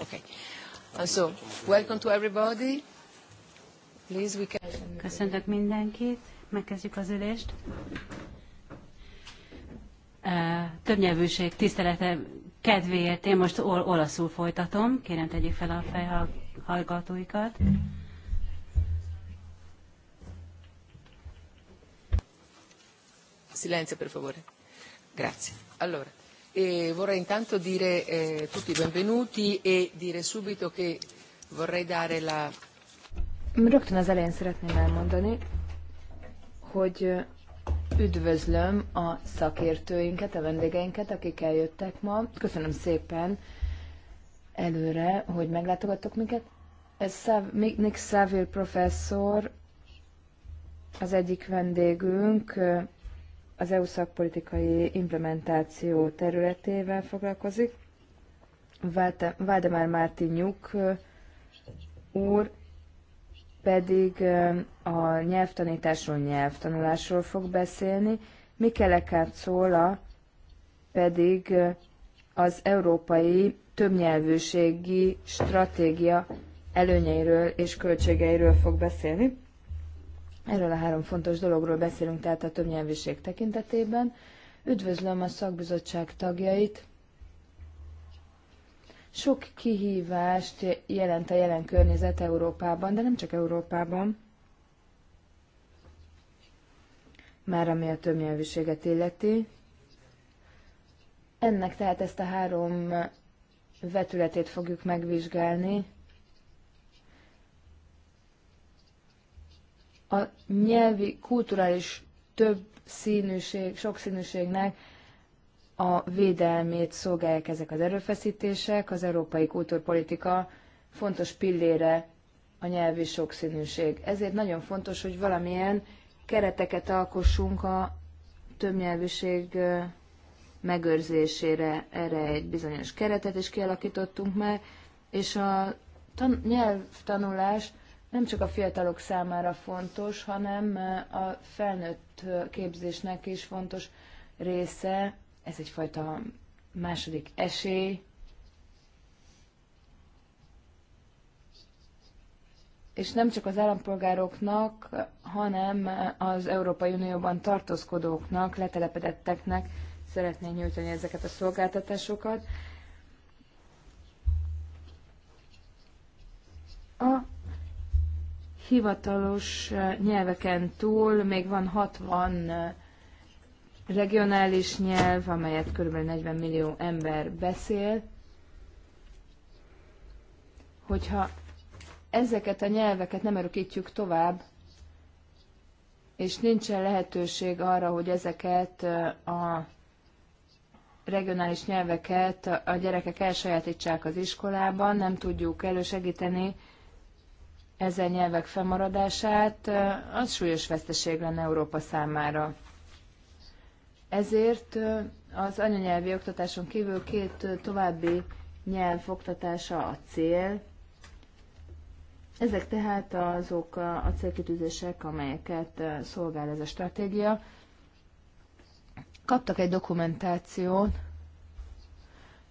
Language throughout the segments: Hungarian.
Okay. And uh, so, welcome to everybody. Please, we can... Köszöntök mindenkit, megkezdjük az ülést. Uh, Többnyelvűség tisztelete kedvéért én most ol- olaszul folytatom. Kérem, tegyék fel a fejhallgatóikat. Silenzio, per favore. Grazie. Allora. E vorrei intanto dire eh, tutti benvenuti e dire subito che vorrei dare la... Rögtön az elején szeretném elmondani, hogy eh, üdvözlöm a szakértőinket, a vendégeinket, akik eljöttek ma. Köszönöm szépen előre, hogy meglátogattok minket. Ez Szav- Nick Saville professzor, az egyik vendégünk, eh, az EU szakpolitikai implementáció területével foglalkozik. Valdemár Mártinyuk úr pedig a nyelvtanításról, nyelvtanulásról fog beszélni, Mikelekát Szóla pedig az európai többnyelvűségi stratégia előnyeiről és költségeiről fog beszélni. Erről a három fontos dologról beszélünk tehát a többnyelvűség tekintetében. Üdvözlöm a szakbizottság tagjait. Sok kihívást jelent a jelen környezet Európában, de nem csak Európában. Már ami a többnyelvűséget illeti. Ennek tehát ezt a három vetületét fogjuk megvizsgálni. a nyelvi, kulturális több színűség, sokszínűségnek a védelmét szolgálják ezek az erőfeszítések, az európai kultúrpolitika fontos pillére a nyelvi sokszínűség. Ezért nagyon fontos, hogy valamilyen kereteket alkossunk a többnyelvűség megőrzésére. Erre egy bizonyos keretet is kialakítottunk meg, és a tan- nyelvtanulás nem csak a fiatalok számára fontos, hanem a felnőtt képzésnek is fontos része. Ez egyfajta második esély. És nem csak az állampolgároknak, hanem az Európai Unióban tartózkodóknak, letelepedetteknek szeretné nyújtani ezeket a szolgáltatásokat. A hivatalos eh, nyelveken túl még van 60 eh, regionális nyelv, amelyet kb. 40 millió ember beszél. Hogyha ezeket a nyelveket nem örökítjük tovább, és nincsen lehetőség arra, hogy ezeket eh, a regionális nyelveket a gyerekek elsajátítsák az iskolában, nem tudjuk elősegíteni ezen nyelvek fennmaradását, az súlyos veszteség lenne Európa számára. Ezért az anyanyelvi oktatáson kívül két további nyelv oktatása a cél. Ezek tehát azok a célkitűzések, amelyeket szolgál ez a stratégia. Kaptak egy dokumentációt,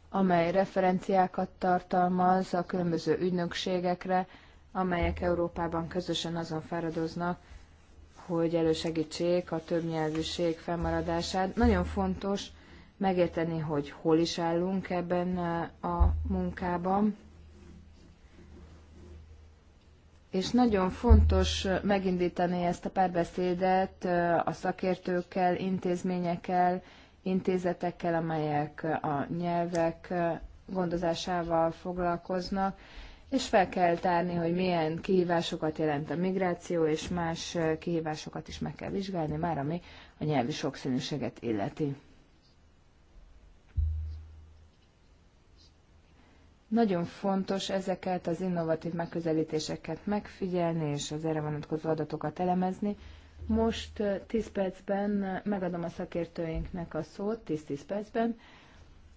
amely referenciákat tartalmaz a különböző ügynökségekre, amelyek Európában közösen azon fáradoznak, hogy elősegítsék a többnyelvűség felmaradását. Nagyon fontos megérteni, hogy hol is állunk ebben eh, a munkában. És nagyon fontos eh, megindítani ezt a párbeszédet eh, a szakértőkkel, intézményekkel, intézetekkel, amelyek a nyelvek gondozásával foglalkoznak, és fel kell tárni, hogy milyen kihívásokat jelent a migráció, és más kihívásokat is meg kell vizsgálni, már ami a nyelvi sokszínűséget illeti. Nagyon fontos ezeket az innovatív megközelítéseket megfigyelni, és az erre vonatkozó adatokat elemezni. Most 10 percben megadom a szakértőinknek a szót, 10-10 percben,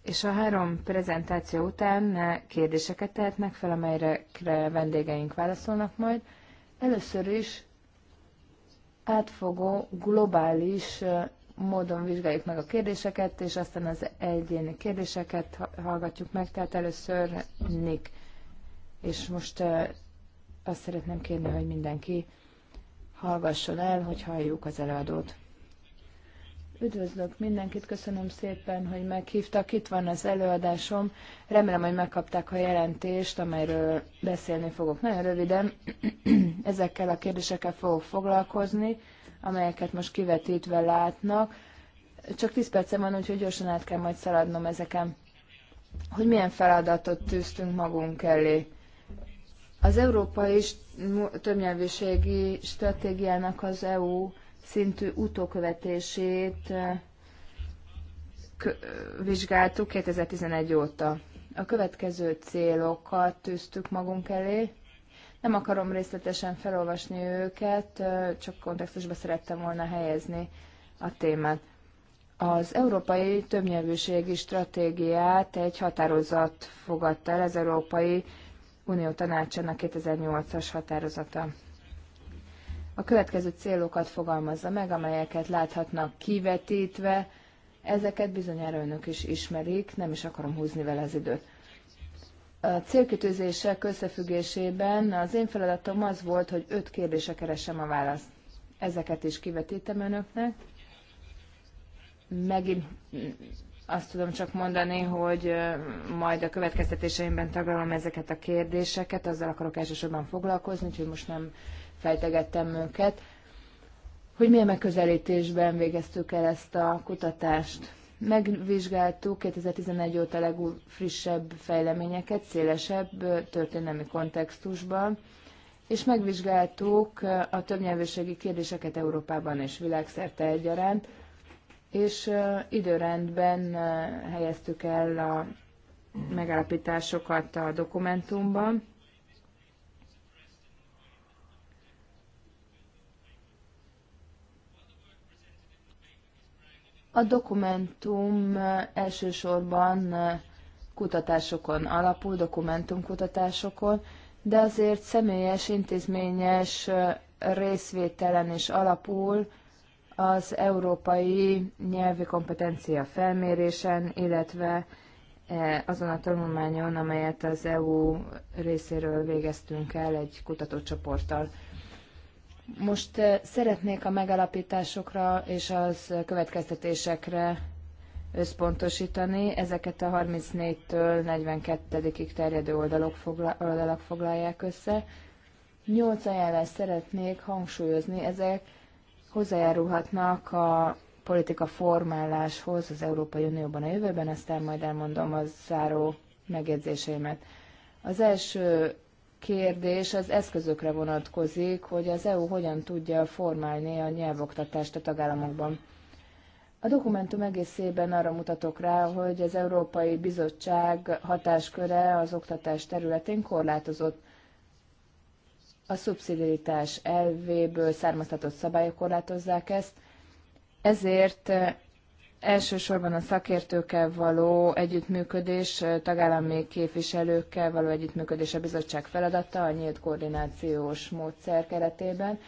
és a három prezentáció után kérdéseket tehetnek fel, amelyre vendégeink válaszolnak majd. Először is átfogó, globális módon vizsgáljuk meg a kérdéseket, és aztán az egyéni kérdéseket hallgatjuk meg. Tehát először Nick. És most azt szeretném kérni, hogy mindenki hallgasson el, hogy halljuk az előadót. Üdvözlök mindenkit, köszönöm szépen, hogy meghívtak. Itt van az előadásom. Remélem, hogy megkapták a jelentést, amelyről beszélni fogok. Nagyon röviden ezekkel a kérdésekkel fogok foglalkozni, amelyeket most kivetítve látnak. Csak 10 percem van, úgyhogy gyorsan át kell majd szaladnom ezeken. Hogy milyen feladatot tűztünk magunk elé. Az európai többnyelvűségi stratégiának az EU szintű utókövetését vizsgáltuk 2011 óta. A következő célokat tűztük magunk elé. Nem akarom részletesen felolvasni őket, csak kontextusba szerettem volna helyezni a témát. Az Európai Többnyelvűségi Stratégiát egy határozat fogadta el, az Európai Unió Tanácsának 2008-as határozata a következő célokat fogalmazza meg, amelyeket láthatnak kivetítve, ezeket bizonyára önök is ismerik, nem is akarom húzni vele az időt. A célkütőzések összefüggésében az én feladatom az volt, hogy öt kérdésre keresem a választ. Ezeket is kivetítem önöknek. Megint azt tudom csak mondani, hogy majd a következtetéseimben taglalom ezeket a kérdéseket, azzal akarok elsősorban foglalkozni, úgyhogy most nem fejtegettem őket, hogy milyen megközelítésben végeztük el ezt a kutatást. Megvizsgáltuk 2011 óta legfrissebb fejleményeket, szélesebb történelmi kontextusban, és megvizsgáltuk a többnyelvűségi kérdéseket Európában és világszerte egyaránt, és időrendben helyeztük el a megállapításokat a dokumentumban. A dokumentum elsősorban kutatásokon alapul, dokumentumkutatásokon, de azért személyes, intézményes részvételen is alapul az európai nyelvi kompetencia felmérésen, illetve e, azon a tanulmányon, amelyet az EU részéről végeztünk el egy kutatócsoporttal. Most eh, szeretnék a megalapításokra és az következtetésekre összpontosítani. Ezeket a 34-től 42-ig terjedő oldalok fogla, oldalak foglalják össze. Nyolc ajánlást szeretnék hangsúlyozni, ezek hozzájárulhatnak a politika formáláshoz az Európai Unióban a jövőben, aztán majd elmondom a záró megjegyzéseimet. Az első kérdés az eszközökre vonatkozik, hogy az EU hogyan tudja formálni a nyelvoktatást a tagállamokban. A dokumentum egészében arra mutatok rá, hogy az Európai Bizottság hatásköre az oktatás területén korlátozott. A szubszidiaritás elvéből származtatott szabályok korlátozzák ezt, ezért elsősorban a szakértőkkel való együttműködés, tagállami képviselőkkel való együttműködés a bizottság feladata a nyílt koordinációs módszer keretében,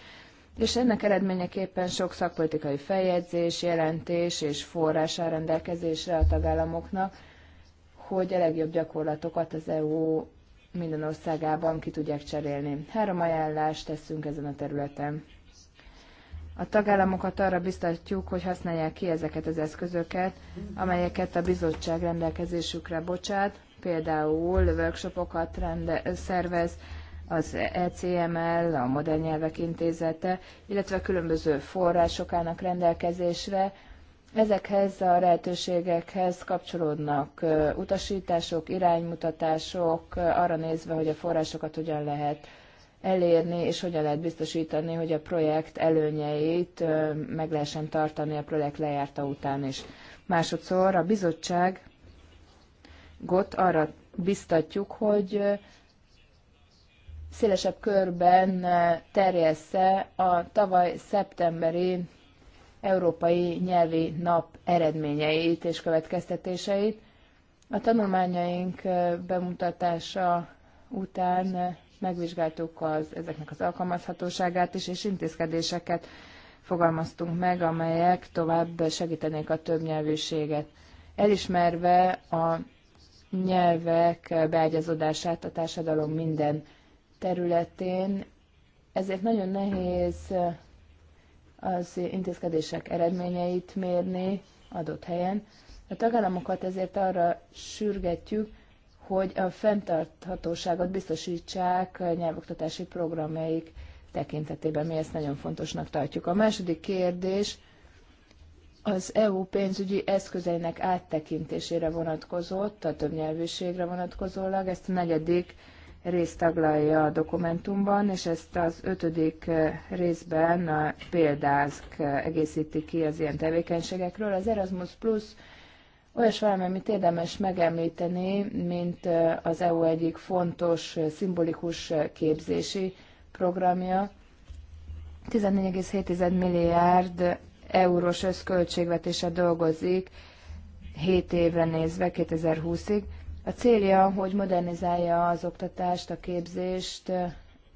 és ennek eredményeképpen sok szakpolitikai feljegyzés, jelentés és forrás áll rendelkezésre a tagállamoknak, hogy a legjobb gyakorlatokat az EU minden országában ki tudják cserélni. Három ajánlást teszünk ezen a területen. A tagállamokat arra biztatjuk, hogy használják ki ezeket az eszközöket, amelyeket a bizottság rendelkezésükre bocsát, például workshopokat rende- szervez, az ECML, a Modern Nyelvek Intézete, illetve a különböző források állnak rendelkezésre. Ezekhez a lehetőségekhez kapcsolódnak utasítások, iránymutatások, arra nézve, hogy a forrásokat hogyan lehet elérni, és hogyan lehet biztosítani, hogy a projekt előnyeit meg lehessen tartani a projekt lejárta után is. Másodszor a bizottság gott arra biztatjuk, hogy szélesebb körben terjessze a tavaly szeptemberi Európai Nyelvi Nap eredményeit és következtetéseit. A tanulmányaink bemutatása után megvizsgáltuk az, ezeknek az alkalmazhatóságát is, és intézkedéseket fogalmaztunk meg, amelyek tovább segítenék a többnyelvűséget. Elismerve a nyelvek beágyazódását a társadalom minden területén, ezért nagyon nehéz az intézkedések eredményeit mérni adott helyen. A tagállamokat ezért arra sürgetjük, hogy a fenntarthatóságot biztosítsák nyelvoktatási programjaik tekintetében. Mi ezt nagyon fontosnak tartjuk. A második kérdés az EU pénzügyi eszközeinek áttekintésére vonatkozott, a többnyelvűségre vonatkozólag. Ezt a negyedik részt taglalja a dokumentumban, és ezt az ötödik részben a példázk egészíti ki az ilyen tevékenységekről. Az Erasmus Plus olyas valami, amit érdemes megemlíteni, mint az EU egyik fontos, szimbolikus képzési programja. 14,7 milliárd eurós összköltségvetése dolgozik 7 évre nézve 2020-ig. A célja, hogy modernizálja az oktatást, a képzést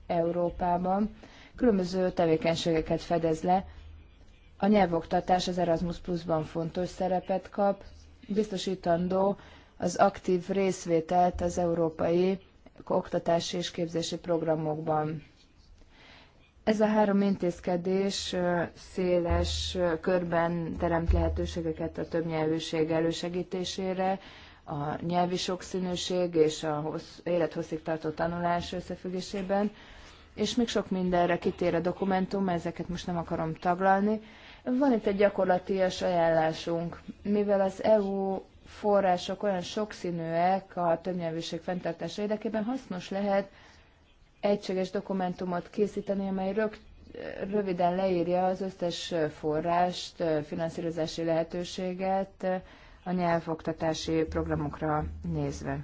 Európában. Különböző tevékenységeket fedez le. A nyelvoktatás az Erasmus Plus-ban fontos szerepet kap, biztosítandó az aktív részvételt az európai oktatási és képzési programokban. Ez a három intézkedés széles körben teremt lehetőségeket a többnyelvűség elősegítésére, a nyelvi sokszínűség és a élethosszig tartó tanulás összefüggésében, és még sok mindenre kitér a dokumentum, ezeket most nem akarom taglalni, van itt egy gyakorlatias ajánlásunk. Mivel az EU források olyan sokszínűek a többnyelvűség fenntartása érdekében, hasznos lehet egységes dokumentumot készíteni, amely rögt, röviden leírja az összes forrást, finanszírozási lehetőséget a nyelvoktatási programokra nézve.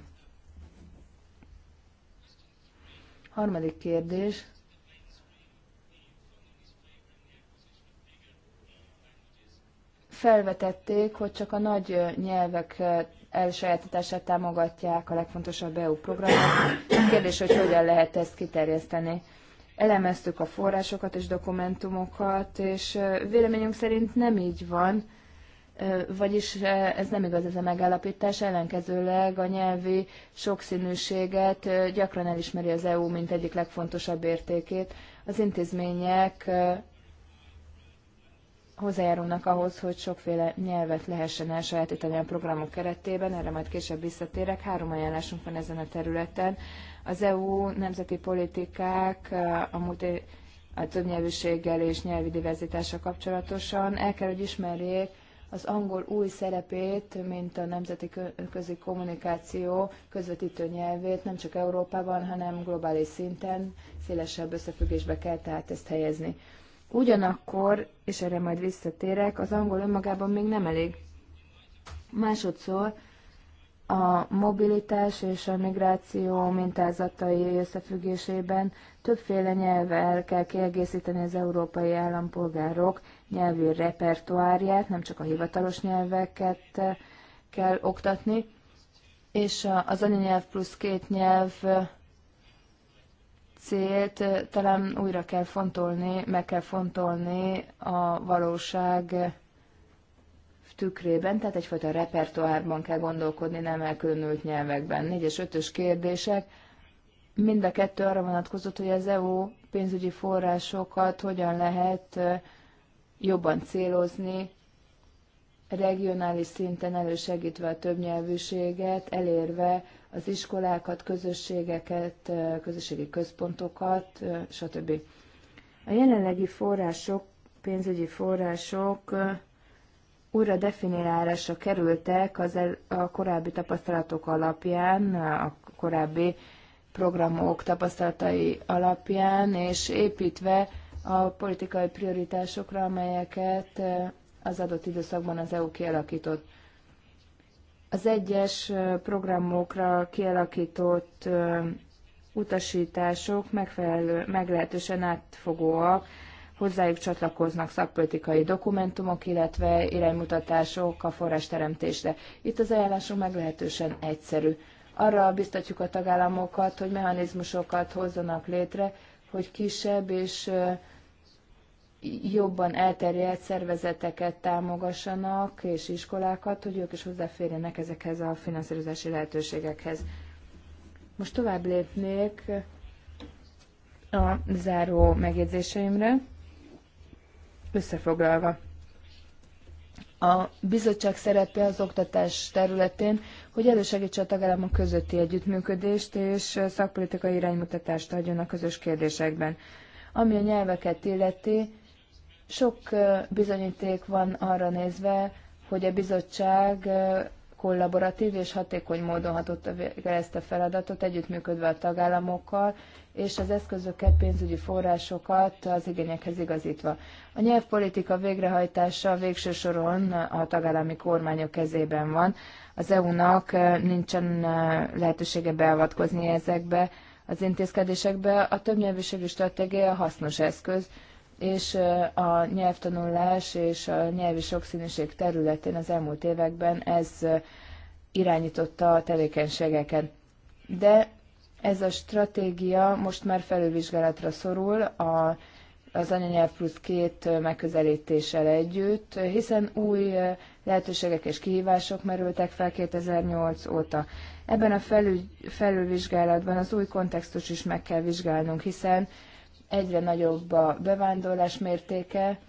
Harmadik kérdés. felvetették, hogy csak a nagy nyelvek elsajátítását támogatják a legfontosabb EU programok. kérdés, hogy hogyan lehet ezt kiterjeszteni. Elemeztük a forrásokat és dokumentumokat, és véleményünk szerint nem így van, vagyis ez nem igaz ez a megállapítás, ellenkezőleg a nyelvi sokszínűséget gyakran elismeri az EU, mint egyik legfontosabb értékét. Az intézmények hozzájárulnak ahhoz, hogy sokféle nyelvet lehessen elsajátítani a programok keretében, erre majd később visszatérek. Három ajánlásunk van ezen a területen. Az EU nemzeti politikák a, multi, a többnyelvűséggel és nyelvi diverzitással kapcsolatosan el kell, hogy ismerjék az angol új szerepét, mint a nemzeti közi kommunikáció közvetítő nyelvét, nem csak Európában, hanem globális szinten szélesebb összefüggésbe kell tehát ezt helyezni. Ugyanakkor, és erre majd visszatérek, az angol önmagában még nem elég. Másodszor a mobilitás és a migráció mintázatai összefüggésében többféle nyelvvel kell kiegészíteni az európai állampolgárok nyelvi repertoárját, nem csak a hivatalos nyelveket eh, kell oktatni, és az anyanyelv plusz két nyelv eh, célt talán újra kell fontolni, meg kell fontolni a valóság tükrében, tehát egyfajta repertoárban kell gondolkodni, nem elkülönült nyelvekben. Négyes, ötös kérdések, mind a kettő arra vonatkozott, hogy az EU pénzügyi forrásokat hogyan lehet jobban célozni, regionális szinten elősegítve a többnyelvűséget, elérve az iskolákat, közösségeket, közösségi központokat, stb. A jelenlegi források, pénzügyi források újra definiálásra kerültek az el, a korábbi tapasztalatok alapján, a korábbi programok tapasztalatai alapján, és építve a politikai prioritásokra, amelyeket az adott időszakban az EU kialakított. Az egyes programokra kialakított utasítások megfelelő, meglehetősen átfogóak, hozzájuk csatlakoznak szakpolitikai dokumentumok, illetve iránymutatások a forrásteremtésre. Itt az ajánlásunk meglehetősen egyszerű. Arra biztatjuk a tagállamokat, hogy mechanizmusokat hozzanak létre, hogy kisebb és jobban elterjedt szervezeteket támogassanak, és iskolákat, hogy ők is hozzáférjenek ezekhez a finanszírozási lehetőségekhez. Most tovább lépnék a záró megjegyzéseimre, összefoglalva. A bizottság szerepe az oktatás területén, hogy elősegítse a tagállamok közötti együttműködést és szakpolitikai iránymutatást adjon a közös kérdésekben. Ami a nyelveket illeti, sok bizonyíték van arra nézve, hogy a bizottság kollaboratív és hatékony módon hatotta végre ezt a feladatot, együttműködve a tagállamokkal, és az eszközöket, pénzügyi forrásokat az igényekhez igazítva. A nyelvpolitika végrehajtása végső soron a tagállami kormányok kezében van. Az EU-nak nincsen lehetősége beavatkozni ezekbe az intézkedésekbe. A többnyelvűségű stratégia hasznos eszköz, és a nyelvtanulás és a nyelvi sokszínűség területén az elmúlt években ez irányította a tevékenységeket. De ez a stratégia most már felülvizsgálatra szorul a, az anyanyelv plusz két megközelítéssel együtt, hiszen új lehetőségek és kihívások merültek fel 2008 óta. Ebben a felül, felülvizsgálatban az új kontextus is meg kell vizsgálnunk, hiszen egyre nagyobb a bevándorlás mértéke.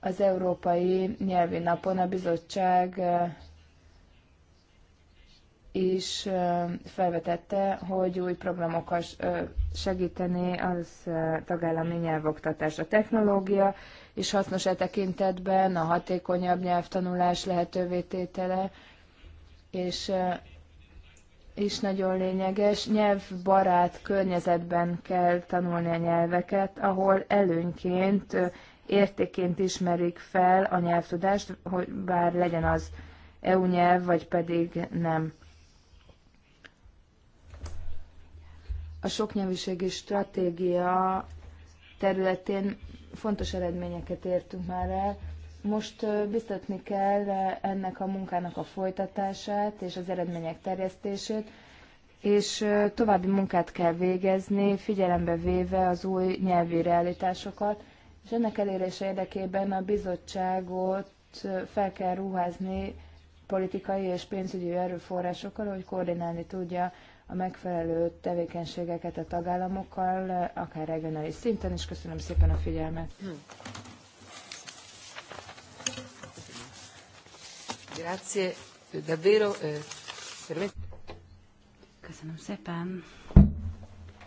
Az Európai Nyelvi Napon a bizottság is felvetette, hogy új programokat segíteni az tagállami nyelvoktatás. A technológia is hasznos e tekintetben, a hatékonyabb nyelvtanulás lehetővé tétele, és is nagyon lényeges. Nyelvbarát környezetben kell tanulni a nyelveket, ahol előnyként, értéként ismerik fel a nyelvtudást, hogy bár legyen az EU nyelv, vagy pedig nem. A soknyelvűségi stratégia területén fontos eredményeket értünk már el. Most biztatni kell ennek a munkának a folytatását és az eredmények terjesztését, és további munkát kell végezni, figyelembe véve az új nyelvi realitásokat, és ennek elérése érdekében a bizottságot fel kell ruházni politikai és pénzügyi erőforrásokkal, hogy koordinálni tudja a megfelelő tevékenységeket a tagállamokkal, akár regionális szinten, és köszönöm szépen a figyelmet. Hm. Grazie, eh, davvero. Eh, Köszönöm szépen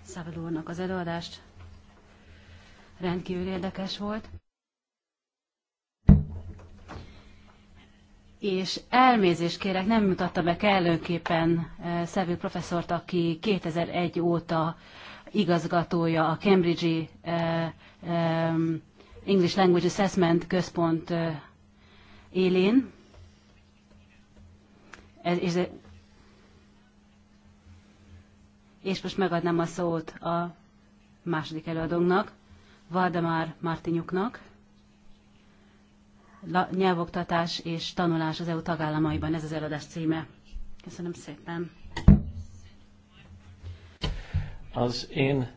Szabadulnak az előadást. Rendkívül érdekes volt. és elmézést kérek, nem mutatta be kellőképpen eh, Szevő professzort, aki 2001 óta igazgatója a Cambridge English Language Assessment központ élén. Ez, és, és most megadnám a szót a második előadónknak, Valdemar Martinyuknak. La, nyelvoktatás és tanulás az EU tagállamaiban, ez az előadás címe. Köszönöm szépen. Az én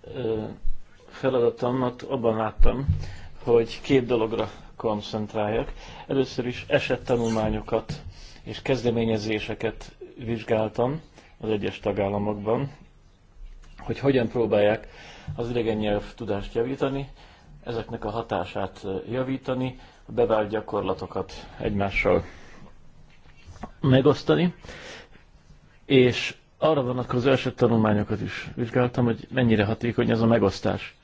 ö, feladatomat abban láttam, hogy két dologra koncentráljak. Először is esettanulmányokat és kezdeményezéseket vizsgáltam az egyes tagállamokban, hogy hogyan próbálják az idegen nyelv tudást javítani, ezeknek a hatását javítani, a bevált gyakorlatokat egymással megosztani, és arra akkor az első tanulmányokat is vizsgáltam, hogy mennyire hatékony ez a megosztás.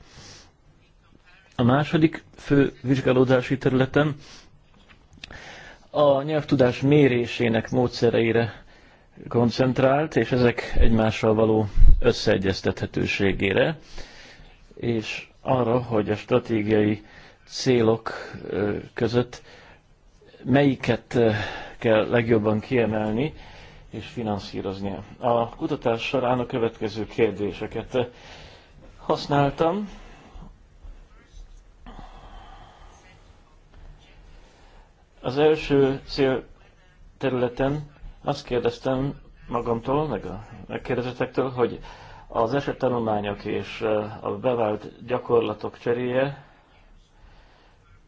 A második fő vizsgálódási területen a nyelvtudás mérésének módszereire koncentrált, és ezek egymással való összeegyeztethetőségére, és arra, hogy a stratégiai célok között melyiket kell legjobban kiemelni és finanszírozni. A kutatás során a következő kérdéseket használtam. Az első cél területen azt kérdeztem magamtól, meg a megkérdezetektől, hogy az esettanulmányok és a bevált gyakorlatok cseréje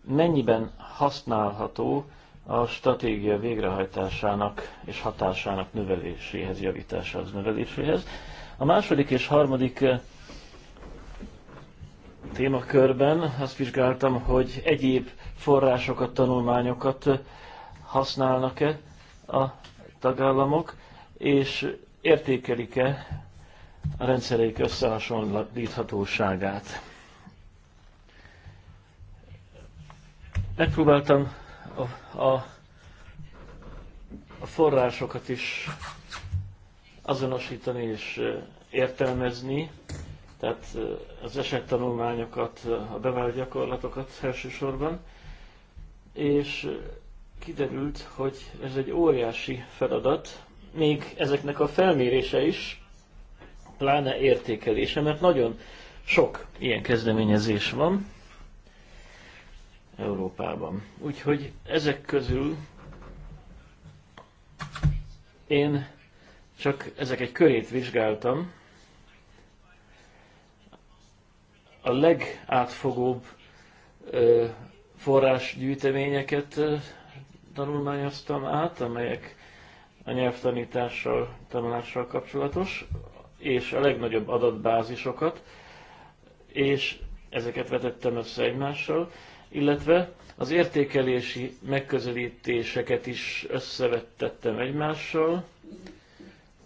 mennyiben használható a stratégia végrehajtásának és hatásának növeléséhez, javításához, növeléséhez. A második és harmadik témakörben azt vizsgáltam, hogy egyéb forrásokat, tanulmányokat használnak-e a tagállamok, és értékelik-e a rendszerék összehasonlíthatóságát. Megpróbáltam a, a, a forrásokat is azonosítani és értelmezni, tehát az esettanulmányokat, a bevált gyakorlatokat elsősorban és kiderült, hogy ez egy óriási feladat, még ezeknek a felmérése is, pláne értékelése, mert nagyon sok ilyen kezdeményezés van Európában. Úgyhogy ezek közül én csak ezek egy körét vizsgáltam. A legátfogóbb forrásgyűjteményeket tanulmányoztam át, amelyek a nyelvtanítással, tanulással kapcsolatos, és a legnagyobb adatbázisokat, és ezeket vetettem össze egymással, illetve az értékelési megközelítéseket is összevettettem egymással,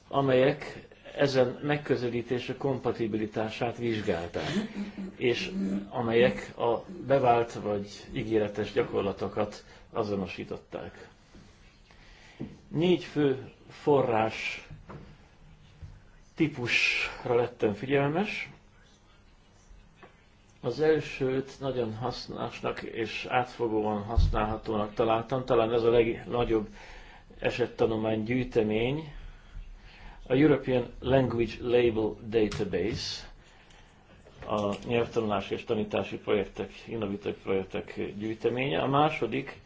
amelyek ezen megközelítése kompatibilitását vizsgálták, és amelyek a bevált vagy ígéretes gyakorlatokat azonosították. Négy fő forrás típusra lettem figyelmes. Az elsőt nagyon hasznosnak és átfogóan használhatónak találtam, talán ez a legnagyobb esettanulmány gyűjtemény, a European Language Label Database, a nyelvtanulás és tanítási projektek, innovatív projektek gyűjteménye. A második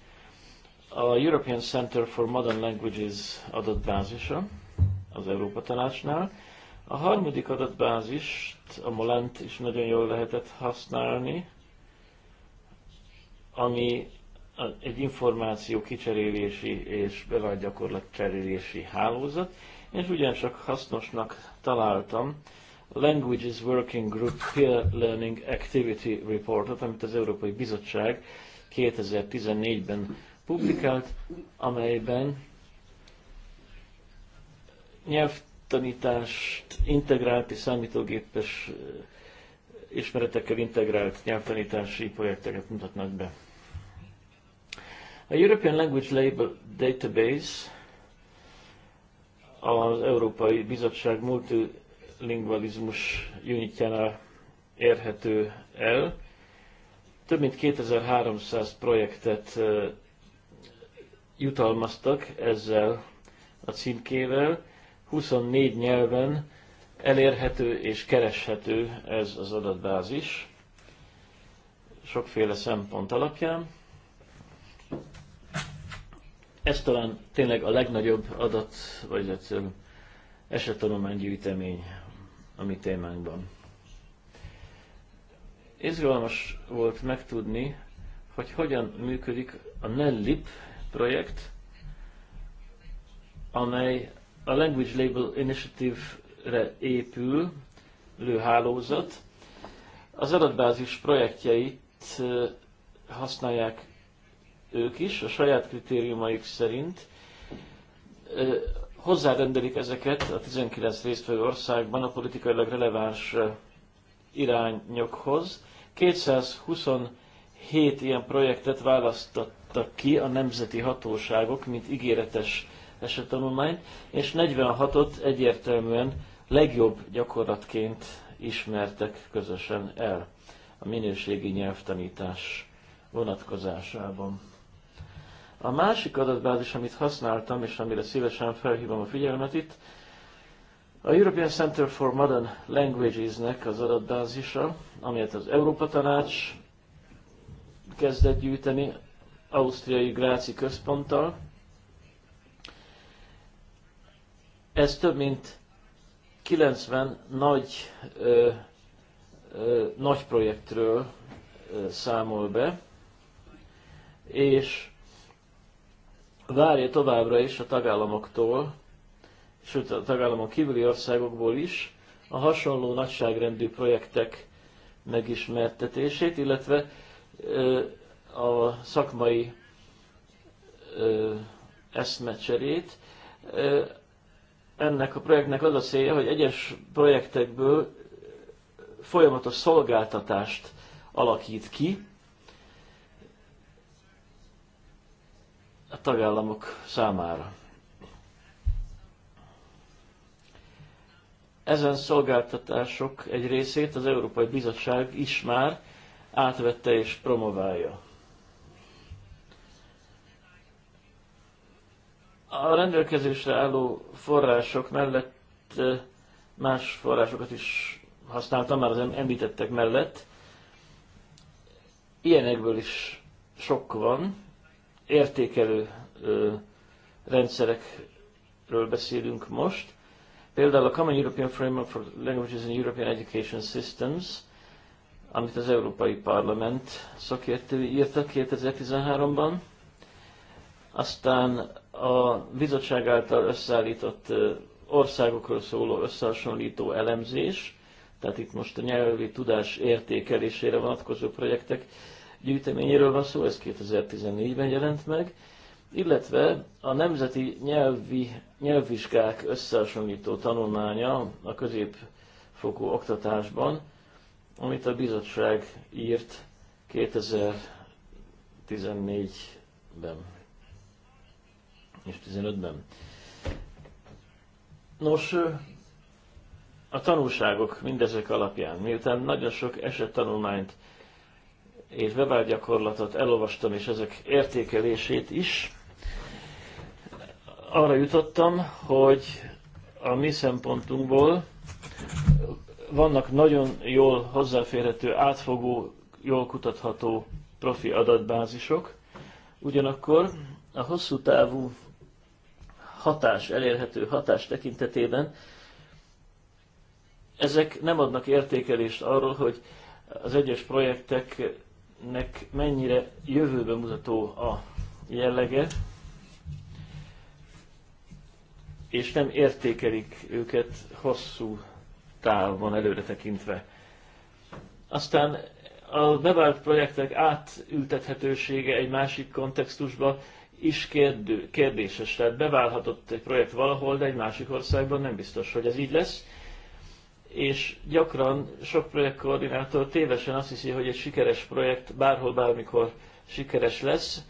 a European Center for Modern Languages adatbázisa az Európa Tanácsnál. A harmadik adatbázist, a Molent is nagyon jól lehetett használni, ami egy információ kicserélési és bevágygyakorlat cserélési hálózat, és ugyancsak hasznosnak találtam Languages Working Group Peer Learning Activity Reportot, amit az Európai Bizottság 2014-ben publikált, amelyben nyelvtanítást integrált és számítógépes ismeretekkel integrált nyelvtanítási projekteket mutatnak be. A European Language Label Database az Európai Bizottság multilingvalizmus unitjánál érhető el. Több mint 2300 projektet jutalmaztak ezzel a címkével. 24 nyelven elérhető és kereshető ez az adatbázis sokféle szempont alapján. Ez talán tényleg a legnagyobb adat, vagy hát, esettanulmánygyűjtemény a mi témánkban. Izgalmas volt megtudni, hogy hogyan működik a NELLIP projekt, amely a Language Label Initiative-re épül, lőhálózat. Az adatbázis projektjeit használják ők is a saját kritériumaik szerint hozzárendelik ezeket a 19 résztvevő országban a politikailag releváns irányokhoz. 227 ilyen projektet választottak ki a nemzeti hatóságok, mint ígéretes esettanulmány, és 46-ot egyértelműen legjobb gyakorlatként ismertek közösen el a minőségi nyelvtanítás vonatkozásában. A másik adatbázis, amit használtam, és amire szívesen felhívom a figyelmet itt, a European Center for Modern Languages-nek az adatbázisa, amelyet az Európa Tanács kezdett gyűjteni, Ausztriai Gráci Központtal. Ez több mint 90 nagy, ö, ö, nagy projektről ö, számol be, és várja továbbra is a tagállamoktól, sőt a tagállamok kívüli országokból is a hasonló nagyságrendű projektek megismertetését, illetve a szakmai eszmecserét. Ennek a projektnek az a célja, hogy egyes projektekből folyamatos szolgáltatást alakít ki, a tagállamok számára. Ezen szolgáltatások egy részét az Európai Bizottság is már átvette és promoválja. A rendelkezésre álló források mellett más forrásokat is használtam már az említettek mellett. Ilyenekből is sok van, értékelő rendszerekről beszélünk most. Például a Common European Framework for Languages and European Education Systems, amit az Európai Parlament szakértői írtak 2013-ban, aztán a bizottság által összeállított országokról szóló összehasonlító elemzés, tehát itt most a nyelvi tudás értékelésére vonatkozó projektek gyűjteményéről van szó, ez 2014-ben jelent meg, illetve a Nemzeti Nyelvi, Nyelvvizsgák Összehasonlító Tanulmánya a középfokú oktatásban, amit a bizottság írt 2014-ben és 2015 ben Nos, a tanulságok mindezek alapján, miután nagyon sok esettanulmányt és bevált gyakorlatot elolvastam, és ezek értékelését is, arra jutottam, hogy a mi szempontunkból vannak nagyon jól hozzáférhető, átfogó, jól kutatható profi adatbázisok, ugyanakkor a hosszú távú hatás, elérhető hatás tekintetében ezek nem adnak értékelést arról, hogy az egyes projektek nek mennyire jövőbe mutató a jellege, és nem értékelik őket hosszú távon előre tekintve. Aztán a bevált projektek átültethetősége egy másik kontextusba is kérdő, kérdéses. Tehát beválhatott egy projekt valahol, de egy másik országban nem biztos, hogy ez így lesz és gyakran sok projektkoordinátor tévesen azt hiszi, hogy egy sikeres projekt bárhol, bármikor sikeres lesz.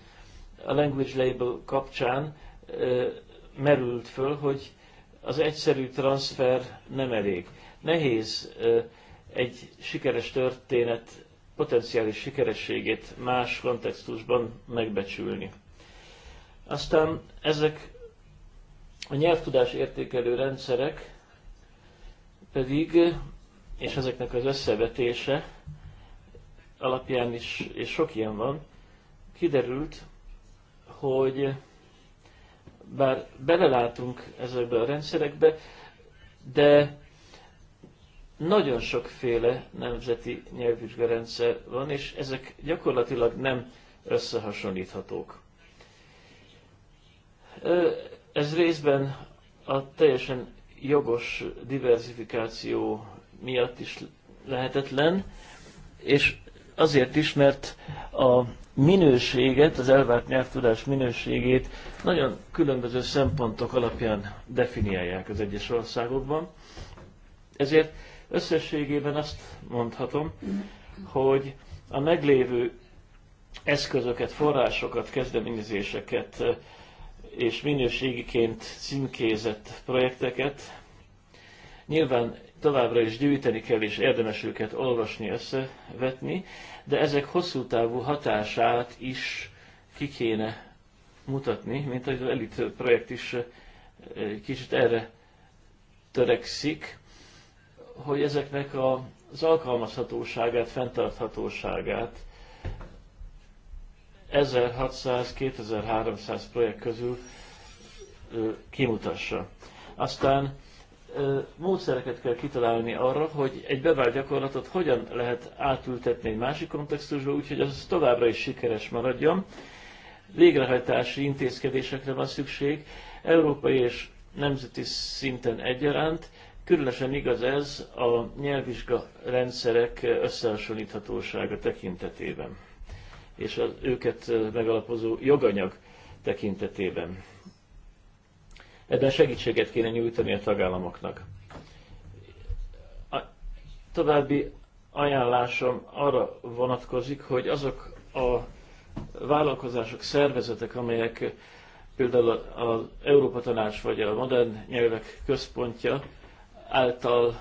A Language Label kapcsán e, merült föl, hogy az egyszerű transfer nem elég. Nehéz e, egy sikeres történet potenciális sikerességét más kontextusban megbecsülni. Aztán ezek a nyelvtudás értékelő rendszerek pedig, és ezeknek az összevetése alapján is, és sok ilyen van, kiderült, hogy bár belelátunk ezekbe a rendszerekbe, de nagyon sokféle nemzeti nyelvvizsgarendszer van, és ezek gyakorlatilag nem összehasonlíthatók. Ez részben a teljesen jogos diversifikáció miatt is lehetetlen, és azért is, mert a minőséget, az elvárt nyelvtudás minőségét nagyon különböző szempontok alapján definiálják az egyes országokban. Ezért összességében azt mondhatom, hogy a meglévő eszközöket, forrásokat, kezdeményezéseket és minőségiként címkézett projekteket. Nyilván továbbra is gyűjteni kell, és érdemes őket olvasni, összevetni, de ezek hosszú távú hatását is ki kéne mutatni, mint az elit projekt is eh, kicsit erre törekszik, hogy ezeknek az alkalmazhatóságát, fenntarthatóságát 1600-2300 projekt közül kimutassa. Aztán módszereket kell kitalálni arra, hogy egy bevált gyakorlatot hogyan lehet átültetni egy másik kontextusba, úgyhogy az továbbra is sikeres maradjon. Végrehajtási intézkedésekre van szükség, európai és nemzeti szinten egyaránt, különösen igaz ez a nyelvvizsga rendszerek összehasonlíthatósága tekintetében és az őket megalapozó joganyag tekintetében. Ebben segítséget kéne nyújtani a tagállamoknak. A további ajánlásom arra vonatkozik, hogy azok a vállalkozások, szervezetek, amelyek például az Európa Tanács vagy a Modern Nyelvek Központja által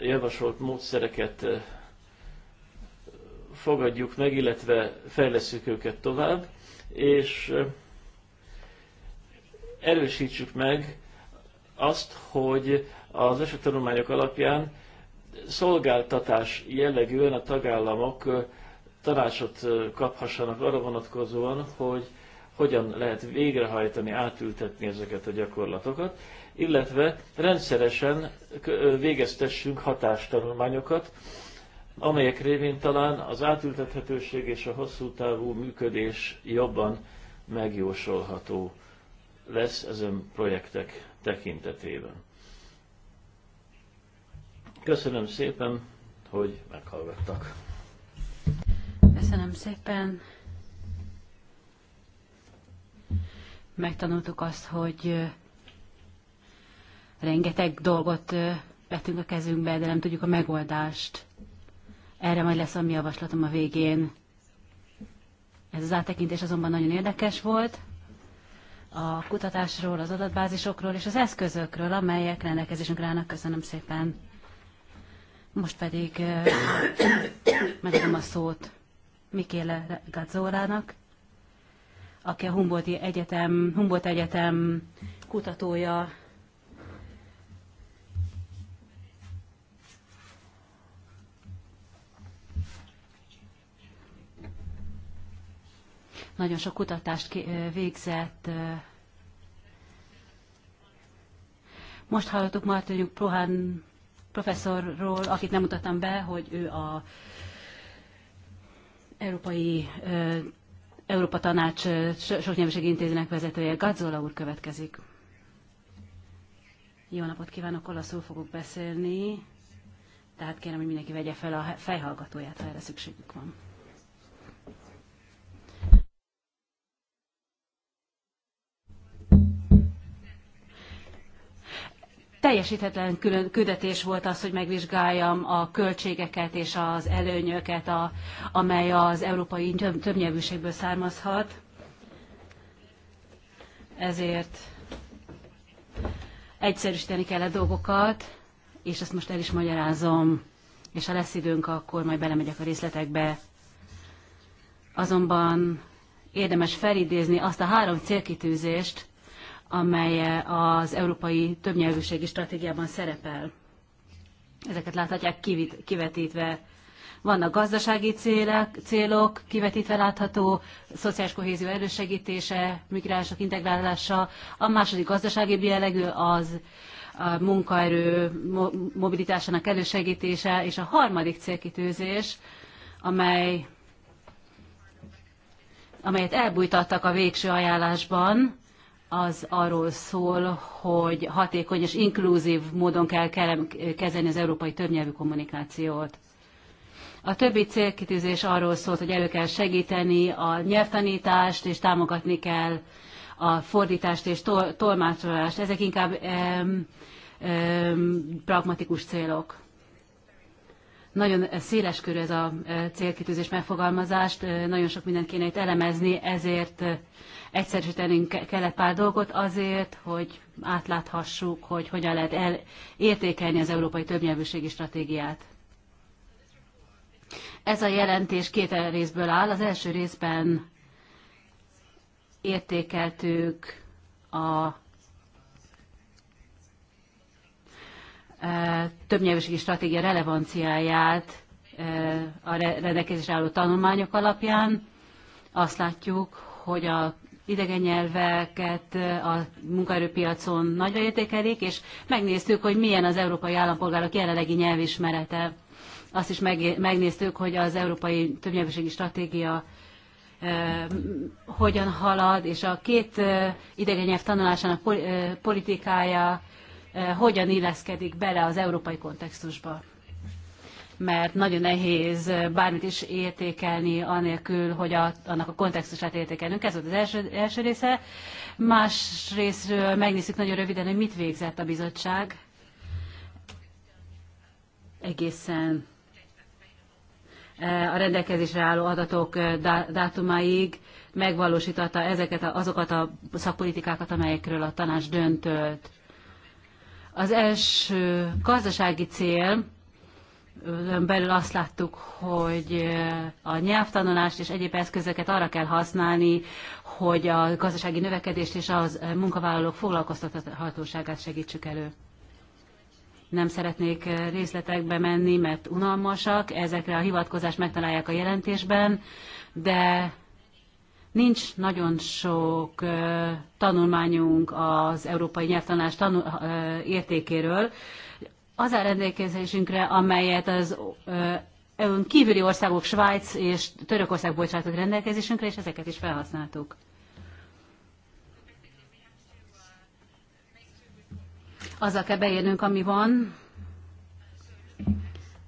javasolt módszereket fogadjuk meg, illetve fejleszük őket tovább, és erősítsük meg azt, hogy az esettanulmányok alapján szolgáltatás jellegűen a tagállamok tanácsot kaphassanak arra vonatkozóan, hogy hogyan lehet végrehajtani, átültetni ezeket a gyakorlatokat, illetve rendszeresen végeztessünk hatástanulmányokat, amelyek révén talán az átültethetőség és a hosszú távú működés jobban megjósolható lesz ezen projektek tekintetében. Köszönöm szépen, hogy meghallgattak. Köszönöm szépen. Megtanultuk azt, hogy rengeteg dolgot vetünk a kezünkbe, de nem tudjuk a megoldást. Erre majd lesz a mi javaslatom a végén. Ez az áttekintés azonban nagyon érdekes volt a kutatásról, az adatbázisokról és az eszközökről, amelyek rendelkezésünkre állnak. Köszönöm szépen. Most pedig megadom a szót Mikéle Gazzorának, aki a Humboldt Egyetem, Humboldt Egyetem kutatója, nagyon sok kutatást végzett. Most hallottuk Martinjuk Prohan professzorról, akit nem mutattam be, hogy ő a Európai Európa Tanács Soknyelvűségi Intézének vezetője. Gazzola úr következik. Jó napot kívánok, olaszul fogok beszélni, tehát kérem, hogy mindenki vegye fel a fejhallgatóját, ha erre szükségük van. Teljesíthetetlen külön küldetés volt az, hogy megvizsgáljam a költségeket és az előnyöket, a, amely az európai több, többnyelvűségből származhat. Ezért egyszerűsíteni kellett dolgokat, és ezt most el is magyarázom, és ha lesz időnk, akkor majd belemegyek a részletekbe. Azonban érdemes felidézni azt a három célkitűzést, amely az európai többnyelvűségi stratégiában szerepel. Ezeket láthatják kivetítve. Vannak gazdasági célek, célok, kivetítve látható, szociális kohézió elősegítése, migránsok integrálása, a második gazdasági jellegű az a munkaerő mobilitásának elősegítése, és a harmadik célkitűzés, amely amelyet elbújtattak a végső ajánlásban, az arról szól, hogy hatékony és inkluzív módon kell kezelni az európai többnyelvű kommunikációt. A többi célkitűzés arról szólt, hogy elő kell segíteni a nyelvtanítást, és támogatni kell a fordítást és tol- tolmácsolást. Ezek inkább em, em, pragmatikus célok. Nagyon széles körű ez a e, célkitűzés megfogalmazást, e, nagyon sok mindent kéne itt elemezni, ezért egyszerűsítenünk kellett pár dolgot azért, hogy átláthassuk, hogy hogyan lehet el értékelni az európai többnyelvűségi stratégiát. Ez a jelentés két részből áll. Az első részben értékeltük a e, többnyelvűségi stratégia relevanciáját e, a rendelkezésre álló tanulmányok alapján. Azt látjuk, hogy a idegen nyelveket a munkaerőpiacon nagyra értékelik, és megnéztük, hogy milyen az európai állampolgárok jelenlegi nyelvismerete. Azt is megnéztük, hogy az európai többnyelvűségi stratégia hogyan halad, és a két idegen nyelv tanulásának politikája hogyan illeszkedik bele az európai kontextusba mert nagyon nehéz bármit is értékelni, anélkül, hogy a, annak a kontextusát értékelnünk. Ez volt az első, első része. Más részről megnézzük nagyon röviden, hogy mit végzett a bizottság egészen eh, a rendelkezésre álló adatok eh, dátumáig megvalósította ezeket a, azokat a szakpolitikákat, amelyekről a tanács döntött. Az első gazdasági cél belül azt láttuk, hogy eh, a nyelvtanulást és egyéb eszközöket arra kell használni, hogy a gazdasági növekedést és az eh, munkavállalók foglalkoztathatóságát segítsük elő. Nem szeretnék eh, részletekbe menni, mert unalmasak, ezekre a hivatkozást megtalálják a jelentésben, de nincs nagyon sok tanulmányunk az európai nyelvtanulás tanul, értékéről, az a rendelkezésünkre, amelyet az EU-n kívüli országok, Svájc és Törökország bocsátott rendelkezésünkre, és ezeket is felhasználtuk. Azzal kell beérnünk, ami van,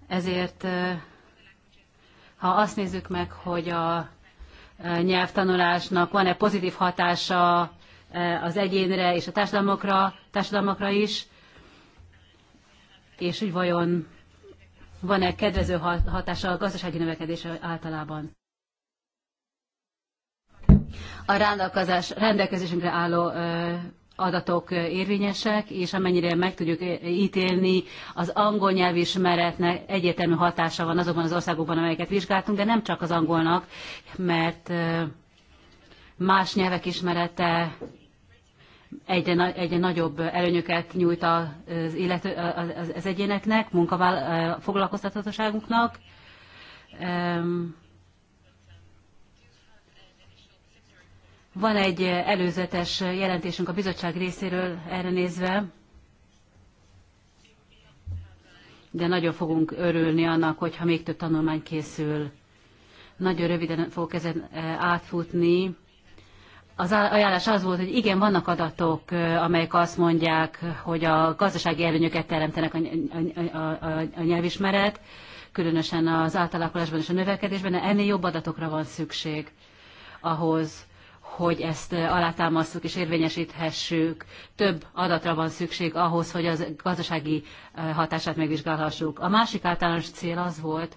ezért ha azt nézzük meg, hogy a nyelvtanulásnak van-e pozitív hatása az egyénre és a társadalmakra, társadalmakra is, és hogy vajon van-e kedvező hatása a gazdasági növekedésre általában. A rendelkezés, rendelkezésünkre álló adatok érvényesek, és amennyire meg tudjuk ítélni, az angol nyelvismeretnek egyértelmű hatása van azokban az országokban, amelyeket vizsgáltunk, de nem csak az angolnak, mert más nyelvek ismerete egyre, egyre nagyobb előnyöket nyújt az, illető, az, az egyéneknek, munkavál, foglalkoztathatóságunknak. Van egy előzetes jelentésünk a bizottság részéről erre nézve, de nagyon fogunk örülni annak, hogyha még több tanulmány készül. Nagyon röviden fogok ezen eh, átfutni az ajánlás az volt, hogy igen, vannak adatok, amelyek azt mondják, hogy a gazdasági előnyöket teremtenek a, a, a, a nyelvismeret, különösen az átalakulásban és a növekedésben, de ennél jobb adatokra van szükség ahhoz, hogy ezt alátámasztjuk és érvényesíthessük. Több adatra van szükség ahhoz, hogy az gazdasági hatását megvizsgálhassuk. A másik általános cél az volt,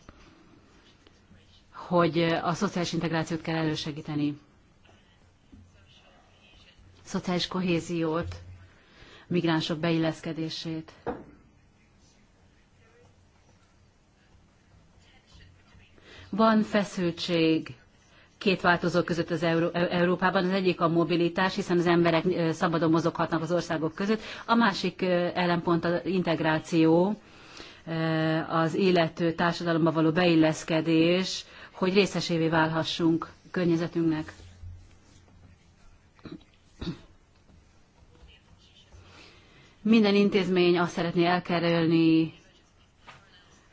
hogy a szociális integrációt kell elősegíteni szociális kohéziót, migránsok beilleszkedését. Van feszültség két változó között az Euró- Európában. Az egyik a mobilitás, hiszen az emberek szabadon mozoghatnak az országok között. A másik ellenpont az integráció, az illető társadalomba való beilleszkedés, hogy részesévé válhassunk környezetünknek. Minden intézmény azt szeretné elkerülni,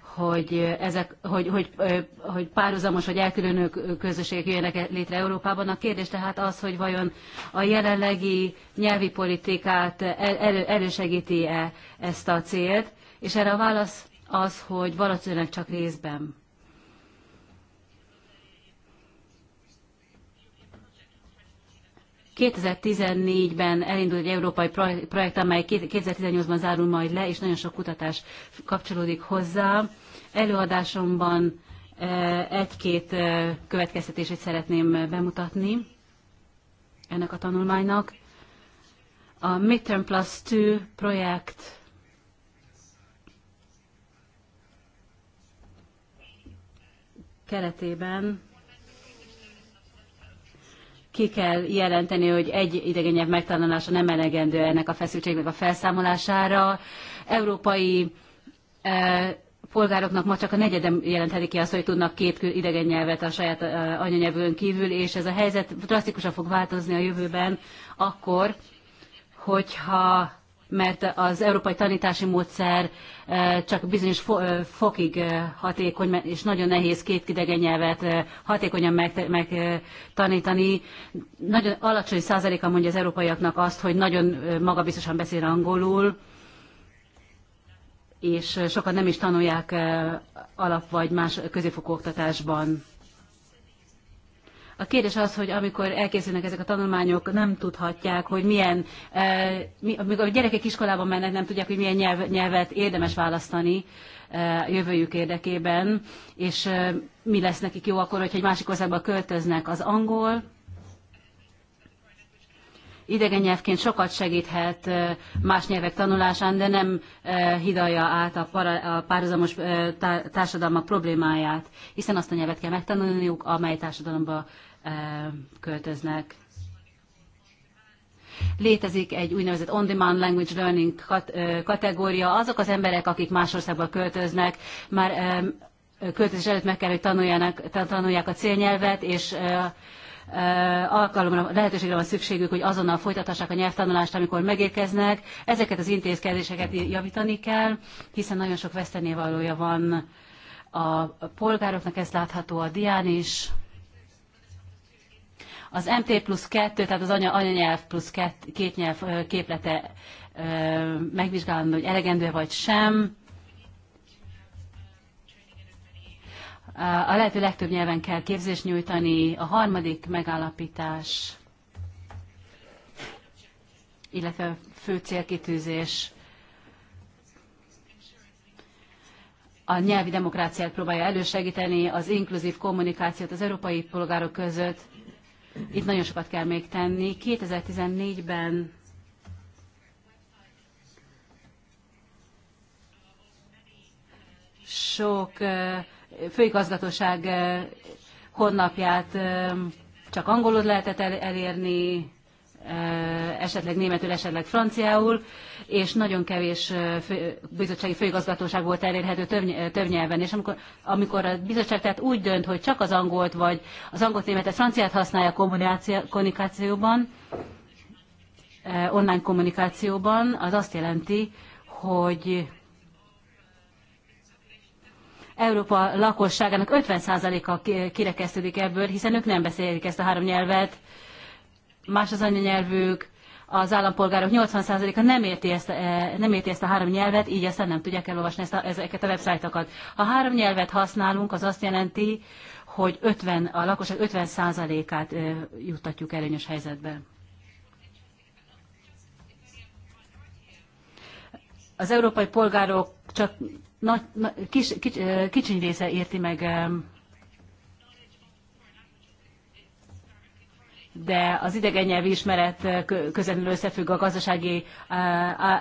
hogy, ezek, hogy, hogy, hogy párhuzamos hogy elkülönő közösségek jöjjenek e-, létre Európában. A kérdés tehát az, hogy vajon a jelenlegi nyelvi politikát e-, el, elősegíti-e ezt a célt, és erre a válasz az, hogy valószínűleg csak részben. 2014-ben elindult egy európai projekt, amely 2018-ban zárul majd le, és nagyon sok kutatás kapcsolódik hozzá. Előadásomban e, egy-két e, következtetését szeretném bemutatni ennek a tanulmánynak. A Midterm Plus 2 projekt keretében ki kell jelenteni, hogy egy idegen nyelv megtanulása nem elegendő ennek a feszültségnek a felszámolására. Európai e, polgároknak ma csak a negyedem jelentheti ki azt, hogy tudnak két idegen nyelvet a saját e, anyanyelvön kívül, és ez a helyzet drasztikusan fog változni a jövőben, akkor, hogyha mert az európai tanítási módszer eh, csak bizonyos eh, fokig eh, hatékony, és nagyon nehéz két idegen nyelvet hatékonyan megtanítani. Nagyon alacsony százaléka mondja az európaiaknak azt, hogy nagyon magabiztosan beszél angolul, és sokan nem is tanulják alap vagy más középfokú oktatásban. A kérdés az, hogy amikor elkészülnek ezek a tanulmányok, nem tudhatják, hogy milyen, eh, amikor a gyerekek iskolában mennek, nem tudják, hogy milyen nyelv, nyelvet érdemes választani eh, jövőjük érdekében, és eh, mi lesz nekik jó akkor, hogyha egy másik országba költöznek. Az angol idegen nyelvként sokat segíthet más nyelvek tanulásán, de nem hidalja át a, párhuzamos társadalmak problémáját, hiszen azt a nyelvet kell megtanulniuk, amely társadalomba költöznek. Létezik egy úgynevezett on-demand language learning kat- kategória. Azok az emberek, akik más országba költöznek, már költözés előtt meg kell, hogy tanulják a célnyelvet, és Eh, alkalomra, lehetőségre van szükségük, hogy azonnal folytathassák a nyelvtanulást, amikor megérkeznek. Ezeket az intézkedéseket javítani kell, hiszen nagyon sok vesztenévalója van a polgároknak, ez látható a dián is. Az MT plusz 2, tehát az anya, anyanyelv plusz két, két nyelv eh, képlete eh, megvizsgálandó, hogy elegendő vagy sem A lehető legtöbb nyelven kell képzést nyújtani. A harmadik megállapítás, illetve fő célkitűzés a nyelvi demokráciát próbálja elősegíteni, az inkluzív kommunikációt az európai polgárok között. Itt nagyon sokat kell még tenni. 2014-ben sok főigazgatóság honlapját csak angolul lehetett elérni, esetleg németül, esetleg franciául, és nagyon kevés fő, bizottsági főigazgatóság volt elérhető több, több nyelven. És amikor, amikor a bizottság tehát úgy dönt, hogy csak az angolt, vagy az angolt, németet, franciát használja a kommunikációban, online kommunikációban, az azt jelenti, hogy Európa lakosságának 50%-a kirekesztődik ebből, hiszen ők nem beszélik ezt a három nyelvet, más az anyanyelvük, az állampolgárok 80%-a nem érti, ezt, e, nem érti ezt a három nyelvet, így aztán nem tudják elolvasni ezt a, ezeket a websájtokat. Ha három nyelvet használunk, az azt jelenti, hogy 50, a lakosság 50%-át e, juttatjuk előnyös helyzetbe. Az európai polgárok csak nagy, kis, kics, kicsiny része érti meg, de az nyelvi ismeret közelül összefügg a gazdasági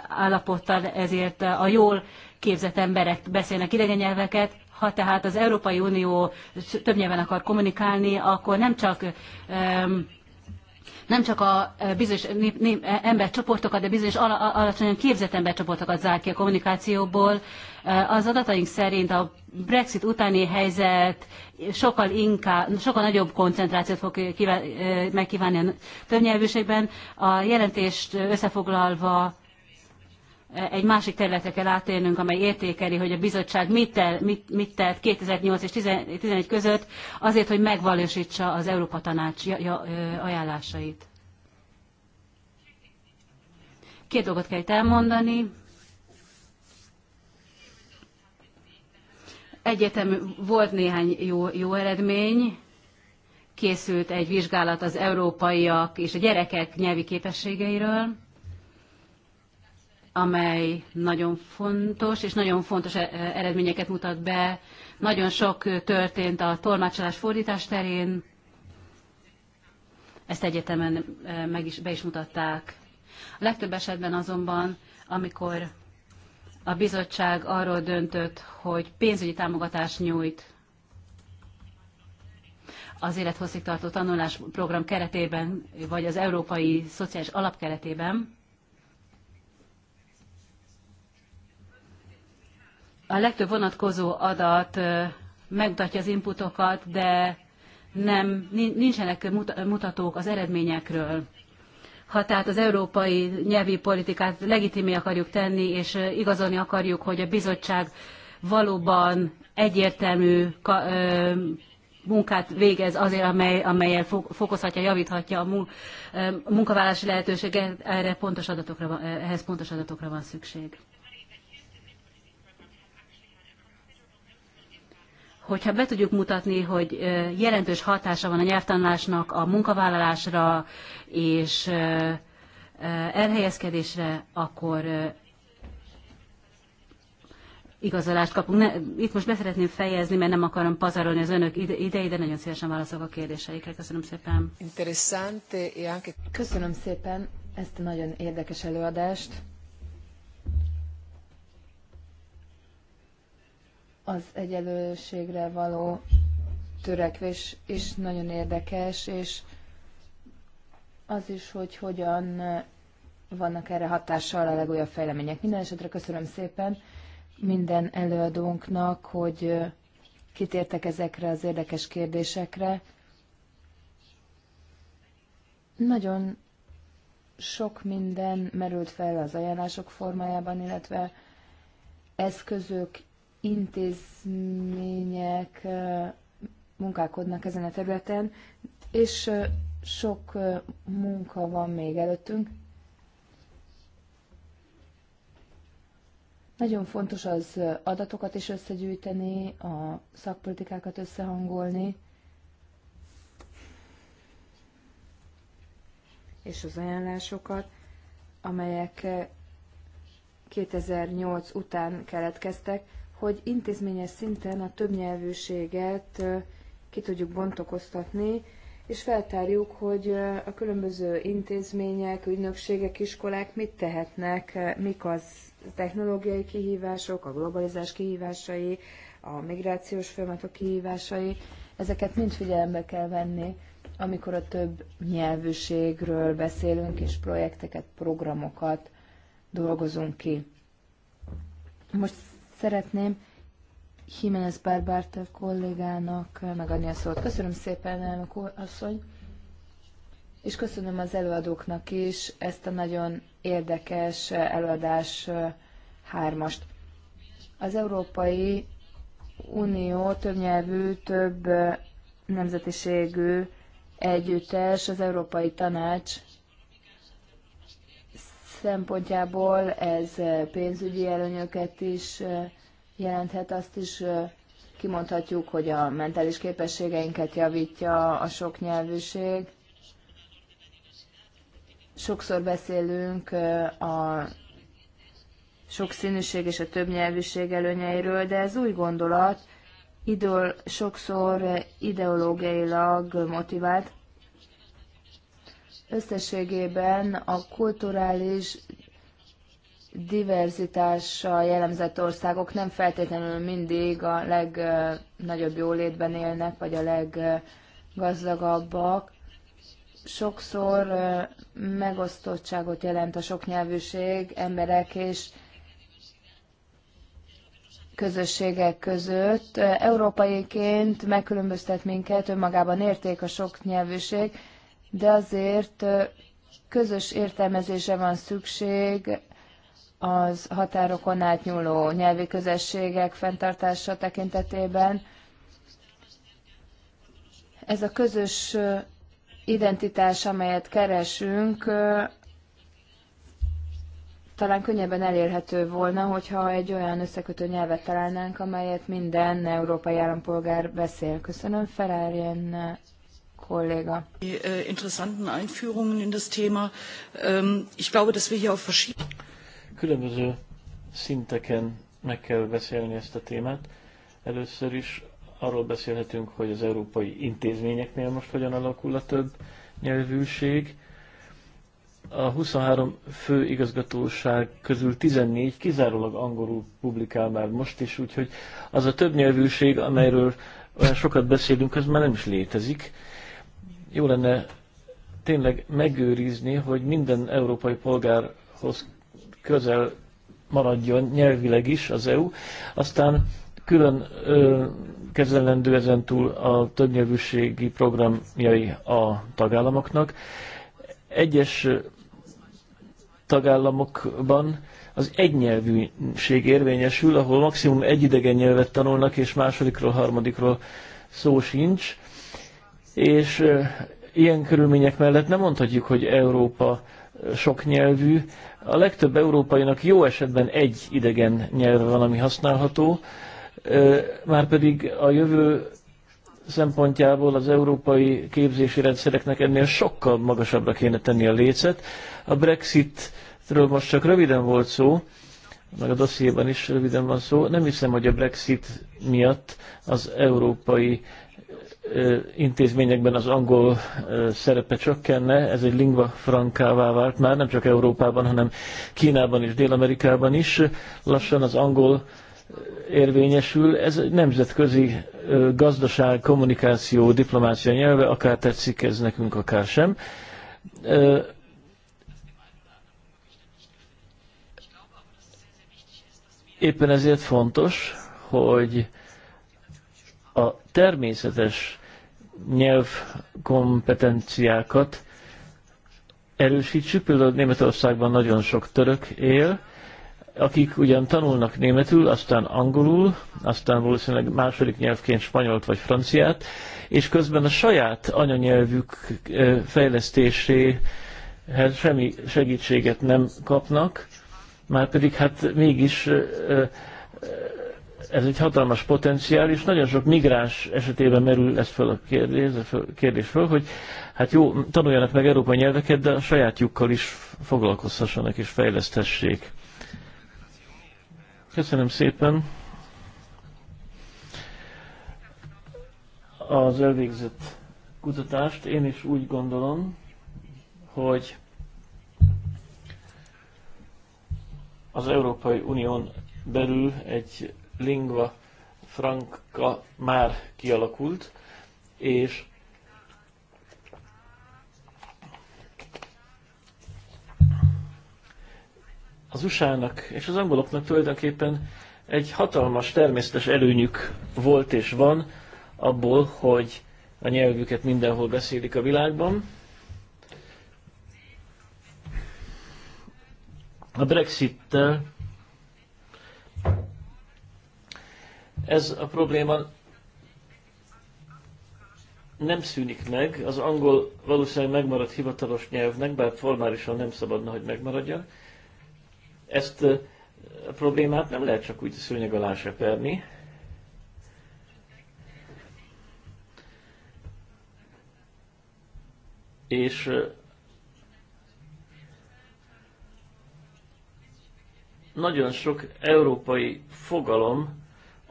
állapottal, ezért a jól képzett emberek beszélnek nyelveket. ha tehát az Európai Unió több nyelven akar kommunikálni, akkor nem csak nem csak a bizonyos embercsoportokat, de bizonyos alacsonyan képzett embercsoportokat zár ki a kommunikációból, Eh, az adataink szerint a Brexit utáni helyzet sokkal inkább, sokkal nagyobb koncentrációt fog eh, megkívánni a többnyelvűségben. A jelentést összefoglalva eh, egy másik területre kell átérnünk, amely értékeli, hogy a bizottság mit, tel, mit, mit tett 2008 és 2011 között azért, hogy megvalósítsa az Európa Tanács ajánlásait. Két dolgot kell itt elmondani. egyetem volt néhány jó, jó eredmény, készült egy vizsgálat az európaiak és a gyerekek nyelvi képességeiről, amely nagyon fontos, és nagyon fontos e, e, eredményeket mutat be. Nagyon sok történt a tolmácsolás fordítás terén, ezt egyetemen meg is, be is mutatták. A legtöbb esetben azonban, amikor a bizottság arról döntött, hogy pénzügyi támogatást nyújt az élethosszígtartó tanulás program keretében, vagy az Európai Szociális Alap keretében. A legtöbb vonatkozó adat megmutatja az inputokat, de nem, nincsenek mutatók az eredményekről. Ha tehát az európai nyelvi politikát legitimé akarjuk tenni, és igazolni akarjuk, hogy a bizottság valóban egyértelmű munkát végez azért, amely, amelyel fokozhatja, javíthatja a munkavállalási lehetőséget, erre pontos adatokra, ehhez pontos adatokra van szükség. hogyha be tudjuk mutatni, hogy jelentős hatása van a nyelvtanulásnak a munkavállalásra és elhelyezkedésre, akkor igazolást kapunk. Ne, itt most beszeretném fejezni, mert nem akarom pazarolni az önök idei, de nagyon szívesen válaszolok a kérdéseikre. Köszönöm szépen. Interessante, e Köszönöm szépen ezt a nagyon érdekes előadást. az egyenlőségre való törekvés is nagyon érdekes, és az is, hogy hogyan vannak erre hatással a legújabb fejlemények. Minden esetre köszönöm szépen minden előadónknak, hogy kitértek ezekre az érdekes kérdésekre. Nagyon sok minden merült fel az ajánlások formájában, illetve eszközök intézmények munkálkodnak ezen a területen, és sok munka van még előttünk. Nagyon fontos az adatokat is összegyűjteni, a szakpolitikákat összehangolni, és az ajánlásokat, amelyek 2008 után keletkeztek hogy intézményes szinten a többnyelvűséget ki tudjuk bontokoztatni, és feltárjuk, hogy a különböző intézmények, ügynökségek, iskolák mit tehetnek, mik az technológiai kihívások, a globalizás kihívásai, a migrációs folyamatok kihívásai, ezeket mind figyelembe kell venni, amikor a több nyelvűségről beszélünk, és projekteket, programokat dolgozunk ki. Most Szeretném Jiménez Barbárt kollégának megadni a szót. Köszönöm szépen, elnök asszony, és köszönöm az előadóknak is ezt a nagyon érdekes előadás hármast. Az Európai Unió többnyelvű, több nemzetiségű együttes, az Európai Tanács szempontjából ez pénzügyi előnyöket is jelenthet, azt is kimondhatjuk, hogy a mentális képességeinket javítja a sok nyelvűség. Sokszor beszélünk a sokszínűség és a nyelvűség előnyeiről, de ez új gondolat, idől sokszor ideológiailag motivált. Összességében a kulturális diverzitással jellemzett országok nem feltétlenül mindig a legnagyobb jólétben élnek, vagy a leggazdagabbak. Sokszor megosztottságot jelent a soknyelvűség emberek és közösségek között. Európaiként megkülönböztet minket, önmagában érték a soknyelvűség, de azért közös értelmezése van szükség az határokon átnyúló nyelvi közösségek fenntartása tekintetében. Ez a közös identitás, amelyet keresünk, talán könnyebben elérhető volna, hogyha egy olyan összekötő nyelvet találnánk, amelyet minden európai állampolgár beszél. Köszönöm, Ferrari kolléga. Különböző szinteken meg kell beszélni ezt a témát. Először is arról beszélhetünk, hogy az európai intézményeknél most hogyan alakul a több nyelvűség. A 23 fő igazgatóság közül 14 kizárólag angolul publikál már most is, úgyhogy az a többnyelvűség, amelyről olyan sokat beszélünk, az már nem is létezik jó lenne tényleg megőrizni, hogy minden európai polgárhoz közel maradjon nyelvileg is az EU, aztán külön ö, kezelendő ezentúl a többnyelvűségi programjai a tagállamoknak. Egyes tagállamokban az egynyelvűség érvényesül, ahol maximum egy idegen nyelvet tanulnak, és másodikról, harmadikról szó sincs és ilyen körülmények mellett nem mondhatjuk, hogy Európa sok nyelvű. A legtöbb európainak jó esetben egy idegen nyelve van, ami használható, márpedig a jövő szempontjából az európai képzési rendszereknek ennél sokkal magasabbra kéne tenni a lécet. A Brexitről most csak röviden volt szó, meg a dossziéban is röviden van szó. Nem hiszem, hogy a Brexit miatt az európai intézményekben az angol szerepe csökkenne, ez egy lingva frankává vált már, nem csak Európában, hanem Kínában és Dél-Amerikában is. Lassan az angol érvényesül. Ez egy nemzetközi gazdaság, kommunikáció, diplomácia nyelve, akár tetszik ez nekünk, akár sem. Éppen ezért fontos, hogy a természetes nyelvkompetenciákat erősítsük. Például Németországban nagyon sok török él, akik ugyan tanulnak németül, aztán angolul, aztán valószínűleg második nyelvként spanyolt vagy franciát, és közben a saját anyanyelvük fejlesztéséhez semmi segítséget nem kapnak, már pedig hát mégis ez egy hatalmas potenciál, és nagyon sok migráns esetében merül ez fel a kérdés, a kérdés fel, hogy hát jó, tanuljanak meg európai nyelveket, de a sajátjukkal is foglalkozhassanak és fejleszthessék. Köszönöm szépen az elvégzett kutatást. Én is úgy gondolom, hogy az Európai Unión belül egy lingva franca már kialakult, és az USA-nak és az angoloknak tulajdonképpen egy hatalmas természetes előnyük volt és van abból, hogy a nyelvüket mindenhol beszélik a világban. A Brexit-tel Ez a probléma nem szűnik meg, az angol valószínűleg megmarad hivatalos nyelvnek, bár formálisan nem szabadna, hogy megmaradjon. Ezt a problémát nem lehet csak úgy szőnyeg alá seperni. És nagyon sok európai fogalom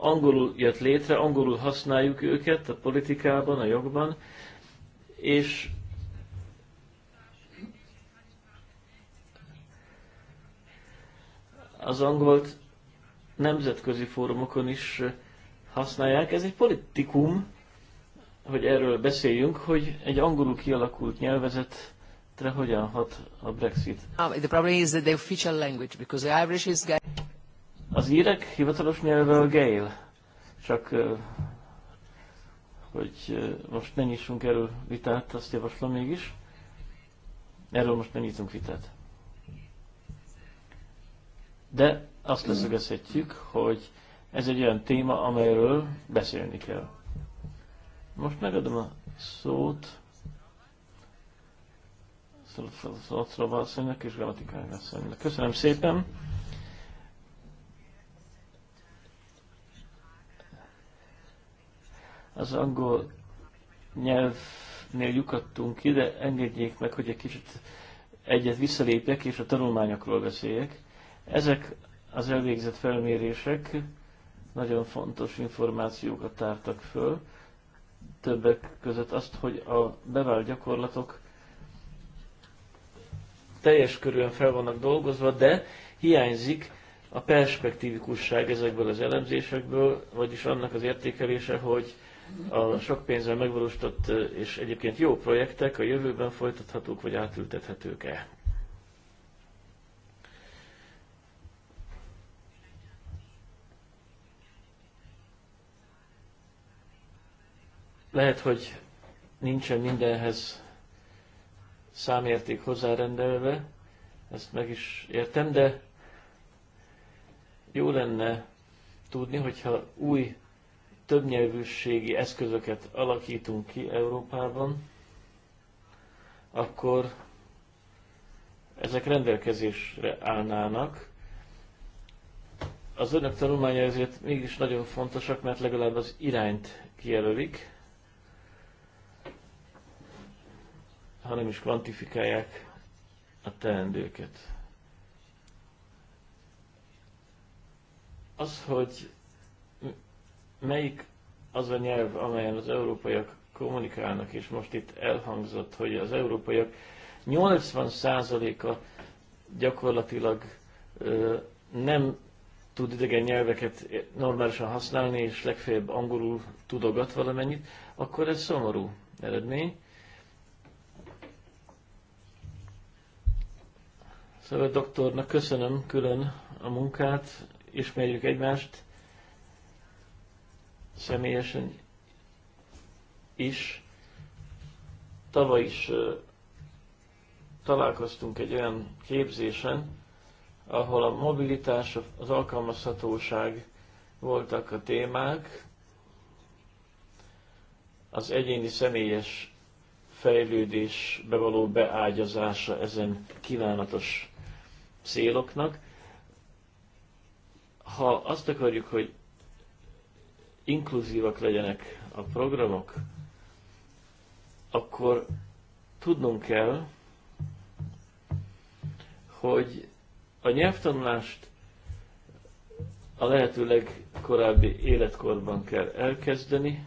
angolul jött létre, angolul használjuk őket a politikában, a jogban, és az angolt nemzetközi fórumokon is használják. Ez egy politikum, hogy erről beszéljünk, hogy egy angolul kialakult nyelvezet hogyan hat a Brexit. The problem is that the official language, because the Irish is az írek hivatalos nyelve a Gail, csak hogy most ne nyissunk erről vitát, azt javaslom mégis. Erről most nem nyitunk vitát. De azt leszögezhetjük, hogy ez egy olyan téma, amelyről beszélni kell. Most megadom a szót Szóval szóval és Gramatikány asszonynak. Köszönöm szépen! Az angol nyelvnél lyukadtunk ki, de engedjék meg, hogy egy kicsit egyet visszalépjek és a tanulmányokról beszéljek. Ezek az elvégzett felmérések nagyon fontos információkat tártak föl, többek között azt, hogy a bevált gyakorlatok teljes körülön fel vannak dolgozva, de hiányzik a perspektívikusság ezekből az elemzésekből, vagyis annak az értékelése, hogy a sok pénzzel megvalósított és egyébként jó projektek a jövőben folytathatók vagy átültethetők-e? Lehet, hogy nincsen mindenhez számérték hozzárendelve, ezt meg is értem, de jó lenne tudni, hogyha új többnyelvűségi eszközöket alakítunk ki Európában, akkor ezek rendelkezésre állnának. Az önök tanulmánya ezért mégis nagyon fontosak, mert legalább az irányt kijelölik, hanem is kvantifikálják a teendőket. Az, hogy melyik az a nyelv, amelyen az európaiak kommunikálnak, és most itt elhangzott, hogy az európaiak 80%-a gyakorlatilag ö, nem tud idegen nyelveket normálisan használni, és legfeljebb angolul tudogat valamennyit, akkor ez szomorú eredmény. Szóval doktornak köszönöm külön a munkát, ismerjük egymást, személyesen is. Tavaly is találkoztunk egy olyan képzésen, ahol a mobilitás, az alkalmazhatóság voltak a témák, az egyéni személyes fejlődésbe való beágyazása ezen kívánatos céloknak. Ha azt akarjuk, hogy inkluzívak legyenek a programok, akkor tudnunk kell, hogy a nyelvtanulást a lehető legkorábbi életkorban kell elkezdeni,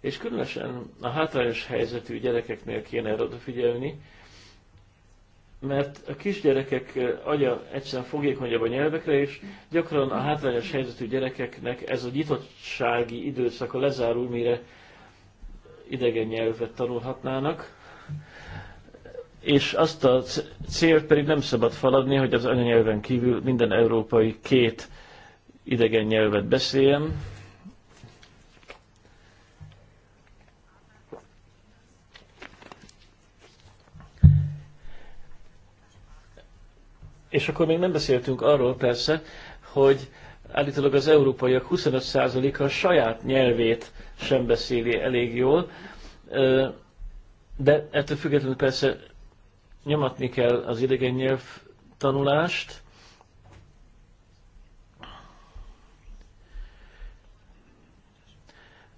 és különösen a hátrányos helyzetű gyerekeknél kéne odafigyelni, mert a kisgyerekek agya egyszerűen fogékonyabb a nyelvekre, és gyakran a hátrányos helyzetű gyerekeknek ez a nyitottsági időszaka lezárul, mire idegen nyelvet tanulhatnának. És azt a célt pedig nem szabad faladni, hogy az anyanyelven kívül minden európai két idegen nyelvet beszéljen, És akkor még nem beszéltünk arról persze, hogy állítólag az európaiak 25%-a saját nyelvét sem beszéli elég jól, de ettől függetlenül persze nyomatni kell az idegen nyelv tanulást,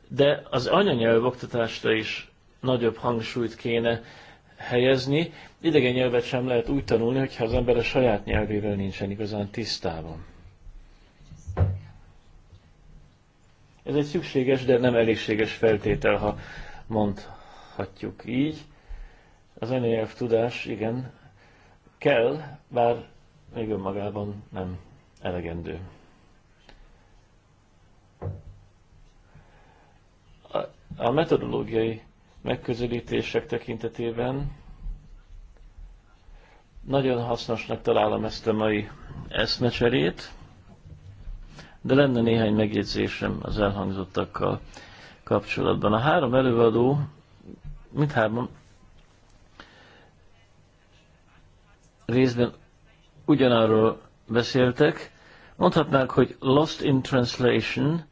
de az anyanyelv oktatásra is nagyobb hangsúlyt kéne helyezni. Idegen nyelvet sem lehet úgy tanulni, hogyha az ember a saját nyelvével nincsen igazán tisztában. Ez egy szükséges, de nem elégséges feltétel, ha mondhatjuk így. Az NEF tudás, igen, kell, bár még önmagában nem elegendő. A metodológiai megközelítések tekintetében. Nagyon hasznosnak találom ezt a mai eszmecserét, de lenne néhány megjegyzésem az elhangzottakkal kapcsolatban. A három előadó mindhárman részben ugyanarról beszéltek. Mondhatnák, hogy lost in translation,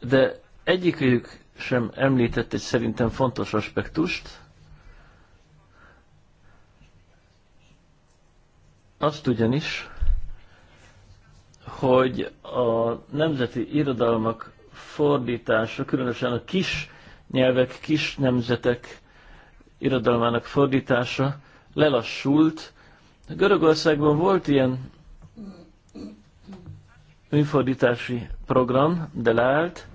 de egyikük sem említett egy szerintem fontos aspektust. Azt ugyanis, hogy a nemzeti irodalmak fordítása, különösen a kis nyelvek, kis nemzetek irodalmának fordítása lelassult. Görögországban volt ilyen műfordítási program, de leállt,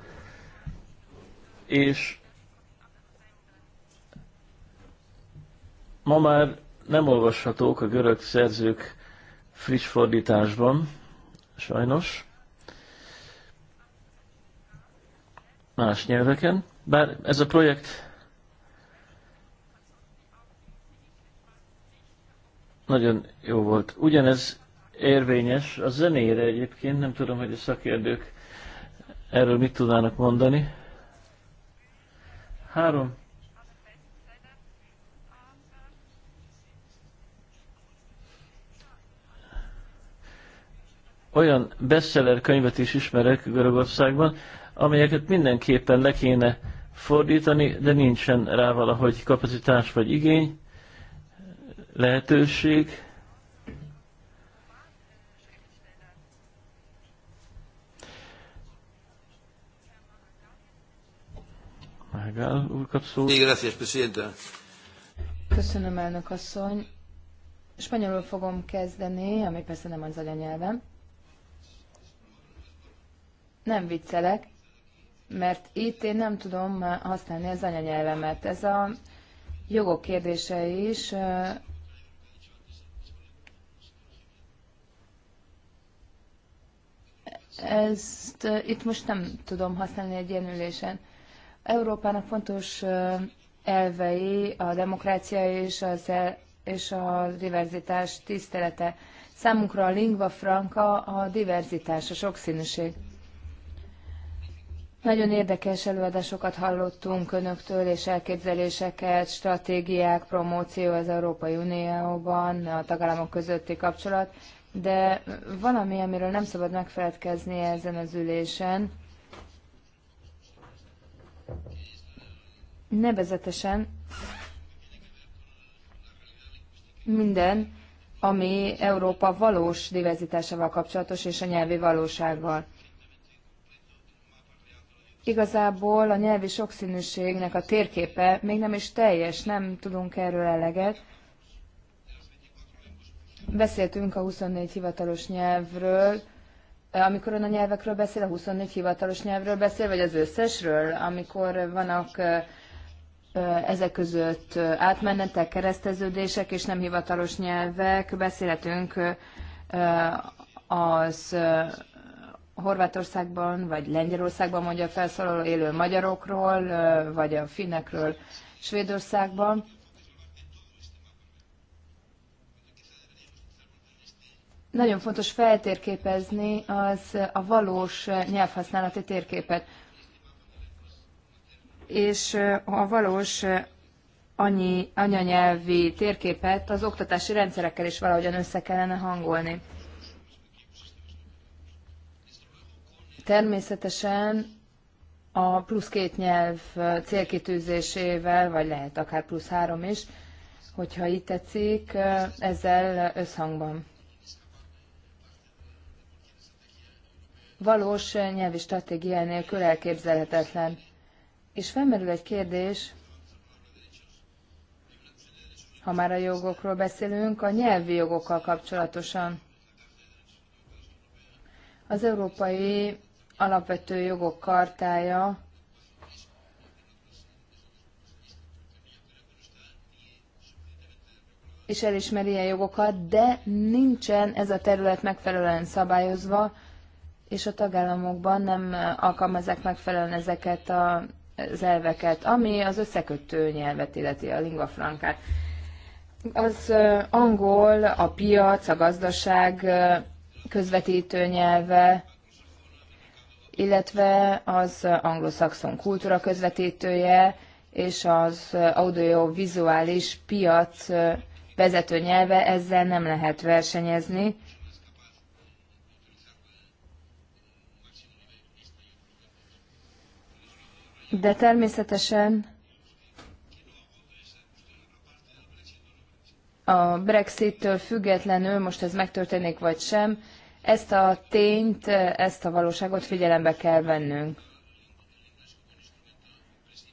és ma már nem olvashatók a görög szerzők friss fordításban, sajnos, más nyelveken, bár ez a projekt nagyon jó volt. Ugyanez érvényes. A zenére egyébként nem tudom, hogy a szakértők erről mit tudnának mondani. Három. Olyan bestseller könyvet is ismerek Görögországban, amelyeket mindenképpen le kéne fordítani, de nincsen rá valahogy kapacitás vagy igény, lehetőség. úr kap Köszönöm, elnök asszony. Spanyolul fogom kezdeni, ami persze nem az anyanyelvem. Nem viccelek, mert itt én nem tudom használni az anyanyelvemet. Ez a jogok kérdése is. Ezt itt most nem tudom használni egy ilyen ülésen. Európának fontos elvei a demokrácia és, az el, és a diverzitás tisztelete. Számunkra a lingva franca a diverzitás, a sokszínűség. Nagyon érdekes előadásokat hallottunk önöktől, és elképzeléseket, stratégiák, promóció az Európai Unióban, a tagállamok közötti kapcsolat, de valami, amiről nem szabad megfeledkezni ezen az ülésen, nevezetesen minden, ami Európa valós diverzitásával kapcsolatos és a nyelvi valósággal. Igazából a nyelvi sokszínűségnek a térképe még nem is teljes, nem tudunk erről eleget. Beszéltünk a 24 hivatalos nyelvről, amikor ön a nyelvekről beszél, a 24 hivatalos nyelvről beszél, vagy az összesről, amikor vannak ezek között átmenetek, kereszteződések és nem hivatalos nyelvek. Beszélhetünk az Horvátországban vagy Lengyelországban mondja felszólaló élő magyarokról, vagy a finnekről Svédországban. Nagyon fontos feltérképezni az a valós nyelvhasználati térképet és a valós annyi, anyanyelvi térképet az oktatási rendszerekkel is valahogyan össze kellene hangolni. Természetesen a plusz két nyelv célkitűzésével, vagy lehet akár plusz három is, hogyha így tetszik, ezzel összhangban. Valós nyelvi stratégia nélkül elképzelhetetlen. És felmerül egy kérdés, ha már a jogokról beszélünk, a nyelvi jogokkal kapcsolatosan. Az Európai Alapvető Jogok Kartája és elismeri ilyen jogokat, de nincsen ez a terület megfelelően szabályozva, és a tagállamokban nem alkalmazzák megfelelően ezeket a az elveket, ami az összekötő nyelvet illeti a lingua francát. Az angol, a piac, a gazdaság közvetítő nyelve, illetve az anglosaxon kultúra közvetítője, és az audiovizuális piac vezető nyelve, ezzel nem lehet versenyezni. de természetesen a Brexit-től függetlenül most ez megtörténik vagy sem, ezt a tényt, ezt a valóságot figyelembe kell vennünk.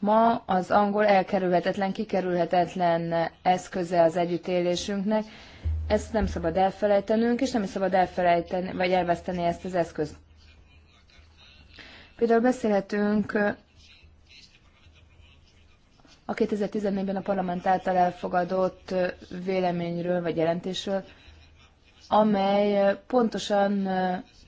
Ma az angol elkerülhetetlen, kikerülhetetlen eszköze az együttélésünknek. Ezt nem szabad elfelejtenünk, és nem is szabad elfelejteni, vagy elveszteni ezt az eszközt. Például beszélhetünk a 2014-ben a parlament által elfogadott véleményről vagy jelentésről, amely pontosan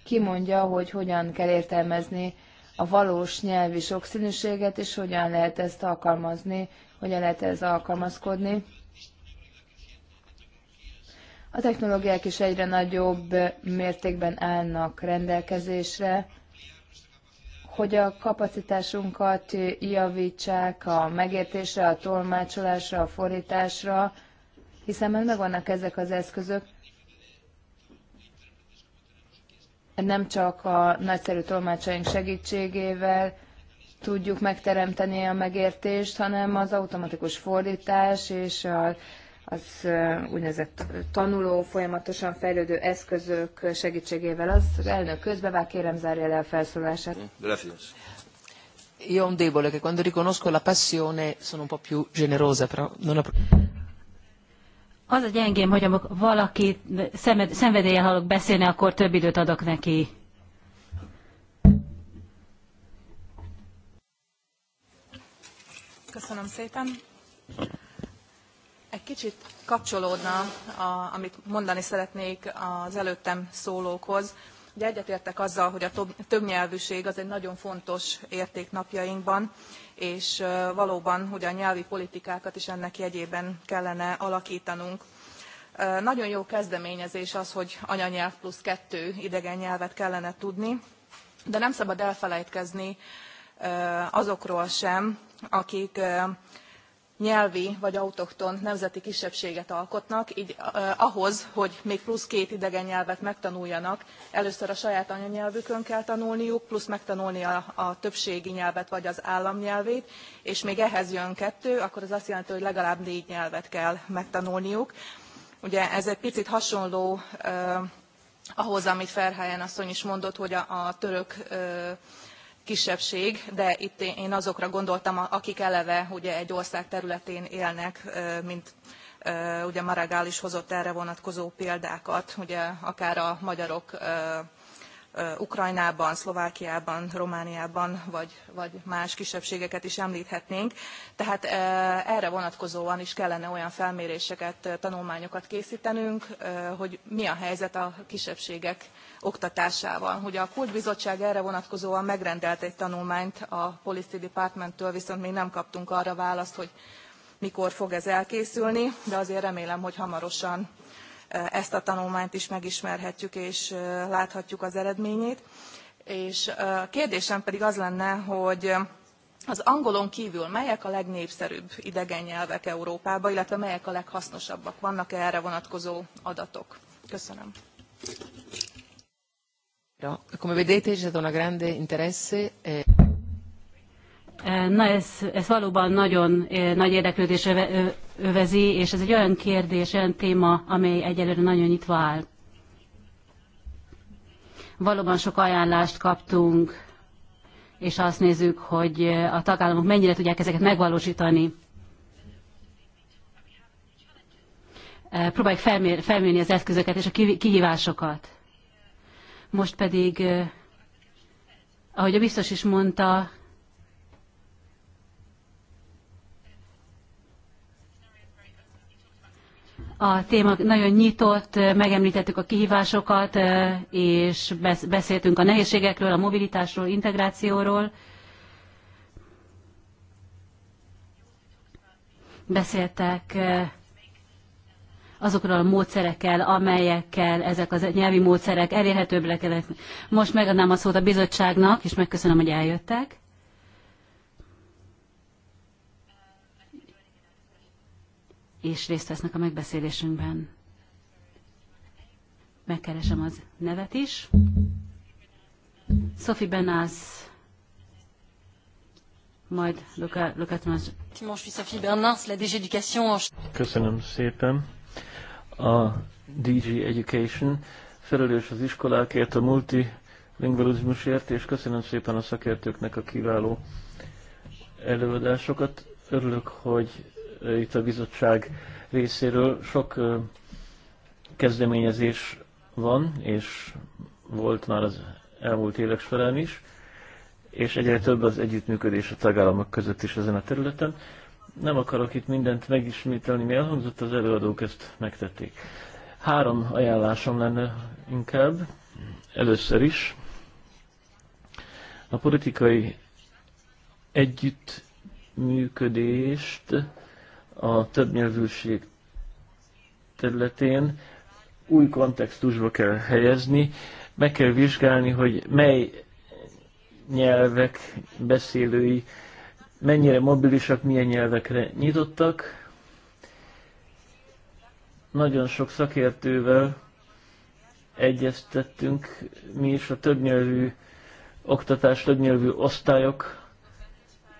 kimondja, hogy hogyan kell értelmezni a valós nyelvi sokszínűséget, és hogyan lehet ezt alkalmazni, hogyan lehet ez alkalmazkodni. A technológiák is egyre nagyobb mértékben állnak rendelkezésre, hogy a kapacitásunkat javítsák a megértésre, a tolmácsolásra, a fordításra, hiszen már megvannak ezek az eszközök. Nem csak a nagyszerű tolmácsaink segítségével tudjuk megteremteni a megértést, hanem az automatikus fordítás és a az úgynevezett tanuló folyamatosan fejlődő eszközök segítségével. Az, az elnök közbevág, kérem zárja le a felszólását. Mm, gracias. Io ho un debole che quando riconosco la passione sono un po' più generosa, però non ho... Az a gyengém, hogy amikor valaki szenvedélye hallok beszélni, akkor több időt adok neki. Köszönöm szépen. Egy kicsit kapcsolódna, a, amit mondani szeretnék az előttem szólókhoz. Ugye egyetértek azzal, hogy a többnyelvűség az egy nagyon fontos érték napjainkban, és valóban, hogy a nyelvi politikákat is ennek jegyében kellene alakítanunk. Nagyon jó kezdeményezés az, hogy anyanyelv plusz kettő idegen nyelvet kellene tudni, de nem szabad elfelejtkezni azokról sem, akik nyelvi vagy autokton nemzeti kisebbséget alkotnak, így ahhoz, hogy még plusz két idegen nyelvet megtanuljanak, először a saját anyanyelvükön kell tanulniuk, plusz megtanulni a, a többségi nyelvet vagy az államnyelvét, és még ehhez jön kettő, akkor az azt jelenti, hogy legalább négy nyelvet kell megtanulniuk. Ugye ez egy picit hasonló eh, ahhoz, amit Ferhelyen asszony is mondott, hogy a, a török eh, kisebbség, de itt én azokra gondoltam, akik eleve ugye egy ország területén élnek, mint ugye Maragall is hozott erre vonatkozó példákat, ugye akár a magyarok Ukrajnában, Szlovákiában, Romániában, vagy, vagy más kisebbségeket is említhetnénk. Tehát erre vonatkozóan is kellene olyan felméréseket, tanulmányokat készítenünk, hogy mi a helyzet a kisebbségek oktatásával. Ugye a Kult Bizottság erre vonatkozóan megrendelt egy tanulmányt a Policy Department-től, viszont még nem kaptunk arra választ, hogy mikor fog ez elkészülni, de azért remélem, hogy hamarosan ezt a tanulmányt is megismerhetjük és láthatjuk az eredményét. És a kérdésem pedig az lenne, hogy az angolon kívül melyek a legnépszerűbb idegen nyelvek Európában, illetve melyek a leghasznosabbak? Vannak-e erre vonatkozó adatok? Köszönöm. Come vedete c'è stato un grande interesse. Eh. Eh, na, ez, ez valóban nagyon eh, nagy érdeklődésre övezi, és ez egy olyan kérdés, olyan téma, amely egyelőre nagyon nyitva áll. Valóban sok ajánlást kaptunk, és azt nézzük, hogy a tagállamok mennyire tudják ezeket megvalósítani. E, próbáljuk felmérni az eszközöket és a kihívásokat. Most pedig, e, ahogy a biztos is mondta, A téma nagyon nyitott, megemlítettük a kihívásokat, és beszéltünk a nehézségekről, a mobilitásról, integrációról. Beszéltek azokról a módszerekkel, amelyekkel ezek az nyelvi módszerek elérhetőbbek. Most megadnám a szót a bizottságnak, és megköszönöm, hogy eljöttek. és részt vesznek a megbeszélésünkben. Megkeresem az nevet is. Sophie Benaz, majd Lukács Köszönöm szépen. A DG Education felelős az iskolákért, a multilingvalizmusért, és köszönöm szépen a szakértőknek a kiváló előadásokat. Örülök, hogy itt a bizottság részéről. Sok kezdeményezés van, és volt már az elmúlt évek során is, és egyre több az együttműködés a tagállamok között is ezen a területen. Nem akarok itt mindent megismételni, mi elhangzott, az előadók ezt megtették. Három ajánlásom lenne inkább. Először is a politikai együttműködést a többnyelvűség területén új kontextusba kell helyezni, meg kell vizsgálni, hogy mely nyelvek beszélői mennyire mobilisak, milyen nyelvekre nyitottak. Nagyon sok szakértővel egyeztettünk mi is a többnyelvű oktatás, többnyelvű osztályok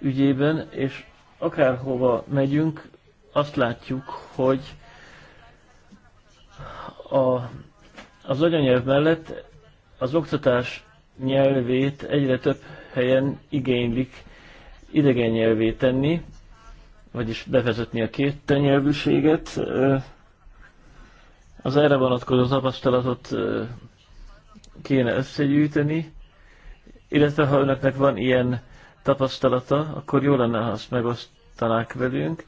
ügyében, és akárhova megyünk, azt látjuk, hogy a, az anyanyelv mellett az oktatás nyelvét egyre több helyen igénylik idegen nyelvé tenni, vagyis bevezetni a két nyelvűséget. Az erre vonatkozó tapasztalatot kéne összegyűjteni, illetve ha önöknek van ilyen tapasztalata, akkor jó lenne, ha azt megosztanák velünk.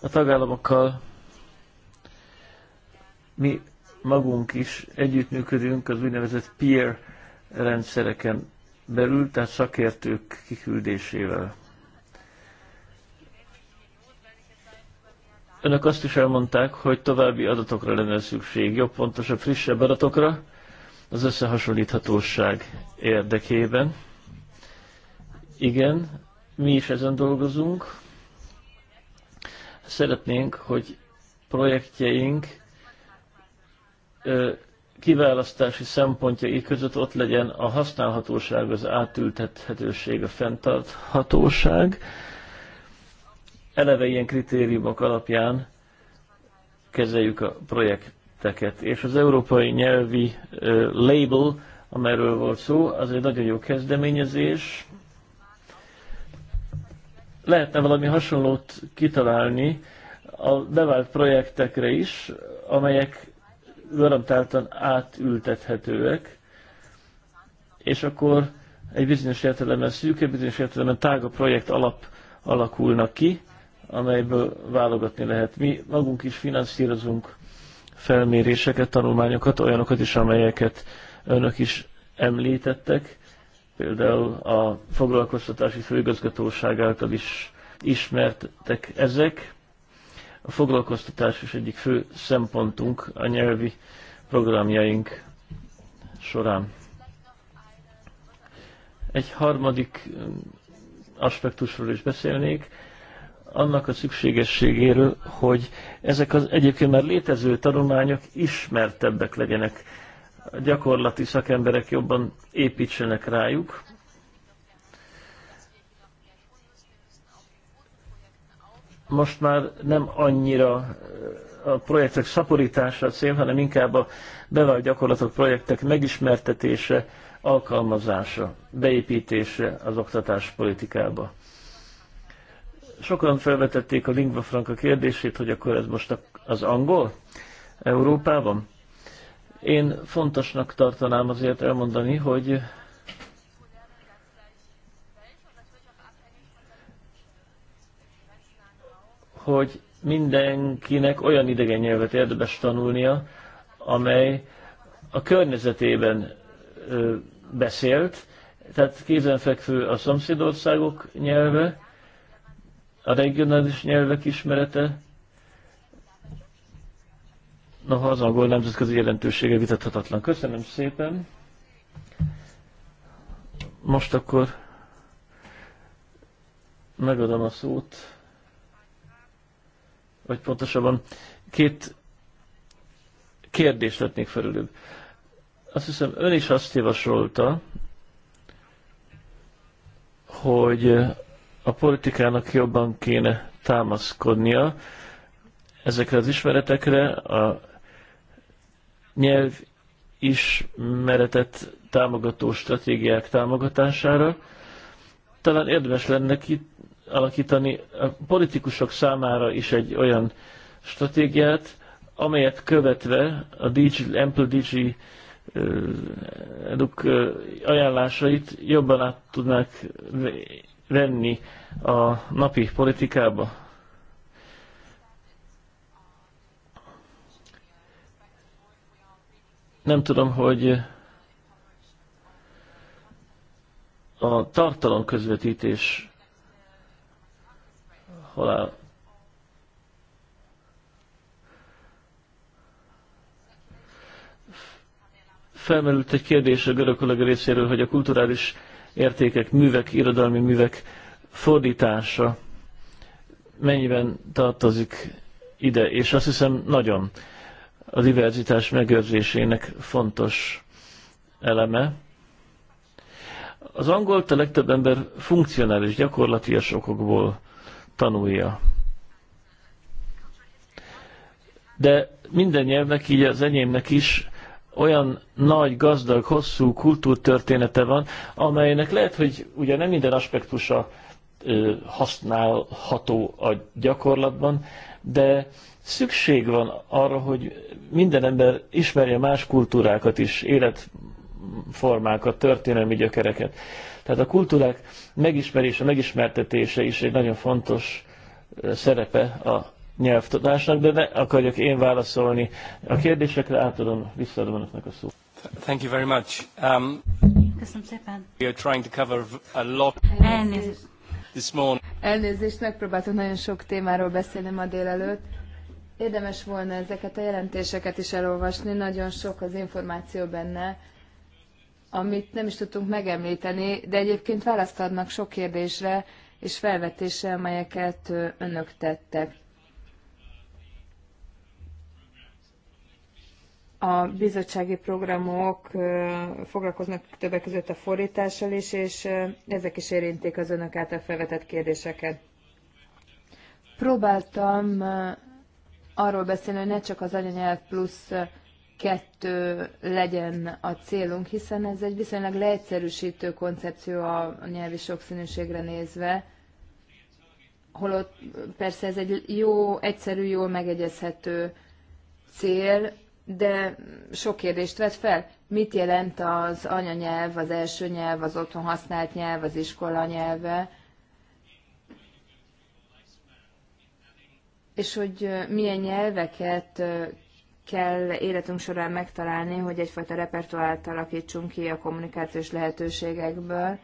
a tagállamokkal mi magunk is együttműködünk az úgynevezett peer rendszereken belül, tehát szakértők kiküldésével. Önök azt is elmondták, hogy további adatokra lenne szükség, jobb, pontosabb, frissebb adatokra az összehasonlíthatóság érdekében. Igen, mi is ezen dolgozunk szeretnénk, hogy projektjeink kiválasztási szempontjai között ott legyen a használhatóság, az átültethetőség, a fenntarthatóság. Eleve ilyen kritériumok alapján kezeljük a projekteket. És az európai nyelvi label, amelyről volt szó, az egy nagyon jó kezdeményezés, lehetne valami hasonlót kitalálni a bevált projektekre is, amelyek garantáltan átültethetőek, és akkor egy bizonyos értelemben egy bizonyos értelemben tága projekt alap alakulnak ki, amelyből válogatni lehet. Mi magunk is finanszírozunk felméréseket, tanulmányokat, olyanokat is, amelyeket önök is említettek, például a foglalkoztatási főigazgatóság által is ismertek ezek. A foglalkoztatás is egyik fő szempontunk a nyelvi programjaink során. Egy harmadik um, aspektusról is beszélnék, annak a szükségességéről, hogy ezek az egyébként már létező tanulmányok ismertebbek legyenek gyakorlati szakemberek jobban építsenek rájuk. Most már nem annyira a projektek szaporítása a cél, hanem inkább a bevált gyakorlatok projektek megismertetése, alkalmazása, beépítése az oktatás politikába. Sokan felvetették a lingva franca kérdését, hogy akkor ez most az angol Európában? Én fontosnak tartanám azért elmondani, hogy hogy mindenkinek olyan idegen nyelvet érdemes tanulnia, amely a környezetében ö, beszélt, tehát kézenfekvő a szomszédországok nyelve, a regionális nyelvek ismerete, Noha az angol nemzetközi jelentősége vitathatatlan. Köszönöm szépen. Most akkor megadom a szót, vagy pontosabban két kérdést vetnék felülőbb. Azt hiszem, ön is azt javasolta, hogy a politikának jobban kéne támaszkodnia ezekre az ismeretekre, a nyelv ismeretet támogató stratégiák támogatására. Talán érdemes lenne alakítani a politikusok számára is egy olyan stratégiát, amelyet követve a DG, Ample DG eduk ajánlásait jobban át tudnák venni a napi politikába. Nem tudom, hogy a tartalom közvetítés hol áll. Felmerült egy kérdés a görög kollega részéről, hogy a kulturális értékek, művek, irodalmi művek fordítása mennyiben tartozik ide, és azt hiszem nagyon a diverzitás megőrzésének fontos eleme. Az angolt a legtöbb ember funkcionális, gyakorlatias okokból tanulja. De minden nyelvnek, így az enyémnek is olyan nagy, gazdag, hosszú kultúrtörténete van, amelynek lehet, hogy ugye nem minden aspektusa használható a gyakorlatban, de Szükség van arra, hogy minden ember ismerje más kultúrákat is, életformákat, történelmi gyökereket. Tehát a kultúrák megismerése, megismertetése is egy nagyon fontos szerepe a nyelvtudásnak, de ne akarjak én válaszolni a kérdésekre, átadom, visszaadom önöknek a szót. Thank you very much. Um, Köszönöm szépen. We are trying to cover a lot Elnézést. this morning. Elnézést, megpróbáltam nagyon sok témáról beszélni ma délelőtt. Érdemes volna ezeket a jelentéseket is elolvasni, nagyon sok az információ benne, amit nem is tudtunk megemlíteni, de egyébként választ adnak sok kérdésre és felvetésre, amelyeket önök tettek. A bizottsági programok foglalkoznak többek között a fordítással is, és ezek is érinték az önök által felvetett kérdéseket. Próbáltam arról beszélni, hogy ne csak az anyanyelv plusz kettő legyen a célunk, hiszen ez egy viszonylag leegyszerűsítő koncepció a nyelvi sokszínűségre nézve, holott persze ez egy jó, egyszerű, jól megegyezhető cél, de sok kérdést vet fel. Mit jelent az anyanyelv, az első nyelv, az otthon használt nyelv, az iskola nyelve? és hogy milyen nyelveket kell életünk során megtalálni, hogy egyfajta repertoárt alakítsunk ki a kommunikációs lehetőségekből.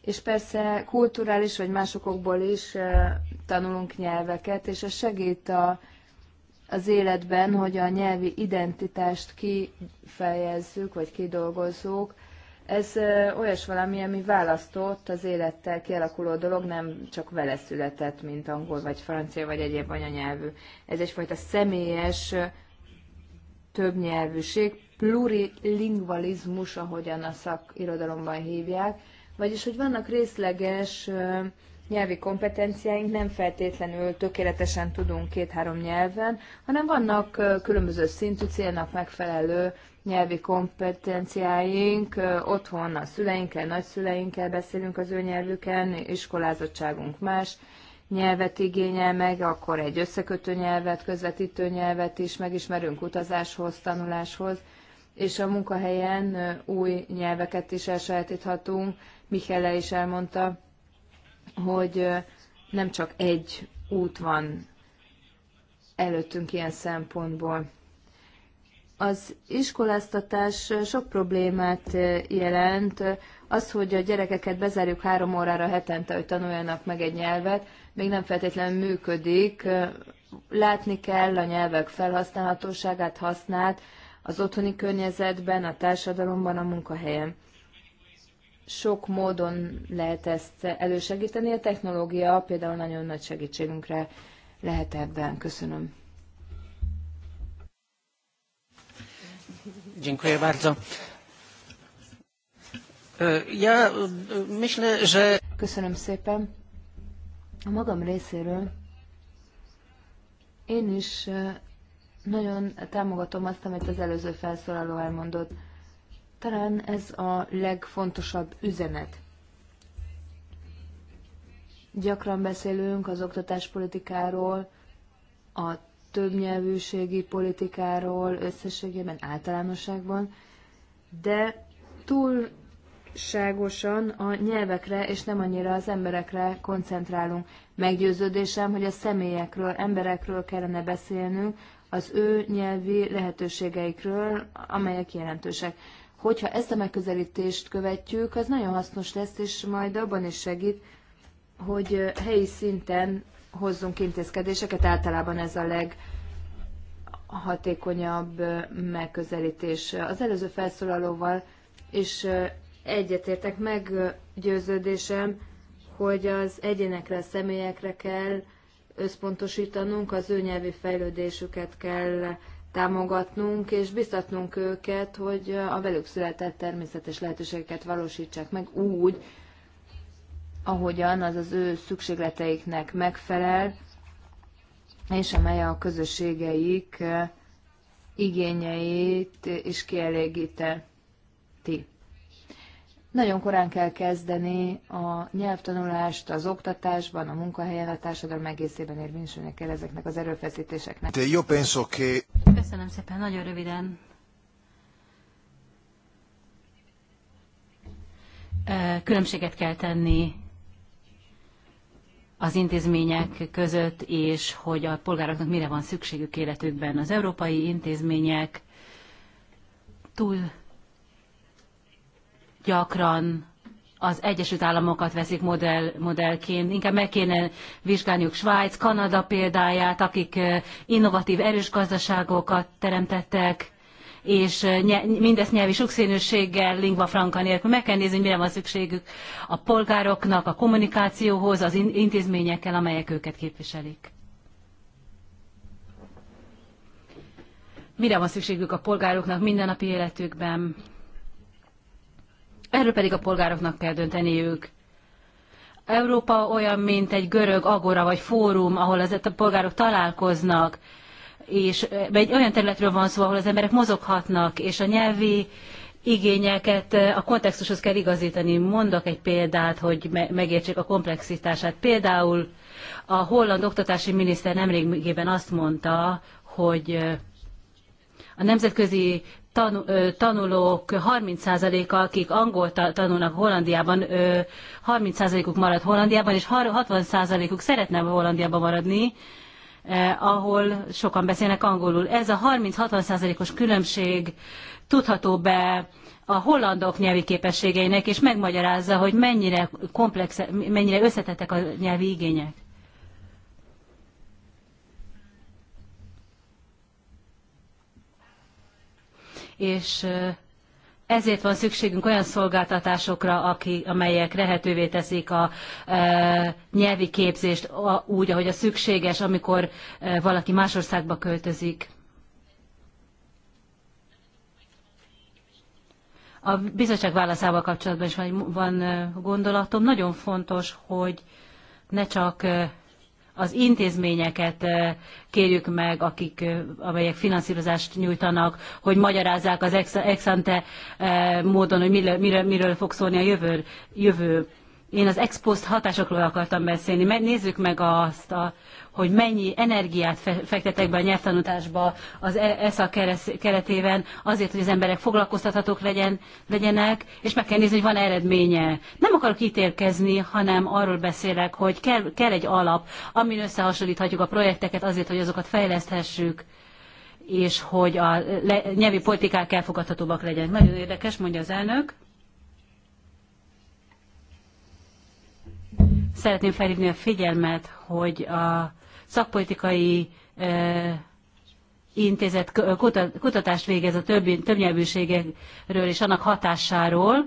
És persze kulturális vagy másokokból is tanulunk nyelveket, és ez segít a, az életben, hogy a nyelvi identitást kifejezzük, vagy kidolgozzuk, ez olyas valami, ami választott az élettel kialakuló dolog, nem csak vele született, mint angol, vagy francia, vagy egyéb anyanyelvű. Ez egyfajta személyes többnyelvűség, plurilingvalizmus, ahogyan a szakirodalomban hívják, vagyis, hogy vannak részleges nyelvi kompetenciáink nem feltétlenül tökéletesen tudunk két-három nyelven, hanem vannak különböző szintű célnak megfelelő nyelvi kompetenciáink, otthon a szüleinkkel, nagyszüleinkkel beszélünk az ő nyelvüken, iskolázottságunk más, nyelvet igényel meg, akkor egy összekötő nyelvet, közvetítő nyelvet is megismerünk utazáshoz, tanuláshoz, és a munkahelyen új nyelveket is elsajátíthatunk. Michele is elmondta, hogy nem csak egy út van előttünk ilyen szempontból. Az iskoláztatás sok problémát jelent. Az, hogy a gyerekeket bezárjuk három órára hetente, hogy tanuljanak meg egy nyelvet, még nem feltétlenül működik. Látni kell a nyelvek felhasználhatóságát, használt az otthoni környezetben, a társadalomban, a munkahelyen sok módon lehet ezt elősegíteni. A technológia például nagyon nagy segítségünkre lehet ebben. Köszönöm. Dziękuję bardzo. E, ja e, myślę, że... Köszönöm szépen. A magam részéről én is e, nagyon támogatom azt, amit az előző felszólaló elmondott. Talán ez a legfontosabb üzenet. Gyakran beszélünk az oktatáspolitikáról, a többnyelvűségi politikáról összességében, általánosságban, de túlságosan a nyelvekre és nem annyira az emberekre koncentrálunk. Meggyőződésem, hogy a személyekről, emberekről kellene beszélnünk, az ő nyelvi lehetőségeikről, amelyek jelentősek. Hogyha ezt a megközelítést követjük, az nagyon hasznos lesz, és majd abban is segít, hogy helyi szinten hozzunk intézkedéseket, általában ez a leg hatékonyabb megközelítés. Az előző felszólalóval és egyetértek meggyőződésem, hogy az egyénekre, a személyekre kell összpontosítanunk, az ő nyelvi fejlődésüket kell támogatnunk és biztatnunk őket, hogy a velük született természetes lehetőségeket valósítsák meg úgy, ahogyan az az ő szükségleteiknek megfelel, és amely a közösségeik igényeit is kielégíteti. Nagyon korán kell kezdeni a nyelvtanulást az oktatásban, a munkahelyen, a társadalom egészében érvényesülni kell ezeknek az erőfeszítéseknek. De jó pénz, oké. Köszönöm szépen, nagyon röviden. Különbséget kell tenni az intézmények között, és hogy a polgároknak mire van szükségük életükben. Az európai intézmények túl gyakran az Egyesült Államokat veszik modell, modellként. Inkább meg kéne vizsgálniuk Svájc, Kanada példáját, akik eh, innovatív, erős gazdaságokat teremtettek, és eh, mindezt nyelvi sokszínűséggel, lingva franca nélkül. Meg kell nézni, mire van szükségük a polgároknak, a kommunikációhoz, az intézményekkel, amelyek őket képviselik. Mire van szükségük a polgároknak mindennapi életükben, erről pedig a polgároknak kell dönteniük. Európa olyan, mint egy görög agora vagy fórum, ahol az, a polgárok találkoznak, és egy olyan területről van szó, ahol az emberek mozoghatnak, és a nyelvi igényeket a kontextushoz kell igazítani. Mondok egy példát, hogy megértsék a komplexitását. Például a holland oktatási miniszter nemrégében azt mondta, hogy a nemzetközi tanulók 30%-a, akik angolt tanulnak Hollandiában, 30%-uk marad Hollandiában, és 60%-uk szeretne Hollandiában maradni, e, ahol sokan beszélnek angolul. Ez a 30-60%-os különbség tudható be a hollandok nyelvi képességeinek, és megmagyarázza, hogy mennyire, komplex, mennyire összetettek a nyelvi igények. és ezért van szükségünk olyan szolgáltatásokra, aki, amelyek lehetővé teszik a e, nyelvi képzést a, úgy, ahogy a szükséges, amikor e, valaki más országba költözik. A bizottság válaszával kapcsolatban is van, van gondolatom. Nagyon fontos, hogy ne csak az intézményeket kérjük meg, akik, amelyek finanszírozást nyújtanak, hogy magyarázzák az ex-ante módon, hogy miről, miről, miről fog szólni a jövő. jövő. Én az ex post hatásokról akartam beszélni. Nézzük meg azt, a, hogy mennyi energiát fektetek be a nyelvtanulásba az e-, ESA keretében, azért, hogy az emberek foglalkoztathatók legyen, legyenek, és meg kell nézni, hogy van eredménye. Nem akarok ítélkezni, hanem arról beszélek, hogy kell, kell egy alap, amin összehasonlíthatjuk a projekteket azért, hogy azokat fejleszthessük és hogy a le, nyelvi politikák elfogadhatóbbak legyenek. Nagyon érdekes, mondja az elnök. Szeretném felhívni a figyelmet, hogy a szakpolitikai intézet kutatást végez a több, többnyelvűségekről és annak hatásáról,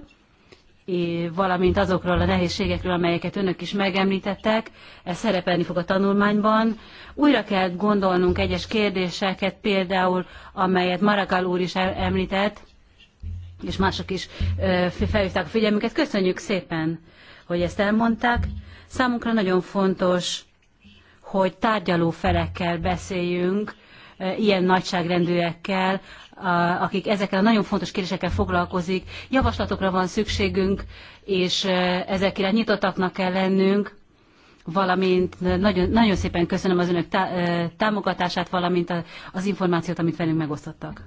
valamint azokról a nehézségekről, amelyeket önök is megemlítettek, ez szerepelni fog a tanulmányban. Újra kell gondolnunk egyes kérdéseket, például amelyet Marakal úr is említett, és mások is felhívták a figyelmüket. Köszönjük szépen, hogy ezt elmondták. Számunkra nagyon fontos hogy tárgyaló felekkel beszéljünk, eh, ilyen nagyságrendűekkel, akik ezekkel a nagyon fontos kérdésekkel foglalkozik. Javaslatokra van szükségünk, és eh, ezek iránt nyitottaknak kell lennünk, valamint nagyon, nagyon szépen köszönöm az önök eh, támogatását, valamint az információt, amit velünk megosztottak.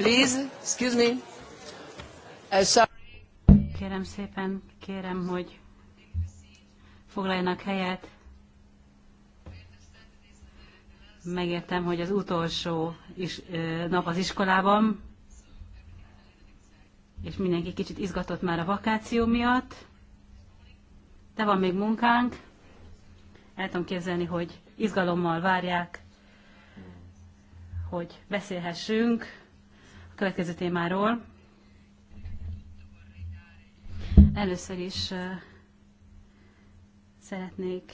Please, excuse me. Uh, kérem szépen, kérem, hogy foglaljanak helyet. Megértem, hogy az utolsó is, nap az iskolában, és mindenki kicsit izgatott már a vakáció miatt, de van még munkánk. El tudom képzelni, hogy izgalommal várják, hogy beszélhessünk következő témáról. Először is szeretnék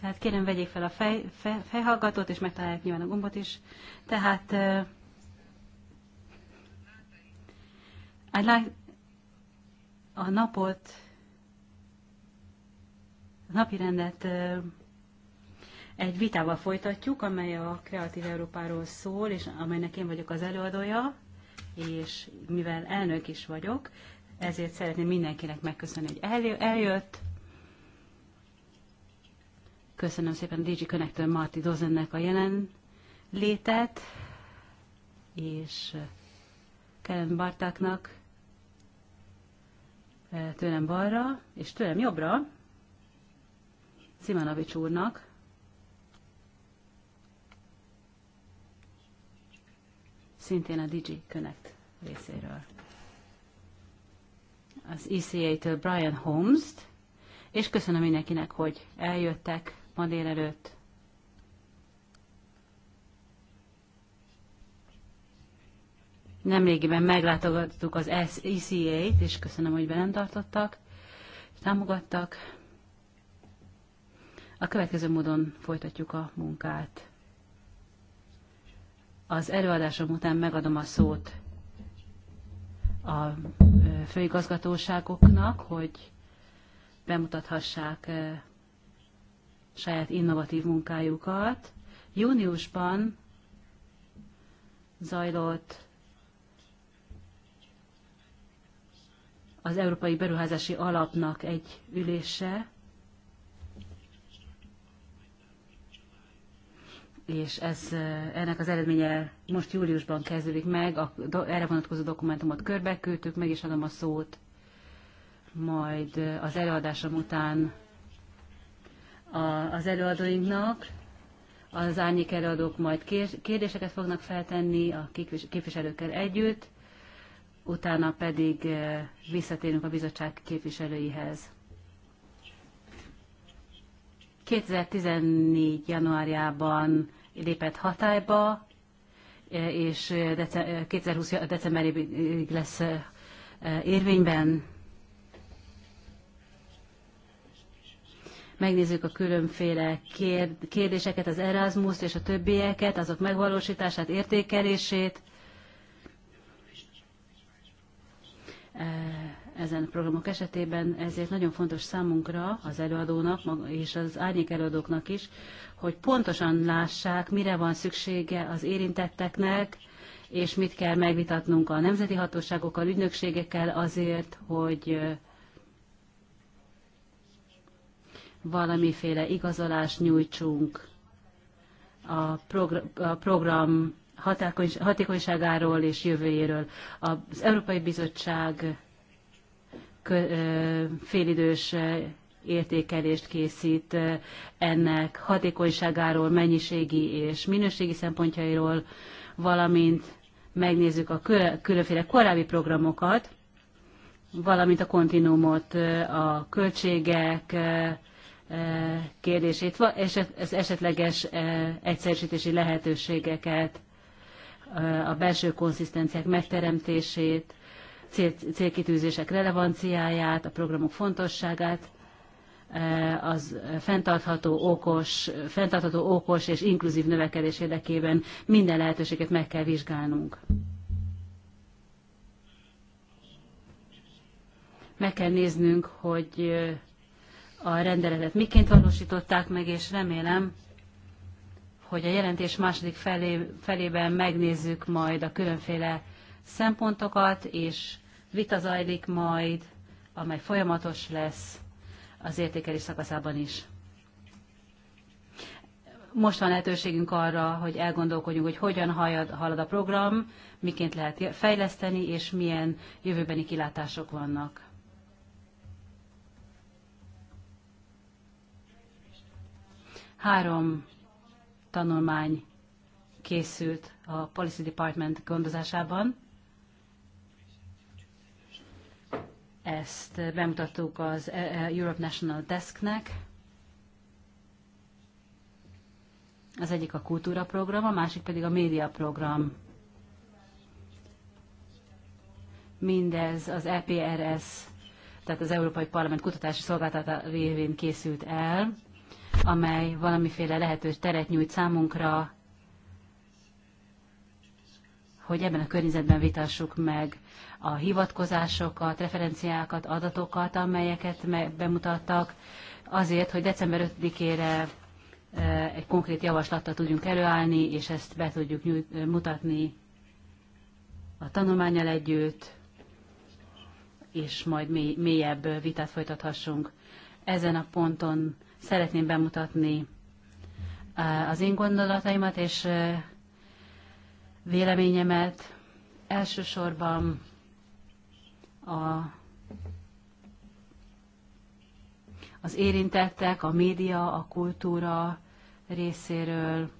Tehát kérem, vegyék fel a fej, fej, fejhallgatót, és megtalálják nyilván a gombot is. Tehát uh, I'd like a napot, a napi rendet uh, egy vitával folytatjuk, amely a Kreatív Európáról szól, és amelynek én vagyok az előadója, és mivel elnök is vagyok, ezért szeretném mindenkinek megköszönni, hogy eljött. Köszönöm szépen Digi Connector Marti Dozennek a jelen létet, és Kellen Bartáknak eh, tőlem balra, és tőlem jobbra, Szimanovics úrnak, szintén a Digi Connect részéről. Az ECA-től Brian Holmes-t, és köszönöm mindenkinek, hogy eljöttek ma délelőtt. Nemrégiben meglátogattuk az ECA-t, és köszönöm, hogy velem tartottak, és támogattak. A következő módon folytatjuk a munkát. Az előadásom után megadom a szót a főigazgatóságoknak, hogy bemutathassák saját innovatív munkájukat. Júniusban zajlott az Európai Beruházási Alapnak egy ülése, és ez, ennek az eredménye most júliusban kezdődik meg, a, erre vonatkozó dokumentumot körbeküldtük, meg is adom a szót, majd az előadásom után a, az előadóinknak, az árnyék előadók majd kérdéseket fognak feltenni a képviselőkkel együtt, utána pedig eh, visszatérünk a bizottság képviselőihez. 2014. januárjában lépett hatályba, e, és 2020. E, e, decemberig lesz érvényben. Megnézzük a különféle kérdéseket, az Erasmus és a többieket, azok megvalósítását, értékelését ezen programok esetében, ezért nagyon fontos számunkra, az előadónak és az árnyék előadóknak is, hogy pontosan lássák, mire van szüksége az érintetteknek, és mit kell megvitatnunk a nemzeti hatóságokkal, ügynökségekkel azért, hogy valamiféle igazolást nyújtsunk a, progr- a program hatékonyságáról és jövőjéről. Az Európai Bizottság félidős értékelést készít ennek hatékonyságáról, mennyiségi és minőségi szempontjairól, valamint megnézzük a különféle korábbi programokat, valamint a kontinuumot, a költségek kérdését, és az esetleges egyszerűsítési lehetőségeket, a belső konszisztenciák megteremtését, cél, célkitűzések relevanciáját, a programok fontosságát, e, az fenntartható okos, fenntartható okos és inkluzív növekedés érdekében minden lehetőséget meg kell vizsgálnunk. Meg kell néznünk, hogy e, a rendeletet miként valósították meg, és remélem, hogy a jelentés második felé, felében megnézzük majd a különféle szempontokat, és vita zajlik majd, amely folyamatos lesz az értékelés szakaszában is. Most van lehetőségünk arra, hogy elgondolkodjunk, hogy hogyan halad a program, miként lehet fejleszteni, és milyen jövőbeni kilátások vannak. Három tanulmány készült a Policy Department gondozásában Ezt bemutattuk az e- e- Europe National Desknek. Az egyik a kultúra program, a másik pedig a média program. Mindez az EPRS, tehát az Európai Parlament Kutatási Szolgáltatása révén készült el, amely valamiféle lehetős teret nyújt számunkra, hogy ebben a környezetben vitassuk meg a hivatkozásokat, referenciákat, adatokat, amelyeket bemutattak, azért, hogy december 5-ére e, egy konkrét javaslattal tudjunk előállni, és ezt be tudjuk nyújt, e, mutatni a tanulmányal együtt, és majd mély, mélyebb vitát folytathassunk. Ezen a ponton szeretném bemutatni e, az én gondolataimat és véleményemet. Elsősorban a, az érintettek, a média, a kultúra részéről,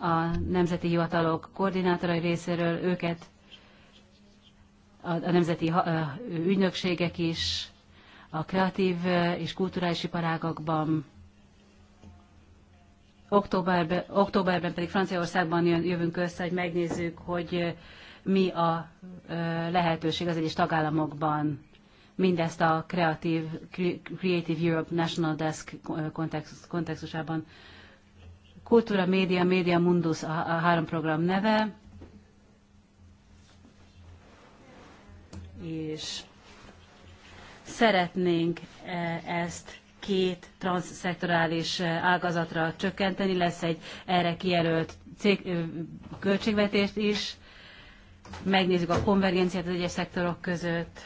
a nemzeti hivatalok koordinátorai részéről, őket, a, nemzeti ügynökségek is, a kreatív és kulturális iparágakban, Októberben, októberben pedig Franciaországban jön, jövünk össze, hogy megnézzük, hogy mi a lehetőség az egyes tagállamokban mindezt a Creative, Creative Europe National Desk kontext, kontextusában. Kultúra, média, média mundus a három program neve, és szeretnénk e, ezt két transzszektorális e, ágazatra csökkenteni, lesz egy erre kijelölt cég, költségvetést is, megnézzük a konvergenciát az egyes szektorok között,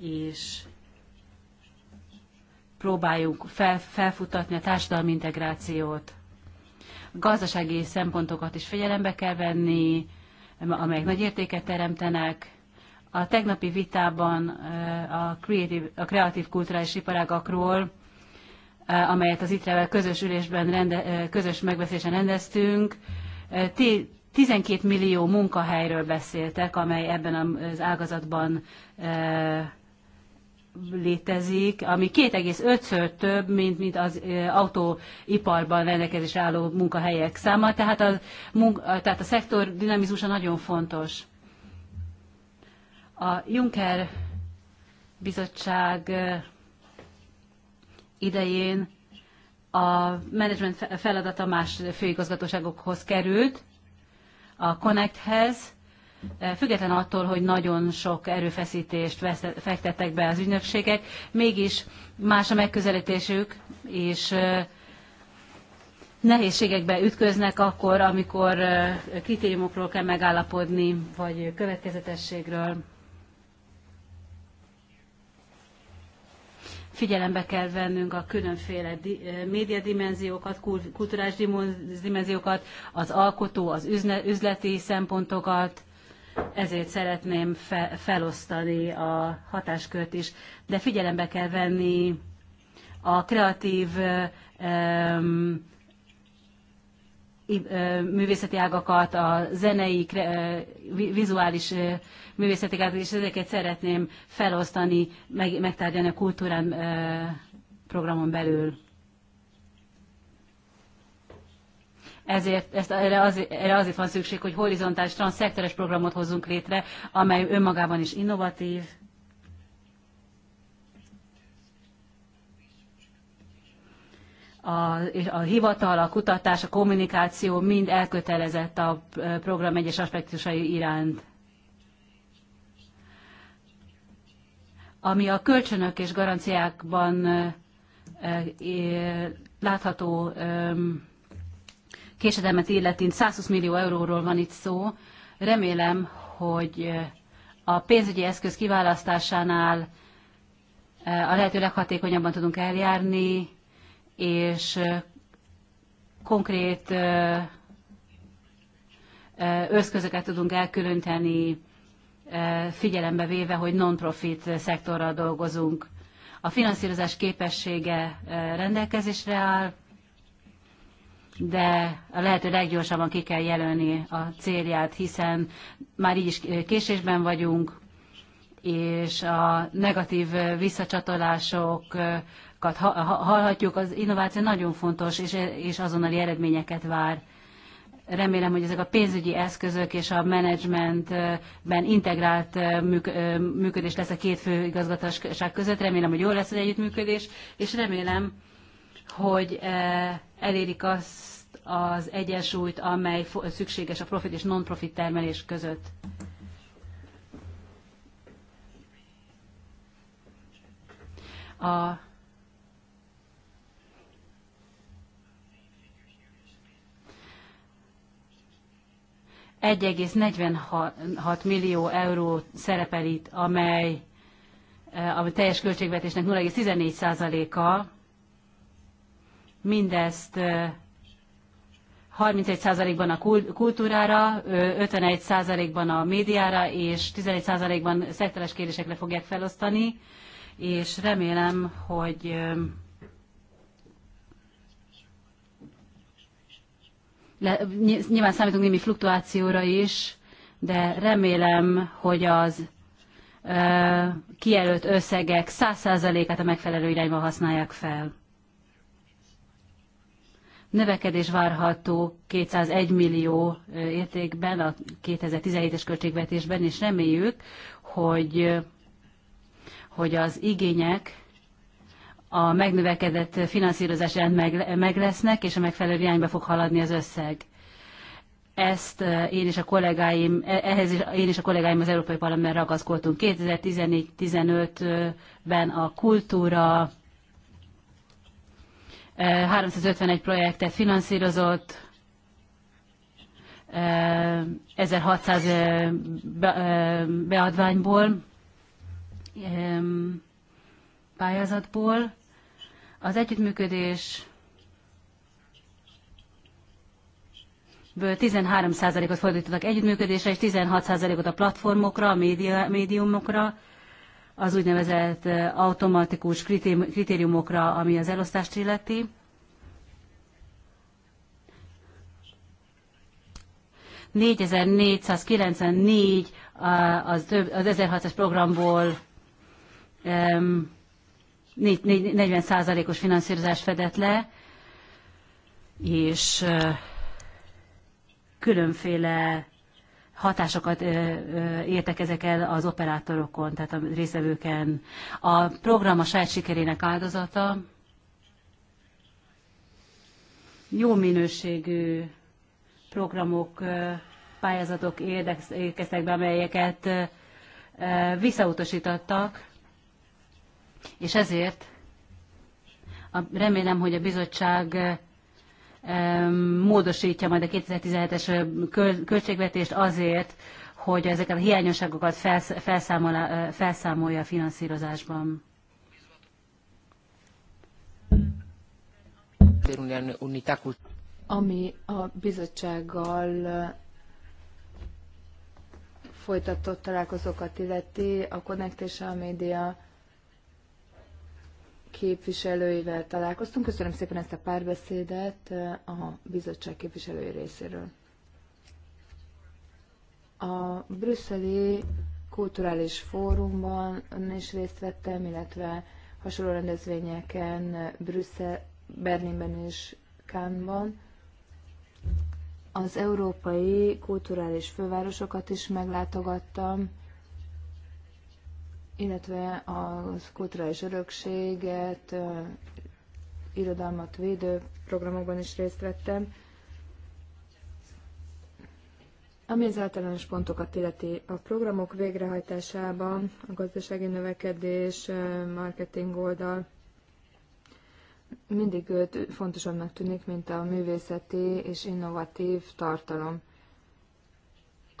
és próbáljuk fel, felfutatni a társadalmi integrációt. A gazdasági szempontokat is figyelembe kell venni, amelyek nagy értéket teremtenek. A tegnapi vitában eh, a, creative, a kreatív kulturális iparágakról, eh, amelyet az itre közös ülésben, rende, eh, közös megbeszélésen rendeztünk, 12 millió munkahelyről beszéltek, amely ebben az ágazatban e, létezik, ami 2,5-ször több, mint, mint az e, autóiparban rendelkezés álló munkahelyek száma, tehát a, munka, tehát a szektor dinamizmusa nagyon fontos. A Juncker bizottság e, idején a menedzsment feladata más főigazgatóságokhoz került, a Connecthez, független attól, hogy nagyon sok erőfeszítést fektettek be az ügynökségek, mégis más a megközelítésük, és nehézségekbe ütköznek akkor, amikor kritériumokról kell megállapodni, vagy következetességről. Figyelembe kell vennünk a különféle eh, médiadimenziókat, kulturális dimenziókat, az alkotó, az üzleti szempontokat, ezért szeretném fe, felosztani a hatáskört is, de figyelembe kell venni a kreatív ö- eh, művészeti ágakat, a zenei, vizuális művészeti ágakat, és ezeket szeretném felosztani, meg, megtárgyalni a kultúrán programon belül. Ezért ezt, erre, azért, erre azért van szükség, hogy horizontális, transzektoros programot hozzunk létre, amely önmagában is innovatív, a, a hivatal, a kutatás, a kommunikáció mind elkötelezett a program egyes aspektusai iránt. Ami a kölcsönök és garanciákban látható késedelmet illeti, 120 millió euróról van itt szó. Remélem, hogy a pénzügyi eszköz kiválasztásánál a lehető leghatékonyabban tudunk eljárni, és konkrét összközöket tudunk elkülönteni, figyelembe véve, hogy non-profit szektorral dolgozunk. A finanszírozás képessége rendelkezésre áll, de a lehető leggyorsabban ki kell jelölni a célját, hiszen már így is késésben vagyunk, és a negatív visszacsatolások hallhatjuk, az innováció nagyon fontos, és, és azonnali eredményeket vár. Remélem, hogy ezek a pénzügyi eszközök és a menedzsmentben integrált működés lesz a két fő igazgatóság között. Remélem, hogy jó lesz az együttműködés, és remélem, hogy elérik azt az egyensúlyt, amely szükséges a profit és non-profit termelés között. A 1,46 millió euró szerepel itt, amely eh, a teljes költségvetésnek 0,14%-a. Mindezt 31%-ban eh, a kultúrára, 51%-ban eh, a médiára és 11%-ban szektoros kérdésekre fogják felosztani, és remélem, hogy Le, nyilván számítunk némi fluktuációra is, de remélem, hogy az ö, kijelölt összegek 100%-át a megfelelő irányba használják fel. Növekedés várható 201 millió értékben a 2017-es költségvetésben, és reméljük, hogy, hogy az igények a megnövekedett finanszírozás meg, meg lesznek, és a megfelelő irányba fog haladni az összeg. Ezt eh, én és a kollégáim, eh, ehhez is, én és a kollégáim az Európai Parlamentben ragaszkodtunk. 2014-15-ben a kultúra 351 eh, projektet finanszírozott, 1600 beadványból, pályázatból, az együttműködés 13%-ot fordítottak együttműködésre, és 16%-ot a platformokra, a média, médiumokra, az úgynevezett automatikus kritériumokra, ami az elosztást illeti. ...4494 az, több, 1600 programból um, 40%-os finanszírozást fedett le, és különféle hatásokat értek ezek el az operátorokon, tehát a részvevőken. A program a saját sikerének áldozata, jó minőségű programok, pályázatok érkeztek be, amelyeket visszautasítottak, és ezért remélem, hogy a bizottság eh, módosítja majd a 2017-es eh, költségvetést azért, hogy ezeket a hiányosságokat felszámolja, eh, felszámolja a finanszírozásban. Ami a bizottsággal folytatott találkozókat illeti, a Connect és a média képviselőivel találkoztunk. Köszönöm szépen ezt a párbeszédet eh, a bizottság képviselői részéről. A brüsszeli kulturális fórumban is részt vettem, illetve hasonló rendezvényeken Brüsszel, Berlinben és Kánban. Az európai kulturális fővárosokat is meglátogattam, illetve a kulturális örökséget, irodalmat védő programokban is részt vettem. Ami az általános pontokat illeti, a programok végrehajtásában a gazdasági növekedés, marketing oldal mindig fontosabbnak tűnik, mint a művészeti és innovatív tartalom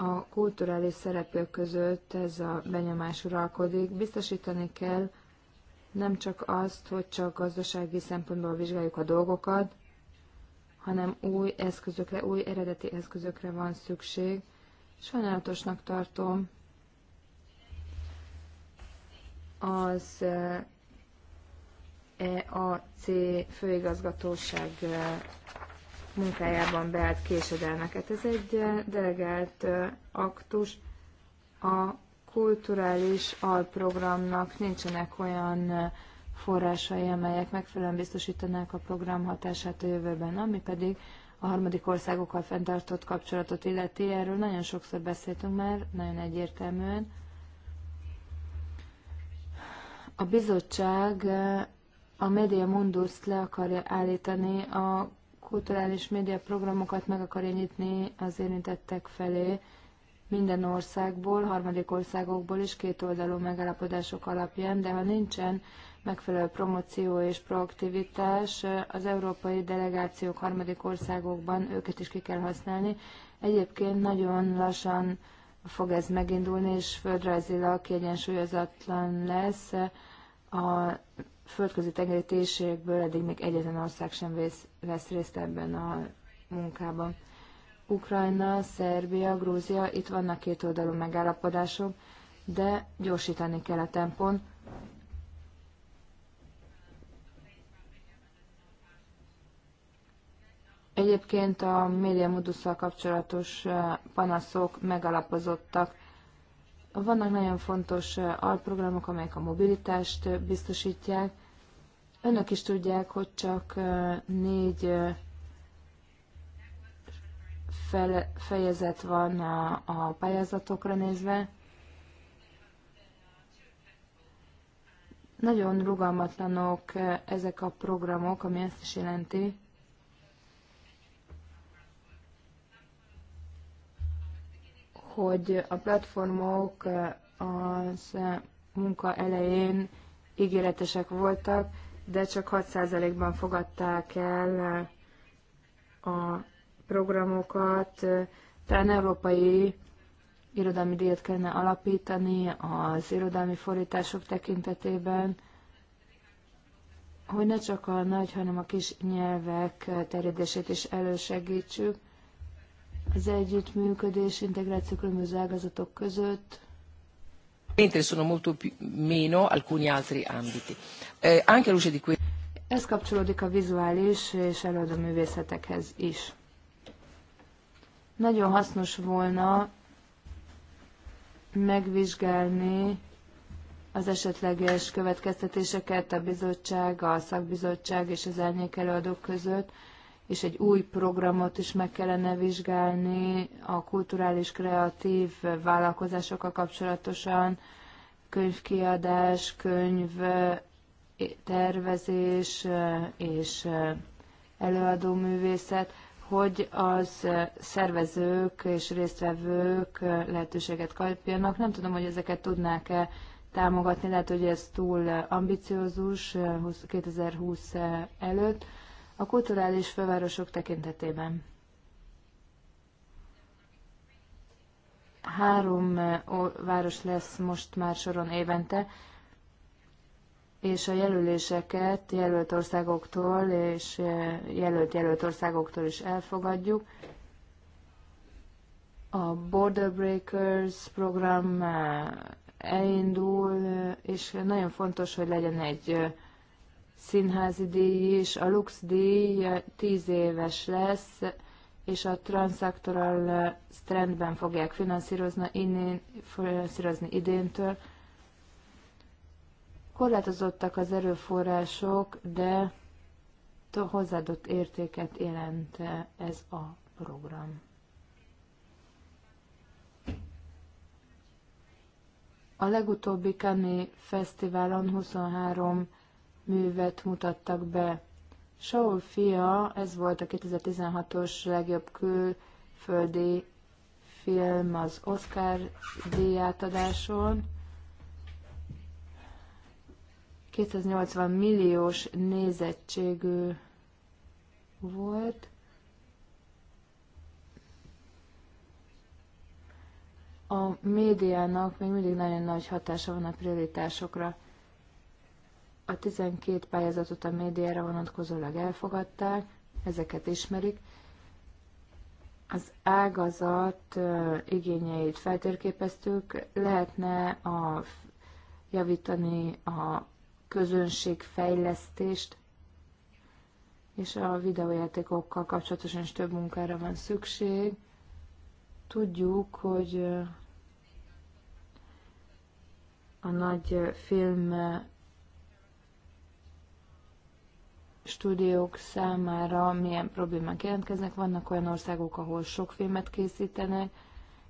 a kulturális szereplők között ez a benyomás uralkodik. Biztosítani kell nem csak azt, hogy csak gazdasági szempontból vizsgáljuk a dolgokat, hanem új eszközökre, új eredeti eszközökre van szükség. Sajnálatosnak tartom az EAC eh, e főigazgatóság eh, munkájában beállt késedelmeket. Ez egy eh, delegált eh, aktus. A kulturális alprogramnak nincsenek olyan eh, forrásai, amelyek megfelelően biztosítanák a program hatását a jövőben, ami pedig a harmadik országokkal fenntartott kapcsolatot illeti. Erről nagyon sokszor beszéltünk már, nagyon egyértelműen. A bizottság a Media Mundus le akarja állítani a kulturális média programokat meg akarja nyitni az érintettek felé minden országból, harmadik országokból is kétoldalú megállapodások alapján, de ha nincsen megfelelő promóció és proaktivitás, az európai delegációk harmadik országokban őket is ki kell használni. Egyébként nagyon lassan fog ez megindulni, és földrajzilag kiegyensúlyozatlan lesz a földközi tengeri térségből eddig még egyetlen ország sem vesz, vesz részt ebben a munkában. Ukrajna, Szerbia, Grúzia, itt vannak két oldalú megállapodások, de gyorsítani kell a tempon. Egyébként a média modusszal kapcsolatos panaszok megalapozottak. Vannak nagyon fontos alprogramok, amelyek a mobilitást biztosítják, Önök is tudják, hogy csak négy fejezet van a, a pályázatokra nézve. Nagyon rugalmatlanok ezek a programok, ami ezt is jelenti, hogy a platformok az munka elején ígéretesek voltak, de csak 6%-ban fogadták el a programokat. Tehát európai irodalmi díjat kellene alapítani az irodalmi fordítások tekintetében, hogy ne csak a nagy, hanem a kis nyelvek terjedését is elősegítsük. Az együttműködés, integráció különböző ágazatok között mentre sono molto più, meno alcuni altri ambiti. Eh, anche a luce di questo... Ez kapcsolódik a vizuális és előadó művészetekhez is. Nagyon hasznos volna megvizsgálni az esetleges következtetéseket a bizottság, a szakbizottság és az elnyék előadók között, és egy új programot is meg kellene vizsgálni a kulturális kreatív vállalkozásokkal kapcsolatosan, könyvkiadás, könyv eh, tervezés eh, és eh, előadó művészet, hogy az szervezők és résztvevők lehetőséget kapjanak. Nem tudom, hogy ezeket tudnák-e támogatni, lehet, hogy ez túl ambiciózus 2020 előtt, a kulturális fővárosok tekintetében. Három város lesz most már soron évente, és a jelöléseket jelölt országoktól és jelölt jelölt országoktól is elfogadjuk. A Border Breakers program elindul, és nagyon fontos, hogy legyen egy színházi díj is, a Lux díj 10 eh, éves lesz, és a Transactoral eh, Strandben fogják finanszírozni, innen, finanszírozni idéntől. Korlátozottak az erőforrások, de hozzáadott értéket jelent ez a program. A legutóbbi Cannes Fesztiválon 23 művet mutattak be. Saul fia, ez volt a 2016-os legjobb külföldi film az Oscar díjátadáson. 280 milliós nézettségű volt. A médiának még mindig nagyon nagy hatása van a prioritásokra. A 12 pályázatot a médiára vonatkozólag elfogadták, ezeket ismerik. Az ágazat igényeit feltérképeztük, lehetne a, javítani a közönség fejlesztést. és a videójátékokkal kapcsolatosan is több munkára van szükség. Tudjuk, hogy a nagy film stúdiók számára milyen problémák jelentkeznek. Vannak olyan országok, ahol sok filmet készítenek,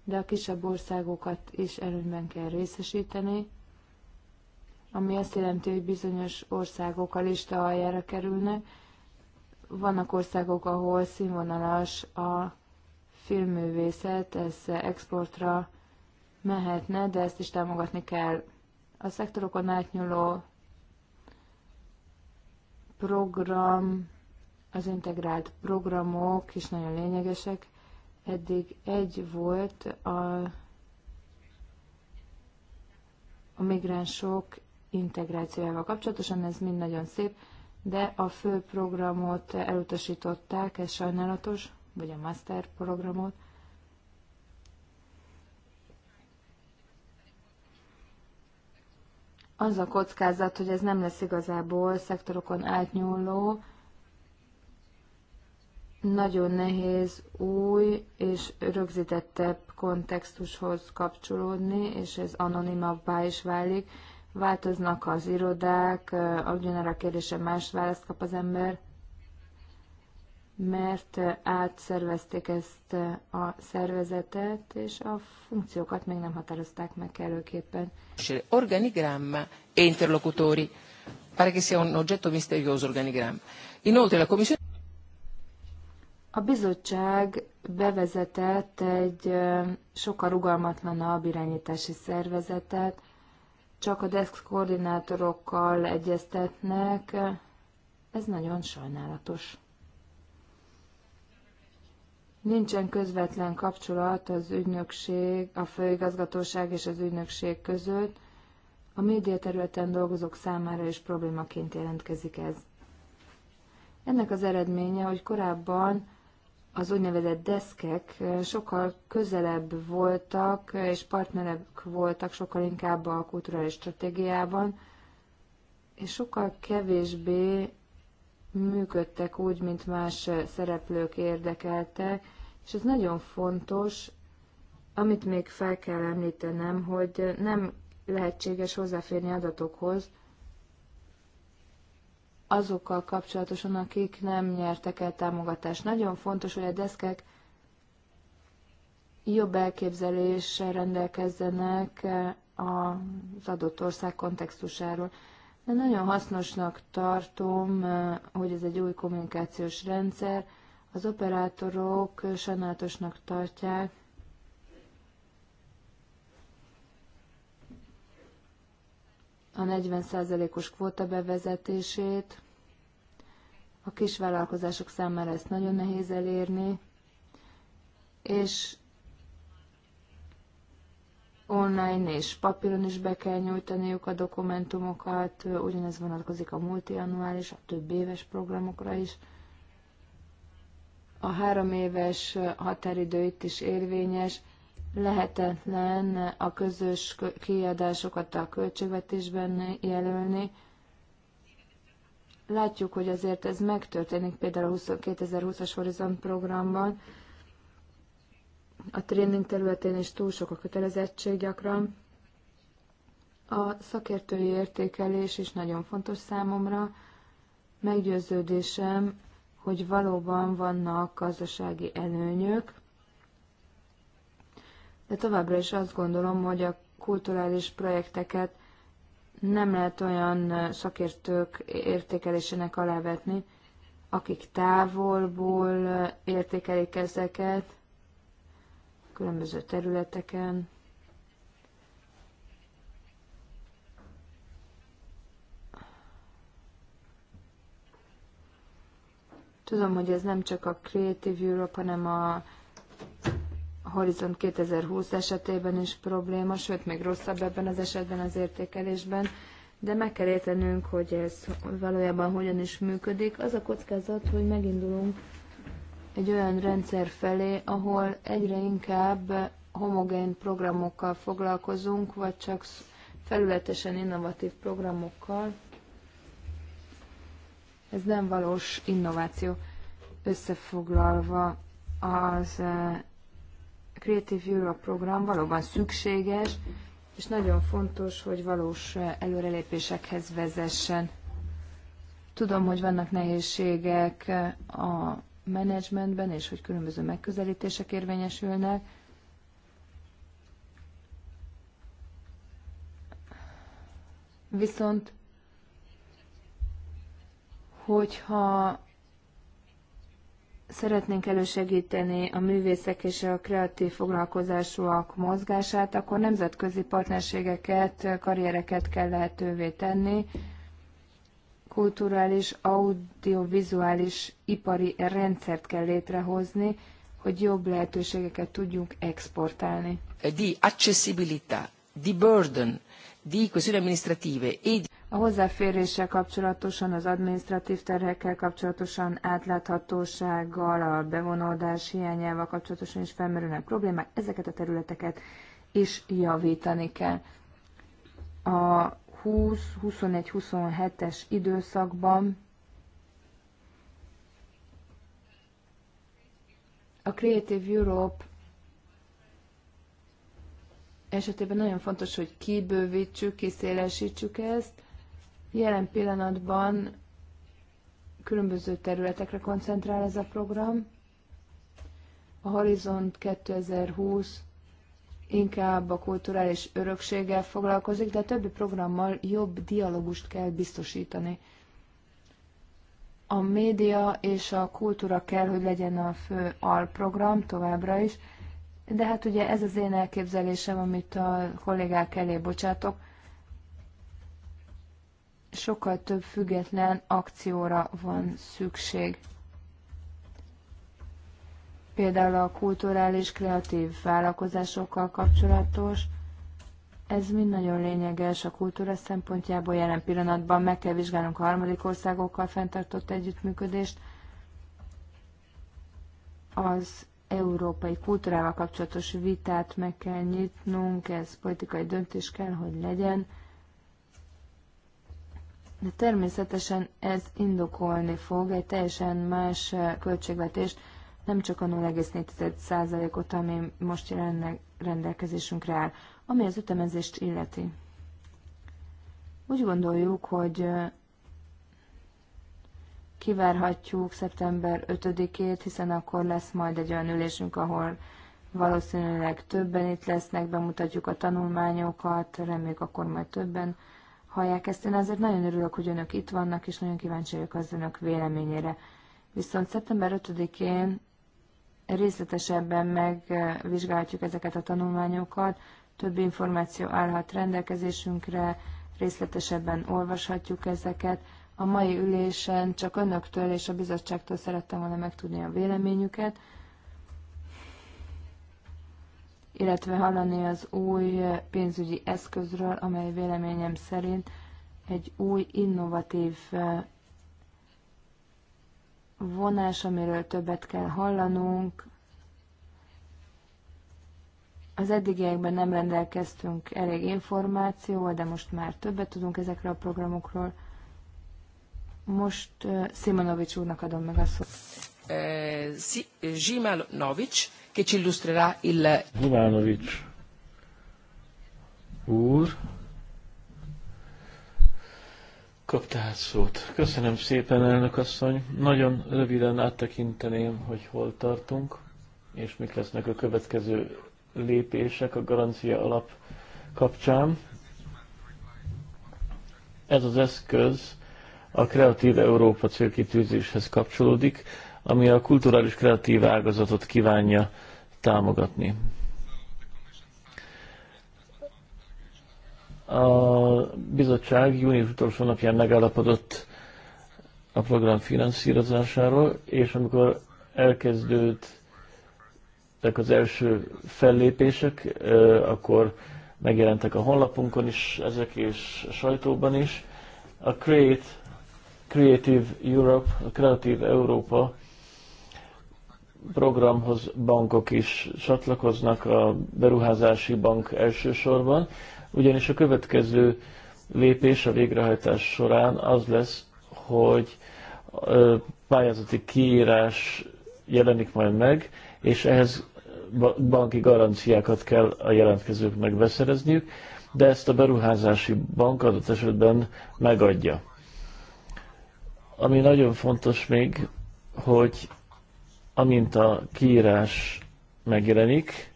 de a kisebb országokat is előnyben kell részesíteni, ami azt jelenti, hogy bizonyos országok a lista aljára kerülnek. Vannak országok, ahol színvonalas a filmművészet, ez exportra mehetne, de ezt is támogatni kell. A szektorokon átnyúló program, az integrált programok is nagyon lényegesek. Eddig egy volt a, a migránsok integrációjával kapcsolatosan, ez mind nagyon szép, de a fő programot elutasították, ez sajnálatos, vagy a master programot, az a kockázat, hogy ez nem lesz igazából szektorokon átnyúló, nagyon nehéz új és rögzítettebb kontextushoz kapcsolódni, és ez anonimabbá is válik. Változnak az irodák, a kérdése más választ kap az ember mert átszervezték ezt a szervezetet, és a funkciókat még nem határozták meg előképpen. Organigramma e interlocutori. Pare che sia un oggetto misterioso organigramma. Inoltre la Commissione... A bizottság bevezetett egy sokkal rugalmatlanabb irányítási szervezetet, csak a desk koordinátorokkal egyeztetnek. Ez nagyon sajnálatos. Nincsen közvetlen kapcsolat az ügynökség, a főigazgatóság és az ügynökség között. A média területen dolgozók számára is problémaként jelentkezik ez. Ennek az eredménye, hogy korábban az úgynevezett deszkek sokkal közelebb voltak, és partnerek voltak sokkal inkább a kulturális stratégiában, és sokkal kevésbé működtek úgy, mint más szereplők érdekeltek, és ez nagyon fontos, amit még fel kell említenem, hogy nem lehetséges hozzáférni adatokhoz azokkal kapcsolatosan, akik nem nyertek el támogatást. Nagyon fontos, hogy a deszkek jobb elképzeléssel rendelkezzenek az adott ország kontextusáról. Nagyon hasznosnak tartom, eh, hogy ez egy új kommunikációs rendszer. Az operátorok sajnálatosnak tartják, a 40%-os kvóta bevezetését. A kisvállalkozások számára ezt nagyon nehéz elérni, és online és papíron is be kell nyújtaniuk a dokumentumokat, ugyanez vonatkozik a multiannuális, a több éves programokra is. A három éves határidő itt is érvényes, lehetetlen a közös kiadásokat a költségvetésben jelölni. Látjuk, hogy azért ez megtörténik például a 2020-as Horizont programban, a tréning területén is túl sok a kötelezettség gyakran. A szakértői értékelés is nagyon fontos számomra. Meggyőződésem, hogy valóban vannak gazdasági előnyök, de továbbra is azt gondolom, hogy a kulturális projekteket nem lehet olyan szakértők értékelésének alávetni, akik távolból értékelik ezeket, különböző területeken. Tudom, hogy ez nem csak a Creative Europe, hanem a Horizont 2020 esetében is probléma, sőt, még rosszabb ebben az esetben az értékelésben, de meg kell értenünk, hogy ez valójában hogyan is működik. Az a kockázat, hogy megindulunk egy olyan rendszer felé, ahol egyre inkább homogén programokkal foglalkozunk, vagy csak felületesen innovatív programokkal. Ez nem valós innováció. Összefoglalva az eh, Creative Europe program valóban szükséges, és nagyon fontos, hogy valós eh, előrelépésekhez vezessen. Tudom, hogy vannak nehézségek eh, a menedzsmentben, és hogy különböző megközelítések érvényesülnek. Viszont, hogyha szeretnénk elősegíteni a művészek és a kreatív foglalkozásúak mozgását, akkor nemzetközi partnerségeket, karriereket kell lehetővé tenni, kulturális, audiovizuális ipari rendszert kell létrehozni, hogy jobb lehetőségeket tudjunk exportálni. Di accessibilità, di burden, di questioni amministrative e di... A hozzáféréssel kapcsolatosan, az adminisztratív terhekkel kapcsolatosan, átláthatósággal, a bevonódás hiányával kapcsolatosan is felmerülnek problémák, ezeket a területeket is javítani kell. A 20-21-27-es időszakban a Creative Europe esetében nagyon fontos, hogy kibővítsük, kiszélesítsük ezt. Jelen pillanatban különböző területekre koncentrál ez a program. A Horizont 2020 inkább a kulturális örökséggel foglalkozik, de a többi programmal jobb dialógust kell biztosítani. A média és a kultúra kell, hogy legyen a fő alprogram továbbra is, de hát ugye ez az én elképzelésem, amit a kollégák elé bocsátok. Sokkal több független akcióra van szükség például a kulturális, kreatív vállalkozásokkal kapcsolatos. Ez mind nagyon lényeges a kultúra szempontjából. Jelen pillanatban meg kell vizsgálnunk a harmadik országokkal fenntartott együttműködést. Az európai kultúrával kapcsolatos vitát meg kell nyitnunk, ez politikai döntés kell, hogy legyen. De természetesen ez indokolni fog egy teljesen más eh, költségvetést, nem csak a 0,4%-ot, ami most jelenleg rendelkezésünkre áll, ami az ütemezést illeti. Úgy gondoljuk, hogy kivárhatjuk szeptember 5-ét, hiszen akkor lesz majd egy olyan ülésünk, ahol valószínűleg többen itt lesznek, bemutatjuk a tanulmányokat, reméljük akkor majd többen hallják ezt. Én azért nagyon örülök, hogy önök itt vannak, és nagyon kíváncsi vagyok az önök véleményére. Viszont szeptember 5-én részletesebben megvizsgálhatjuk ezeket a tanulmányokat, több információ állhat rendelkezésünkre, részletesebben olvashatjuk ezeket. A mai ülésen csak önöktől és a bizottságtól szerettem volna megtudni a véleményüket, illetve hallani az új pénzügyi eszközről, amely véleményem szerint egy új innovatív vonás, amiről többet kell hallanunk. Az eddigiekben nem rendelkeztünk elég információval, de most már többet tudunk ezekről a programokról. Most uh, Simonovics úrnak adom meg a szót. Eh, eh, Zsimanovics, che ci illustrerà il... Zsimanovics úr, kap szót. Köszönöm szépen, elnök asszony. Nagyon röviden áttekinteném, hogy hol tartunk, és mik lesznek a következő lépések a garancia alap kapcsán. Ez az eszköz a Kreatív Európa célkitűzéshez kapcsolódik, ami a kulturális kreatív ágazatot kívánja támogatni. A bizottság június utolsó napján megállapodott a program finanszírozásáról, és amikor elkezdődtek az első fellépések, akkor megjelentek a honlapunkon is ezek, és a sajtóban is. A Create, Creative Europe, a Creative Európa programhoz bankok is csatlakoznak, a beruházási bank elsősorban, ugyanis a következő lépés a végrehajtás során az lesz, hogy pályázati kiírás jelenik majd meg, és ehhez banki garanciákat kell a jelentkezőknek beszerezniük, de ezt a beruházási bank adott esetben megadja. Ami nagyon fontos még, hogy amint a kiírás megjelenik,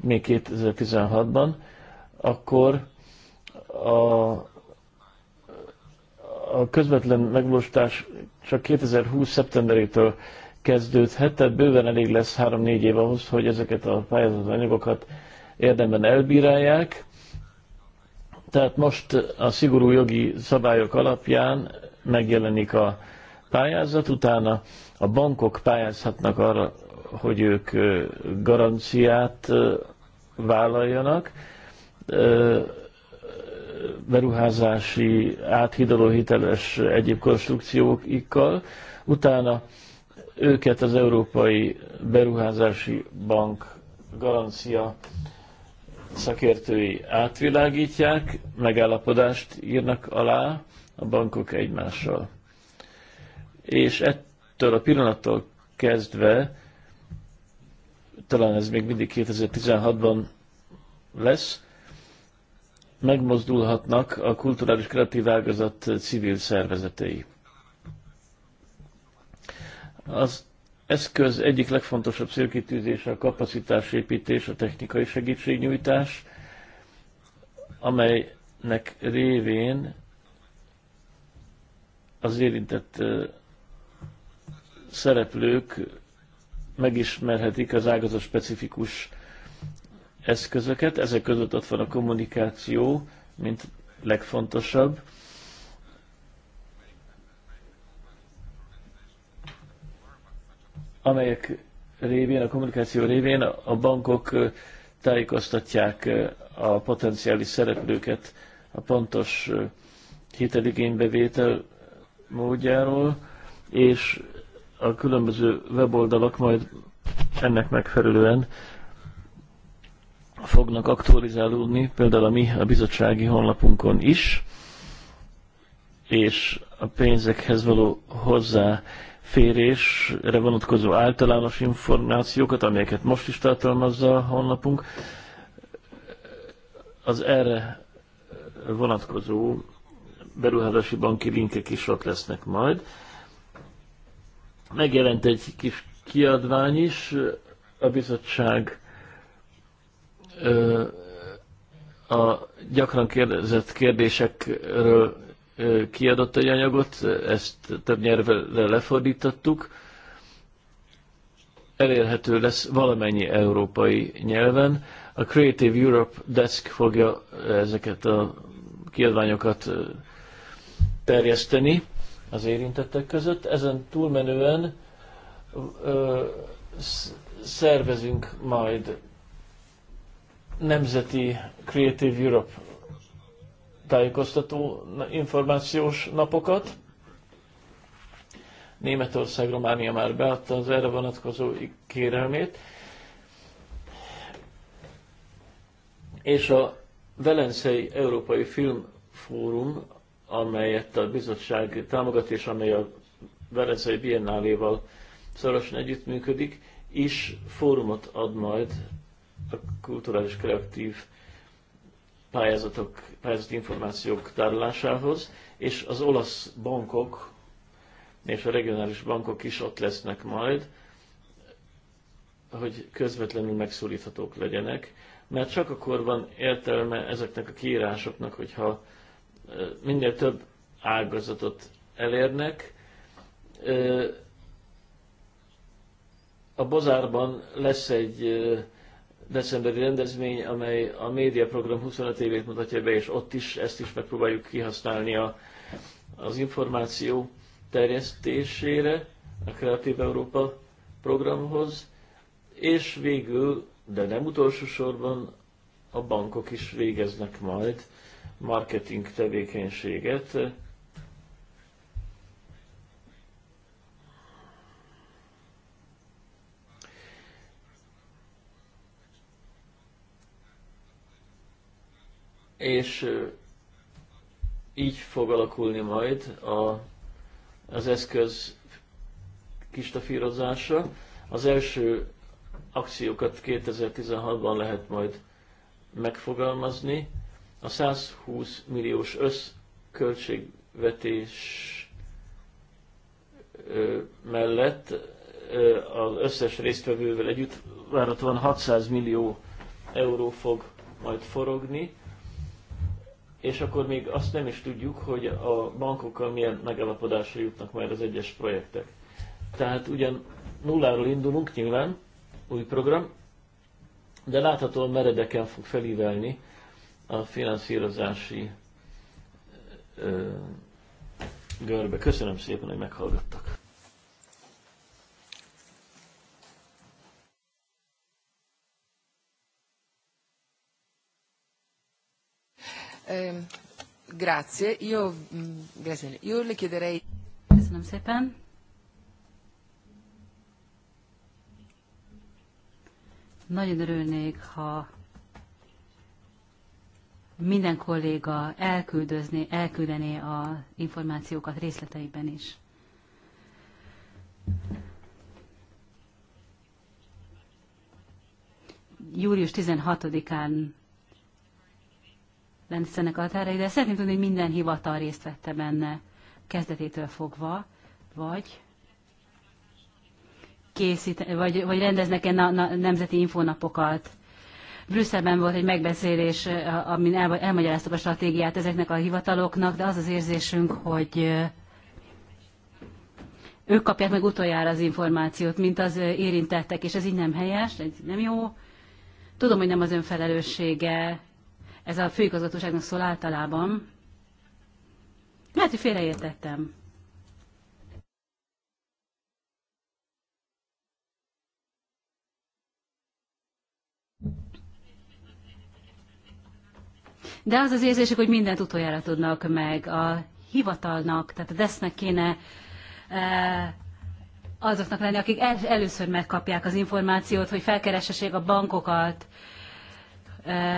még 2016-ban, akkor a, a közvetlen megvalósítás csak 2020. szeptemberétől kezdődhet, tehát bőven elég lesz 3-4 év ahhoz, hogy ezeket a pályázat anyagokat érdemben elbírálják. Tehát most a szigorú jogi szabályok alapján megjelenik a pályázat, utána a bankok pályázhatnak arra, hogy ők garanciát vállaljanak, beruházási, áthidaló hiteles egyéb konstrukcióikkal. Utána őket az Európai Beruházási Bank garancia szakértői átvilágítják, megállapodást írnak alá a bankok egymással. És ettől a pillanattól kezdve, talán ez még mindig 2016-ban lesz, megmozdulhatnak a kulturális kreatív ágazat civil szervezetei. Az eszköz egyik legfontosabb célkitűzése a kapacitásépítés, a technikai segítségnyújtás, amelynek révén az érintett szereplők megismerhetik az ágazat specifikus eszközöket, ezek között ott van a kommunikáció, mint legfontosabb. amelyek révén, a kommunikáció révén a bankok tájékoztatják a potenciális szereplőket a pontos hiteligénybevétel módjáról, és a különböző weboldalak majd ennek megfelelően fognak aktualizálódni, például a mi a bizottsági honlapunkon is, és a pénzekhez való hozzáférésre vonatkozó általános információkat, amelyeket most is tartalmazza a honlapunk, az erre vonatkozó beruházási banki linkek is ott lesznek majd. Megjelent egy kis kiadvány is, a bizottság a gyakran kérdezett kérdésekről kiadott egy anyagot, ezt több nyelvre lefordítottuk. Elérhető lesz valamennyi európai nyelven. A Creative Europe Desk fogja ezeket a kiadványokat terjeszteni az érintettek között. Ezen túlmenően szervezünk majd nemzeti Creative Europe tájékoztató információs napokat. Németország, Románia már beadta az erre vonatkozó kérelmét. És a Velencei Európai Film Fórum, amelyet a bizottság támogat, és amely a Velencei Biennáléval szorosan együttműködik, is fórumot ad majd a kulturális kreatív pályázatok, pályázati információk tárolásához, és az olasz bankok és a regionális bankok is ott lesznek majd, hogy közvetlenül megszólíthatók legyenek, mert csak akkor van értelme ezeknek a kiírásoknak, hogyha minél több ágazatot elérnek. A Bozárban lesz egy decemberi rendezvény, amely a médiaprogram 25 évét mutatja be, és ott is ezt is megpróbáljuk kihasználni a, az információ terjesztésére, a Kreatív Európa programhoz, és végül, de nem utolsó sorban, a bankok is végeznek majd marketing tevékenységet, és így fog alakulni majd a, az eszköz kistafírozása. Az első akciókat 2016-ban lehet majd megfogalmazni. A 120 milliós összköltségvetés mellett az összes résztvevővel együtt várhatóan 600 millió euró fog majd forogni és akkor még azt nem is tudjuk, hogy a bankokkal milyen megalapodásra jutnak majd az egyes projektek. Tehát ugyan nulláról indulunk nyilván, új program, de láthatóan meredeken fog felívelni a finanszírozási ö, görbe. Köszönöm szépen, hogy meghallgattak. Ehm, grazie. Io, mm, grazie. Io le chiederei... Köszönöm szépen. Nagyon örülnék, ha minden kolléga elküldözné, elküldené a információkat részleteiben is. Július 16-án Lencenek a határai, de szeretném tudni, hogy minden hivatal részt vette benne kezdetétől fogva, vagy készít, vagy, vagy rendeznek-e na, na, nemzeti infónapokat. Brüsszelben volt egy megbeszélés, eh, amin el, elmagyaráztuk a stratégiát ezeknek a hivataloknak, de az az érzésünk, hogy eh, ők kapják meg utoljára az információt, mint az eh, érintettek, és ez így nem helyes, ez nem jó. Tudom, hogy nem az ön felelőssége, ez a főigazgatóságnak szól általában. Lehet, hogy félreértettem. De az az érzésük, hogy mindent utoljára tudnak meg. A hivatalnak, tehát a desznek kéne eh, azoknak lenni, akik el, először megkapják az információt, hogy felkeressék a bankokat,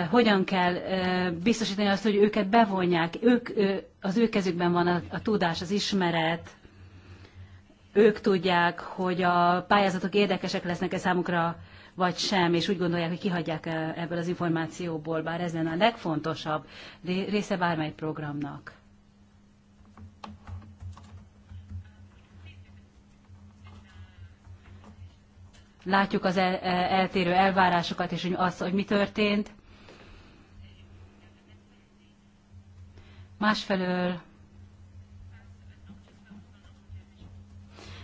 hogyan kell biztosítani azt, hogy őket bevonják, ők, az ő kezükben van a, a tudás, az ismeret, ők tudják, hogy a pályázatok érdekesek lesznek-e számukra, vagy sem, és úgy gondolják, hogy kihagyják ebből az információból, bár ez lenne a legfontosabb része bármely programnak. látjuk az el, e, eltérő elvárásokat, és hogy az, hogy mi történt. Másfelől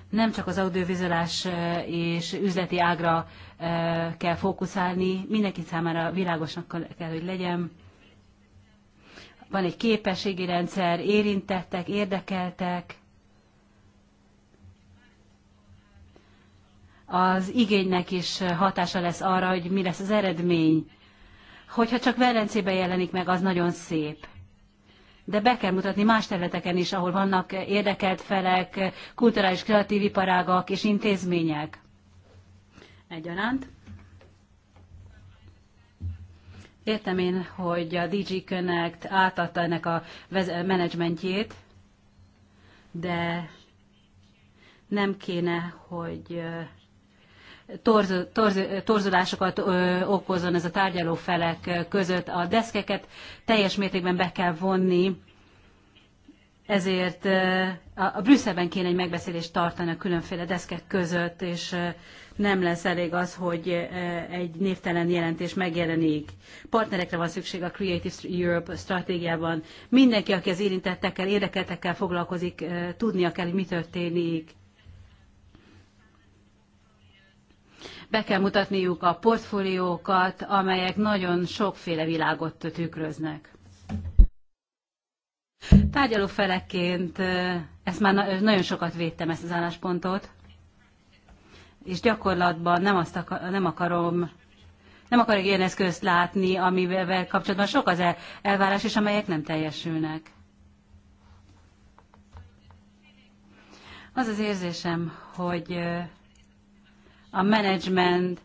nem csak az audiovizuális e, és üzleti ágra e, kell fókuszálni, mindenki számára világosnak kell, hogy legyen. Van egy képességi rendszer, érintettek, érdekeltek, az igénynek is hatása lesz arra, hogy mi lesz az eredmény. Hogyha csak Velencében jelenik meg, az nagyon szép. De be kell mutatni más területeken is, ahol vannak érdekelt felek, kulturális kreatív iparágak és intézmények. Egyaránt. Értem én, hogy a DG Connect átadta ennek a menedzsmentjét, de nem kéne, hogy torz, torz, torzulásokat okozzon ez a tárgyaló felek között. A deszkeket teljes mértékben be kell vonni, ezért a, Brüsszelben kéne egy megbeszélést tartani a különféle deszkek között, és nem lesz elég az, hogy egy névtelen jelentés megjelenik. Partnerekre van szükség a Creative Europe stratégiában. Mindenki, aki az érintettekkel, érdekeltekkel foglalkozik, tudnia kell, hogy mi történik. be kell mutatniuk a portfóliókat, amelyek nagyon sokféle világot tükröznek. Tárgyaló felekként ezt már nagyon sokat védtem, ezt az álláspontot, és gyakorlatban nem, azt akar, nem akarom nem akarok ilyen eszközt látni, amivel kapcsolatban sok az elvárás, és amelyek nem teljesülnek. Az az érzésem, hogy a menedzsment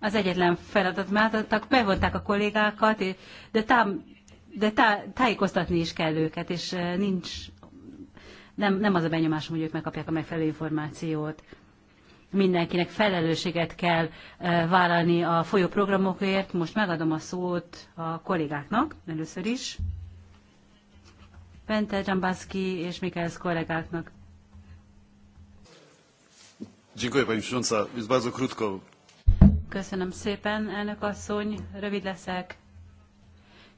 az egyetlen feladat, mert bevonták a kollégákat, de, tá, de tá, tájékoztatni is kell őket, és eh, nincs, nem, nem az a benyomásom, hogy ők megkapják a megfelelő információt. Mindenkinek felelősséget kell eh, vállalni a folyóprogramokért. Most megadom a szót a kollégáknak először is. Pente Dzsambászki és Mikelsz kollégáknak Dziękuję Pani Przewodnicząca. Jest bardzo krótko. Köszönöm szépen, elnök asszony. Rövid leszek,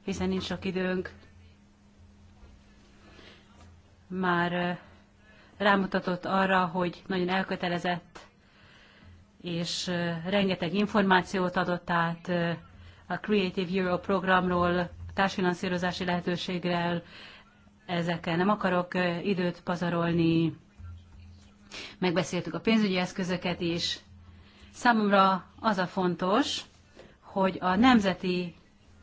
hiszen nincs sok időnk. Már rámutatott arra, hogy nagyon elkötelezett és rengeteg információt adott át a Creative Euro programról, társfinanszírozási lehetőségrel. Ezekkel nem akarok időt pazarolni Megbeszéltük a pénzügyi eszközöket is. Számomra az a fontos, hogy a nemzeti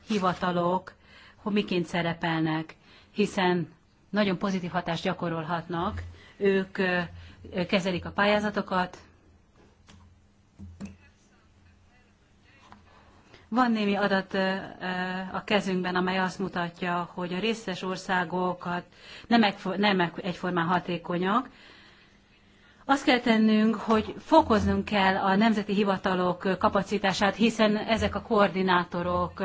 hivatalok hogy miként szerepelnek, hiszen nagyon pozitív hatást gyakorolhatnak. Ők kezelik a pályázatokat. Van némi adat a kezünkben, amely azt mutatja, hogy a részes országokat nem egyformán hatékonyak, azt kell tennünk, hogy fokoznunk kell a nemzeti hivatalok kapacitását, hiszen ezek a koordinátorok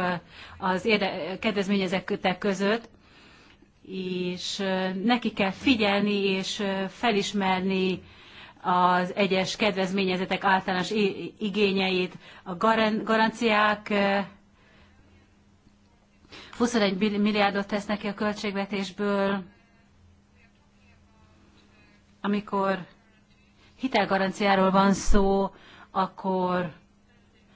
az érde- kedvezményezettek között, és neki kell figyelni és felismerni az egyes kedvezményezetek általános igényeit, a garanciák 21 milliárdot tesznek ki a költségvetésből, amikor hitelgaranciáról van szó, akkor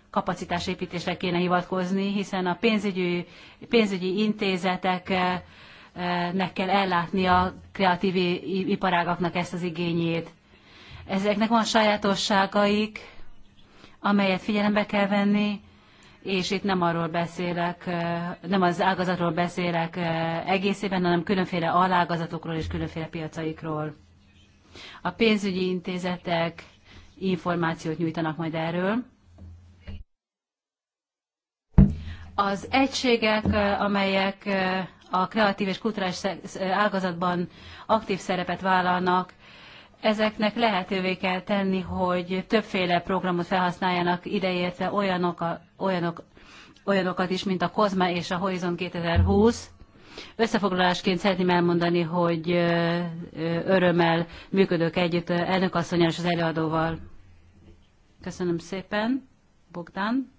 kapacitásépítésre kéne hivatkozni, hiszen a pénzügyi, pénzügyi intézeteknek kell ellátni a kreatív iparágaknak ezt az igényét. Ezeknek van sajátosságaik, amelyet figyelembe kell venni, és itt nem arról beszélek, eh, nem az ágazatról beszélek eh, egészében, hanem különféle alágazatokról és különféle piacaikról. A pénzügyi intézetek információt nyújtanak majd erről. Az egységek, amelyek a kreatív és kulturális ágazatban aktív szerepet vállalnak, ezeknek lehetővé kell tenni, hogy többféle programot felhasználjanak, ideértve olyanok, a, olyanok, olyanokat is, mint a COSME és a Horizon 2020, Összefoglalásként szeretném elmondani, hogy örömmel működök együtt elnökasszonyal és az előadóval. Köszönöm szépen, Bogdán.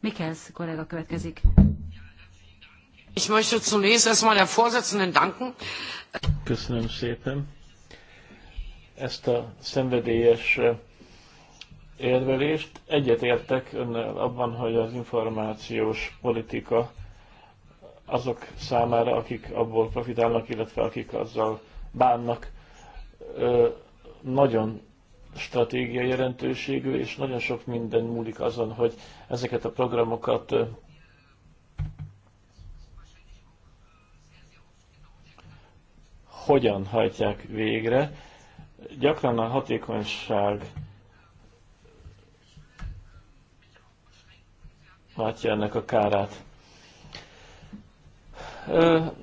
Mikkelsz kollega következik. Ich möchte zunächst erstmal der Vorsitzenden danken. Köszönöm szépen. Ezt a szenvedélyes érvelést. Egyetértek önnel abban, hogy az információs politika azok számára, akik abból profitálnak, illetve akik azzal bánnak, nagyon stratégiai jelentőségű, és nagyon sok minden múlik azon, hogy ezeket a programokat hogyan hajtják végre. Gyakran a hatékonyság látja ennek a kárát.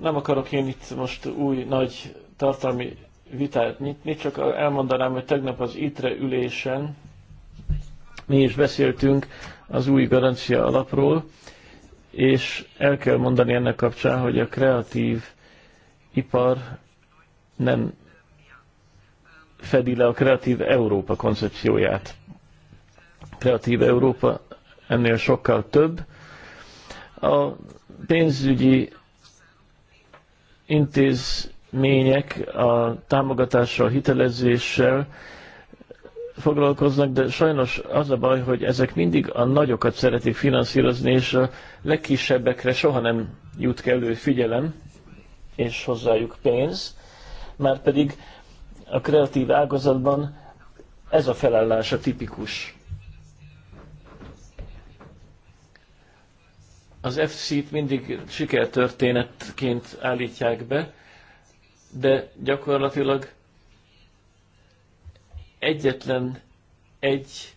Nem akarok én itt most új nagy tartalmi vitát nyitni, csak elmondanám, hogy tegnap az ITRE ülésen mi is beszéltünk az új garancia alapról, és el kell mondani ennek kapcsán, hogy a kreatív ipar nem fedi le a kreatív Európa koncepcióját. Kreatív Európa ennél sokkal több. A pénzügyi intézmények a támogatással, hitelezéssel foglalkoznak, de sajnos az a baj, hogy ezek mindig a nagyokat szeretik finanszírozni, és a legkisebbekre soha nem jut kellő figyelem, és hozzájuk pénz, már pedig a kreatív ágazatban ez a felállás a tipikus Az FC-t mindig sikertörténetként állítják be, de gyakorlatilag egyetlen egy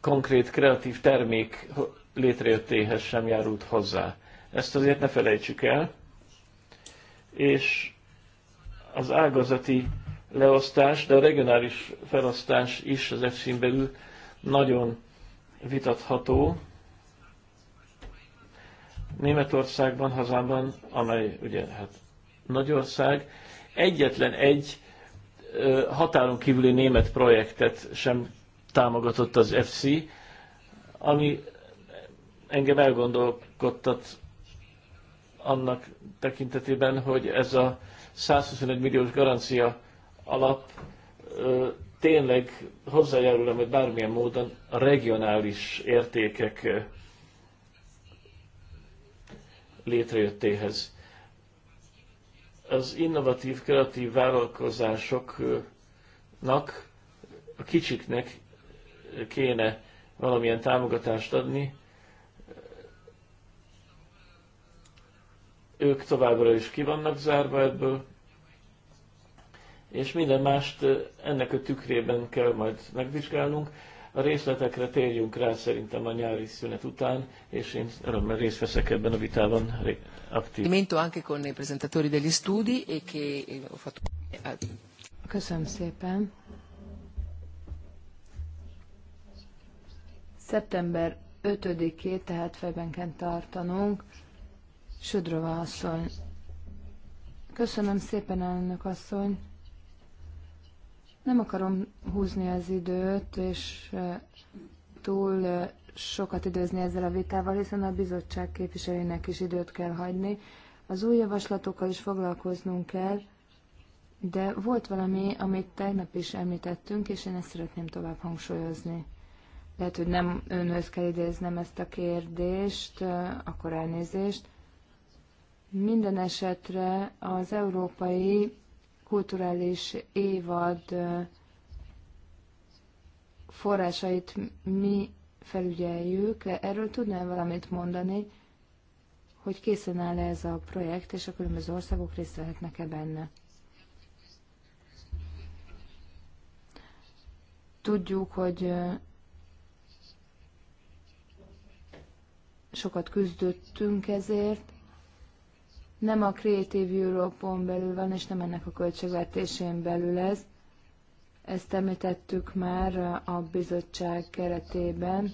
konkrét kreatív termék létrejöttéhez sem járult hozzá. Ezt azért ne felejtsük el. És az ágazati leosztás, de a regionális felosztás is az fc n belül nagyon vitatható. Németországban, hazámban, amely ugye hát nagyország, egyetlen egy határon kívüli német projektet sem támogatott az FC, ami engem elgondolkodtat annak tekintetében, hogy ez a 125 milliós garancia alap ö, tényleg hozzájárul hogy bármilyen módon a regionális értékek létrejöttéhez. Az innovatív, kreatív vállalkozásoknak, a kicsiknek kéne valamilyen támogatást adni, ők továbbra is ki vannak zárva ebből, és minden mást ennek a tükrében kell majd megvizsgálnunk. A részletekre térjünk rá szerintem a nyári szünet után, és én örömmel részt veszek ebben a vitában aktív. anche con i presentatori degli studi e che e ho fatto... Köszönöm szépen. Szeptember 5-ét, tehát fejben kell tartanunk. Södrova asszony. Köszönöm szépen, elnök asszony. Nem akarom húzni az időt, és túl sokat időzni ezzel a vitával, hiszen a bizottság képviselőinek is időt kell hagyni. Az új javaslatokkal is foglalkoznunk kell, de volt valami, amit tegnap is említettünk, és én ezt szeretném tovább hangsúlyozni. Lehet, hogy nem önhöz kell idéznem ezt a kérdést, akkor elnézést. Minden esetre az európai kulturális évad forrásait mi felügyeljük. Erről tudnál valamit mondani, hogy készen áll -e ez a projekt, és a különböző országok részt vehetnek-e benne? Tudjuk, hogy sokat küzdöttünk ezért, nem a Creative Europe-on belül van, és nem ennek a költségvetésén belül ez. Ezt említettük már a bizottság keretében.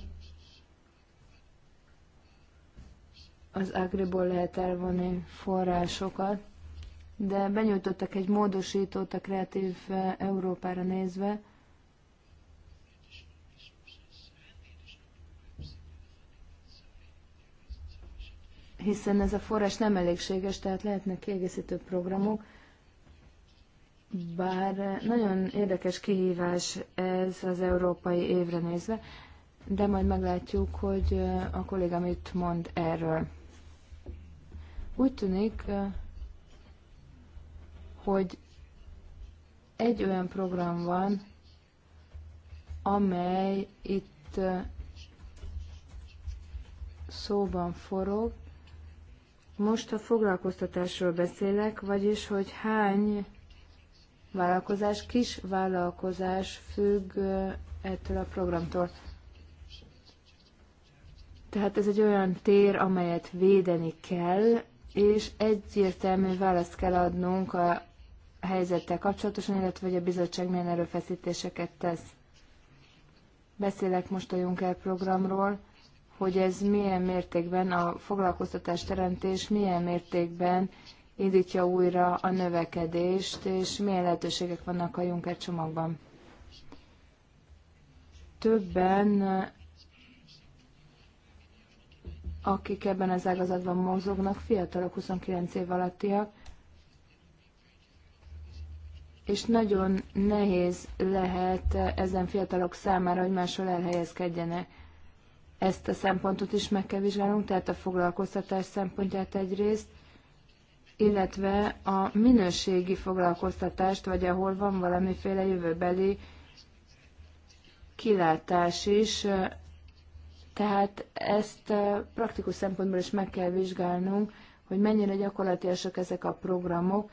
Az Agriból lehet elvonni forrásokat, de benyújtottak egy módosítót a Kreatív Európára nézve, hiszen ez a forrás nem elégséges, tehát lehetnek kiegészítő programok. Bár nagyon érdekes kihívás ez az európai évre nézve, de majd meglátjuk, hogy a kolléga mit mond erről. Úgy tűnik, hogy egy olyan program van, amely itt szóban forog, most a foglalkoztatásról beszélek, vagyis hogy hány vállalkozás, kis vállalkozás függ ettől a programtól. Tehát ez egy olyan tér, amelyet védeni kell, és egyértelmű választ kell adnunk a helyzettel kapcsolatosan, illetve hogy a bizottság milyen erőfeszítéseket tesz. Beszélek most a Juncker programról, hogy ez milyen mértékben a foglalkoztatás teremtés milyen mértékben indítja újra a növekedést, és milyen lehetőségek vannak a Juncker csomagban. Többen, akik ebben az ágazatban mozognak, fiatalok, 29 év alattiak, és nagyon nehéz lehet ezen fiatalok számára, hogy máshol elhelyezkedjenek ezt a szempontot is meg kell vizsgálnunk, tehát a foglalkoztatás szempontját egyrészt, illetve a minőségi foglalkoztatást, vagy ahol van valamiféle jövőbeli kilátás is, tehát ezt praktikus szempontból is meg kell vizsgálnunk, hogy mennyire gyakorlatilag ezek a programok,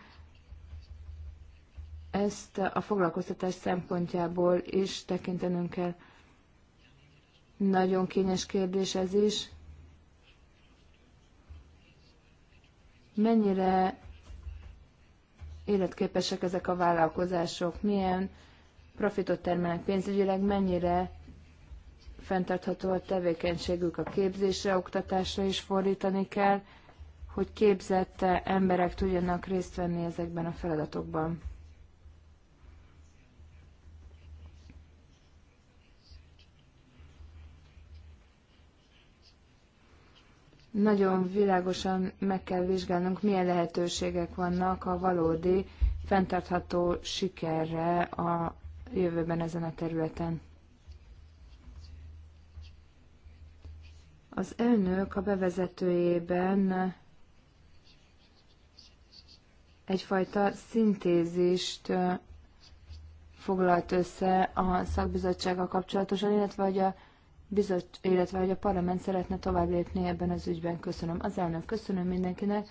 ezt a foglalkoztatás szempontjából is tekintenünk kell. Nagyon kényes kérdés ez is. Mennyire életképesek ezek a vállalkozások, milyen profitot termelnek pénzügyileg, mennyire fenntartható a tevékenységük a képzésre, oktatásra is fordítani kell, hogy képzette emberek tudjanak részt venni ezekben a feladatokban. nagyon világosan meg kell vizsgálnunk, milyen lehetőségek vannak a valódi, fenntartható sikerre a jövőben ezen a területen. Az elnök a bevezetőjében egyfajta szintézist foglalt össze a szakbizottsága kapcsolatosan, illetve hogy a bizott, illetve hogy a parlament szeretne tovább lépni ebben az ügyben. Köszönöm az elnök, köszönöm mindenkinek.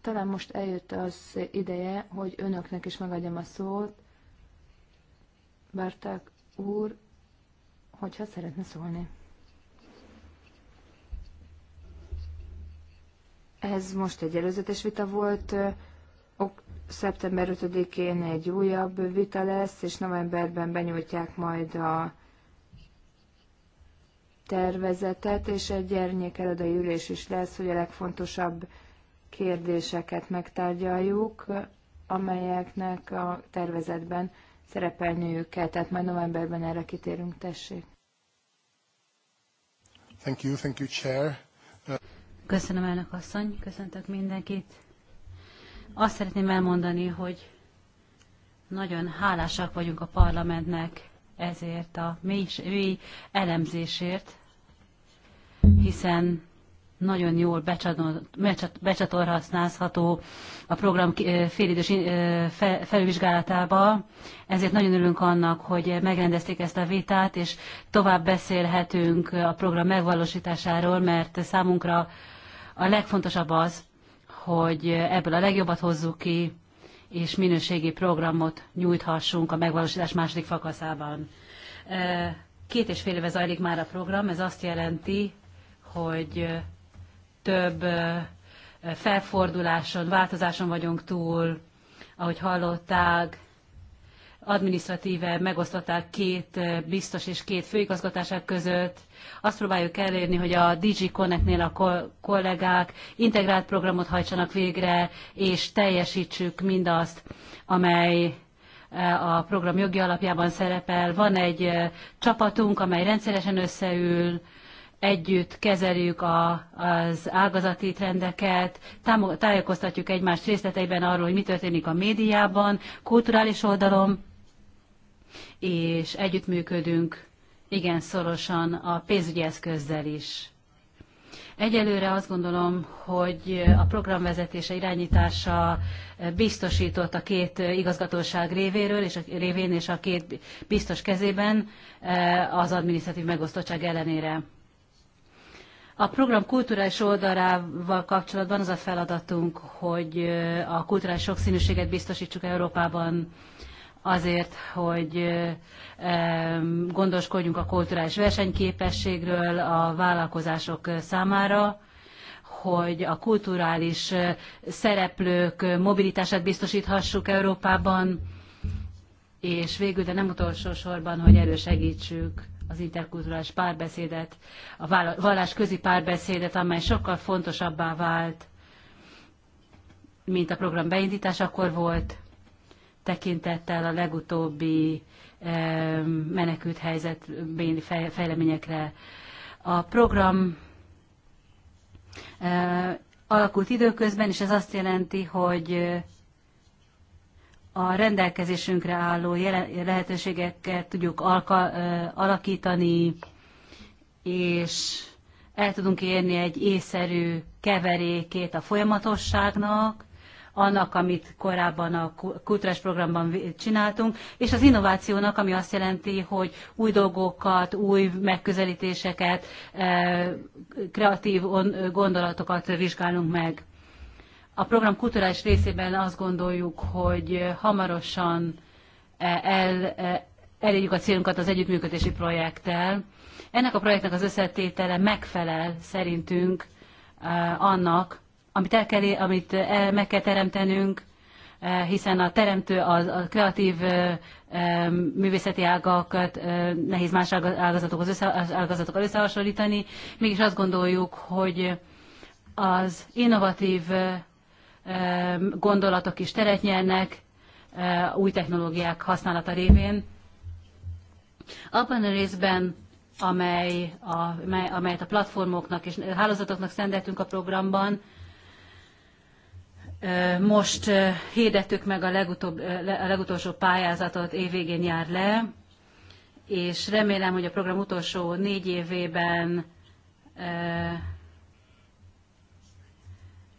Talán most eljött az ideje, hogy önöknek is megadjam a szót. Bárták úr, hogyha szeretne szólni. Ez most egy előzetes vita volt, ok, szeptember 5-én egy újabb vita lesz, és novemberben benyújtják majd a tervezetet, és egy ernyékeredai ülés is lesz, hogy a legfontosabb kérdéseket megtárgyaljuk, amelyeknek a tervezetben szerepelniük kell. Tehát majd novemberben erre kitérünk, tessék. Thank you, thank you, Chair. Köszönöm, elnök asszony, köszöntök mindenkit. Azt szeretném elmondani, hogy nagyon hálásak vagyunk a parlamentnek ezért a mély, mély elemzésért, hiszen nagyon jól becsatorhasználható a program félidős felvizsgálatába, ezért nagyon örülünk annak, hogy megrendezték ezt a vitát, és tovább beszélhetünk a program megvalósításáról, mert számunkra a legfontosabb az, hogy ebből a legjobbat hozzuk ki, és minőségi programot nyújthassunk a megvalósítás második fakaszában. Két és fél éve zajlik már a program, ez azt jelenti, hogy több felforduláson, változáson vagyunk túl, ahogy hallották, administratíve megosztották két eh, biztos és két főigazgatásák között. Azt próbáljuk elérni, hogy a DG Connect-nél a kollégák integrált programot hajtsanak végre, és teljesítsük mindazt, amely eh, a program jogi alapjában szerepel. Van egy eh, csapatunk, amely rendszeresen összeül, együtt kezeljük a, az ágazati trendeket, tájékoztatjuk egymást részleteiben arról, hogy mi történik a médiában, kulturális oldalon, és együttműködünk igen szorosan a pénzügyi eszközzel is. Egyelőre azt gondolom, hogy a programvezetése irányítása biztosított a két igazgatóság révéről és a, révén és a két biztos kezében eh, az adminisztratív megosztottság ellenére. A program kulturális oldalával kapcsolatban az a feladatunk, hogy eh, a kulturális sokszínűséget biztosítsuk Európában, azért, hogy gondoskodjunk a kulturális versenyképességről a vállalkozások számára, hogy a kulturális szereplők mobilitását biztosíthassuk Európában, és végül, de nem utolsó sorban, hogy erősegítsük az interkulturális párbeszédet, a vallásközi párbeszédet, amely sokkal fontosabbá vált, mint a program beindításakor volt, tekintettel a legutóbbi eh, menekült helyzetbéni fejleményekre. A program eh, alakult időközben, és ez azt jelenti, hogy eh, a rendelkezésünkre álló lehetőségeket tudjuk alakítani, és el tudunk érni egy észszerű keverékét a folyamatosságnak, annak, amit korábban a kulturális programban csináltunk, és az innovációnak, ami azt jelenti, hogy új dolgokat, új megközelítéseket, e, kreatív gondolatokat vizsgálunk meg. A program kulturális részében azt gondoljuk, hogy hamarosan e, el, e, elérjük a célunkat az együttműködési projekttel. Ennek a projektnek az összetétele megfelel szerintünk annak, amit, el kell, amit meg kell teremtenünk, hiszen a teremtő a, kreatív művészeti ágakat nehéz más ágazatokhoz össze, ágazatokkal összehasonlítani, mégis azt gondoljuk, hogy az innovatív gondolatok is teret nyernek új technológiák használata révén. Abban a részben, amely a, amelyet a platformoknak és hálózatoknak szendeltünk a programban, most hirdettük meg a, legutóbb, a legutolsó pályázatot, évvégén jár le, és remélem, hogy a program utolsó négy évében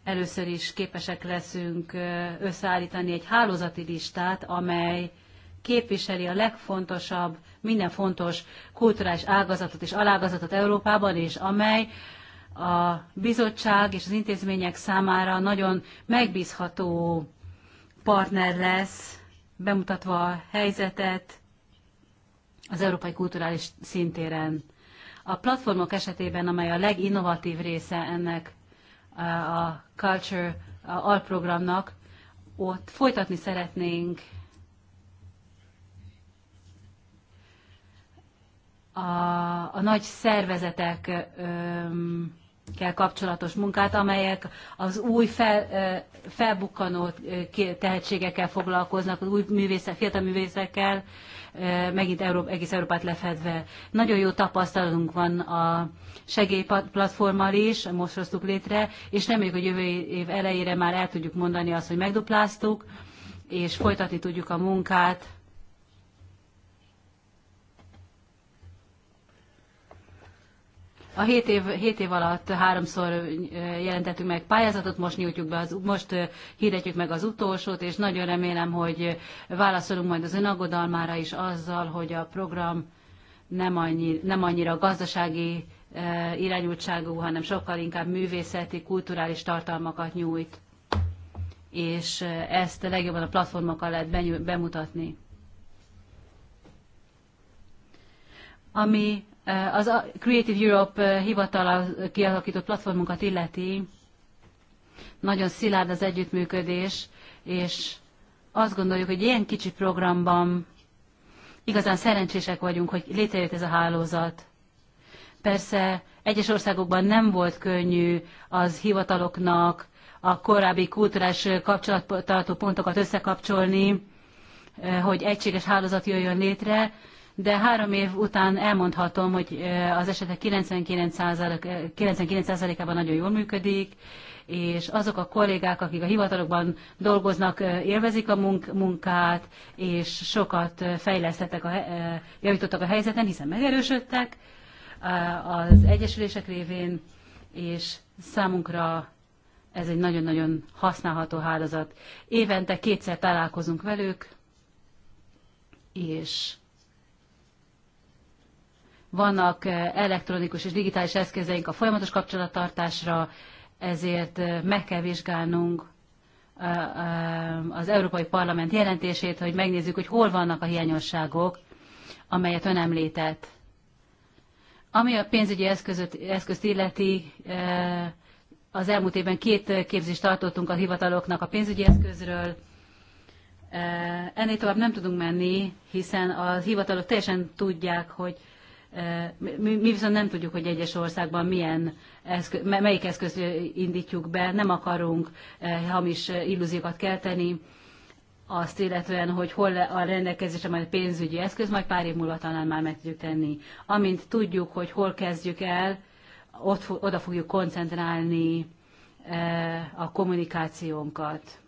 először is képesek leszünk összeállítani egy hálózati listát, amely képviseli a legfontosabb, minden fontos kulturális ágazatot és alágazatot Európában, és amely a bizottság és az intézmények számára nagyon megbízható partner lesz, bemutatva a helyzetet az európai kulturális szintéren. A platformok esetében, amely a leginnovatív része ennek a Culture alprogramnak, ott folytatni szeretnénk a, a nagy szervezetek öm, kell kapcsolatos munkát, amelyek az új fel, felbukkanó tehetségekkel foglalkoznak, az új művészek, fiatal művészekkel, megint Európa, egész Európát lefedve. Nagyon jó tapasztalatunk van a segélyplatformmal is, most hoztuk létre, és reméljük, hogy jövő év elejére már el tudjuk mondani azt, hogy megdupláztuk, és folytatni tudjuk a munkát A 7 év, 7 év alatt háromszor jelentettük meg pályázatot, most nyújtjuk be, az, most hirdetjük meg az utolsót, és nagyon remélem, hogy válaszolunk majd az ön aggodalmára is azzal, hogy a program nem, annyi, nem annyira gazdasági irányultságú, hanem sokkal inkább művészeti, kulturális tartalmakat nyújt, és ezt legjobban a platformokkal lehet bemutatni. Ami Eh, az a Creative Europe eh, hivatala kialakított platformunkat illeti, nagyon szilárd az együttműködés, és azt gondoljuk, hogy ilyen kicsi programban igazán szerencsések vagyunk, hogy létrejött ez a hálózat. Persze egyes országokban nem volt könnyű az hivataloknak a korábbi kulturális kapcsolattartó pontokat összekapcsolni, eh, hogy egységes hálózat jöjjön létre, de három év után elmondhatom, hogy az esetek 99%-ában 99 nagyon jól működik, és azok a kollégák, akik a hivatalokban dolgoznak, élvezik a munkát, és sokat fejlesztettek, a, javítottak a helyzeten, hiszen megerősödtek az egyesülések révén, és számunkra ez egy nagyon-nagyon használható hálózat. Évente kétszer találkozunk velük, és vannak eh, elektronikus és digitális eszközeink a folyamatos kapcsolattartásra, ezért eh, meg kell vizsgálnunk eh, az Európai Parlament jelentését, hogy megnézzük, hogy hol vannak a hiányosságok, amelyet ön említett. Ami a pénzügyi eszközöt, eszközt illeti, az elmúlt évben két képzést tartottunk a hivataloknak a pénzügyi eszközről. Ennél tovább nem tudunk menni, hiszen a hivatalok teljesen tudják, hogy mi, mi viszont nem tudjuk, hogy egyes országban milyen eszköz, melyik eszköz indítjuk be, nem akarunk eh, hamis eh, illúziókat kelteni, azt illetően, hogy hol a rendelkezésre majd pénzügyi eszköz, majd pár év múlva talán már meg tudjuk tenni. Amint tudjuk, hogy hol kezdjük el, ott, oda fogjuk koncentrálni eh, a kommunikációnkat.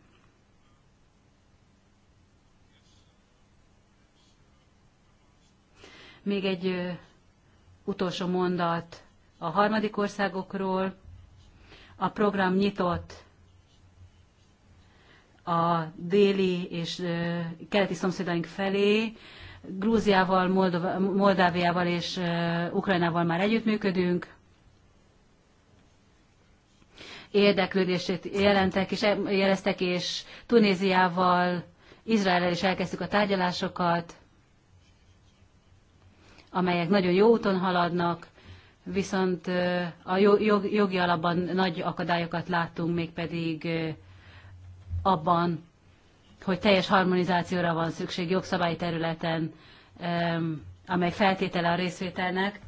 Még egy utolsó mondat a harmadik országokról, a program nyitott a déli és keleti szomszédaink felé, Grúziával, Moldova, Moldáviával és Ukrajnával már együttműködünk. Érdeklődését jelentek és e, jeleztek, és Tunéziával, Izraellel is elkezdtük a tárgyalásokat amelyek nagyon jó úton haladnak, viszont a jogi alapban nagy akadályokat láttunk, mégpedig abban, hogy teljes harmonizációra van szükség jogszabályi területen, amely feltétele a részvételnek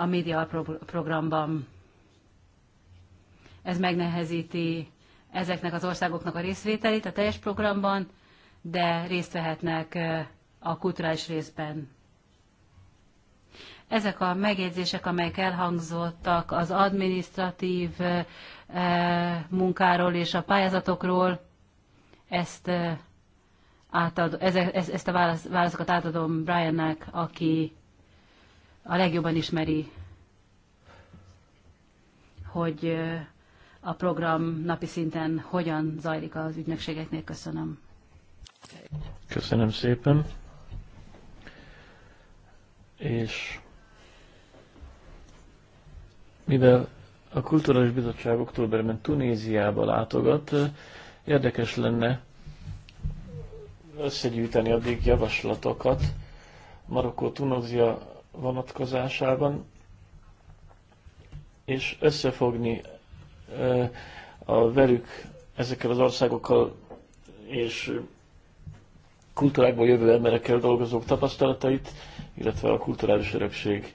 a média programban. Ez megnehezíti ezeknek az országoknak a részvételét a teljes programban, de részt vehetnek a kulturális részben. Ezek a megjegyzések, amelyek elhangzottak az administratív eh, munkáról és a pályázatokról, ezt, eh, átad, ezt a válasz, válaszokat átadom Briannek, aki a legjobban ismeri, hogy eh, a program napi szinten hogyan zajlik az ügynökségeknél. Köszönöm. Köszönöm szépen. És mivel a Kulturális Bizottság októberben Tunéziába látogat, érdekes lenne összegyűjteni addig javaslatokat Marokkó-Tunézia vonatkozásában, és összefogni a velük ezekkel az országokkal és kultúrákból jövő emberekkel dolgozók tapasztalatait, illetve a kulturális örökség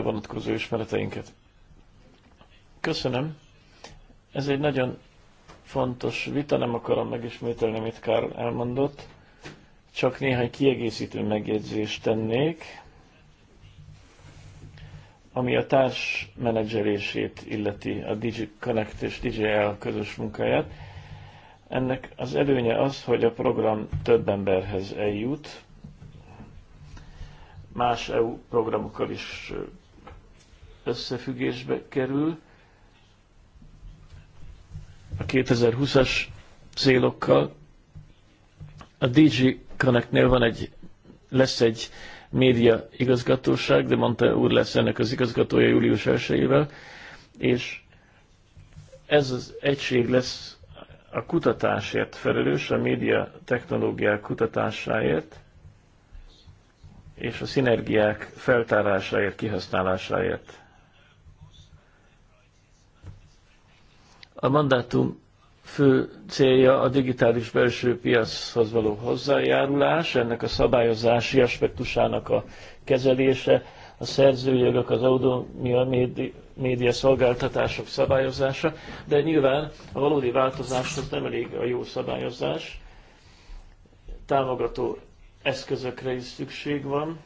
vonatkozó ismereteinket. Köszönöm. Ez egy nagyon fontos vita, nem akarom megismételni, amit Kár elmondott, csak néhány kiegészítő megjegyzést tennék, ami a társ menedzselését illeti, a DigiConnect és DJL közös munkáját. Ennek az előnye az, hogy a program több emberhez eljut, más EU programokkal is összefüggésbe kerül a 2020-as célokkal. A DG Connectnél van egy, lesz egy média igazgatóság, de mondta úr lesz ennek az igazgatója július 1 és ez az egység lesz a kutatásért felelős, a média technológiák kutatásáért, és a szinergiák feltárásáért, kihasználásáért. A mandátum fő célja a digitális belső piachoz való hozzájárulás, ennek a szabályozási aspektusának a kezelése, a szerzőjogok, az audomia média szolgáltatások szabályozása, de nyilván a valódi változáshoz nem elég a jó szabályozás, támogató eszközökre is szükség van,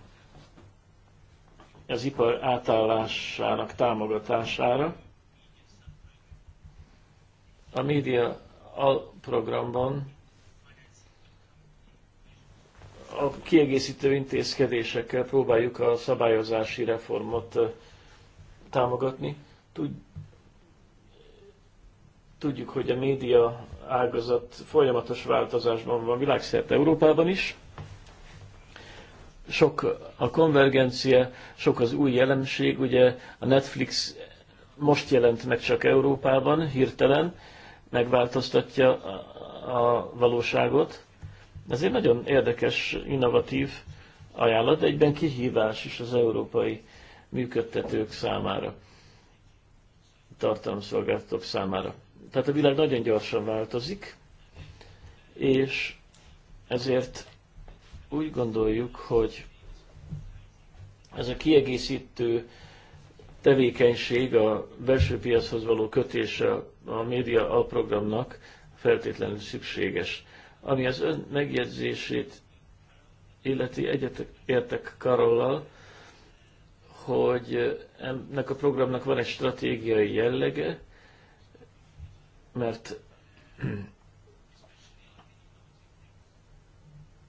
az ipar átállásának támogatására a média alprogramban a kiegészítő intézkedésekkel próbáljuk a szabályozási reformot támogatni. Tudjuk, hogy a média ágazat folyamatos változásban van világszerte Európában is. Sok a konvergencia, sok az új jelenség, ugye a Netflix most jelent meg csak Európában hirtelen, megváltoztatja a valóságot. Ez egy nagyon érdekes, innovatív ajánlat, egyben kihívás is az európai működtetők számára, tartalomszolgáltatók számára. Tehát a világ nagyon gyorsan változik, és ezért úgy gondoljuk, hogy ez a kiegészítő tevékenység a belső piachoz való kötése a média alprogramnak feltétlenül szükséges. Ami az ön megjegyzését illeti, egyetek értek Karollal, hogy ennek a programnak van egy stratégiai jellege, mert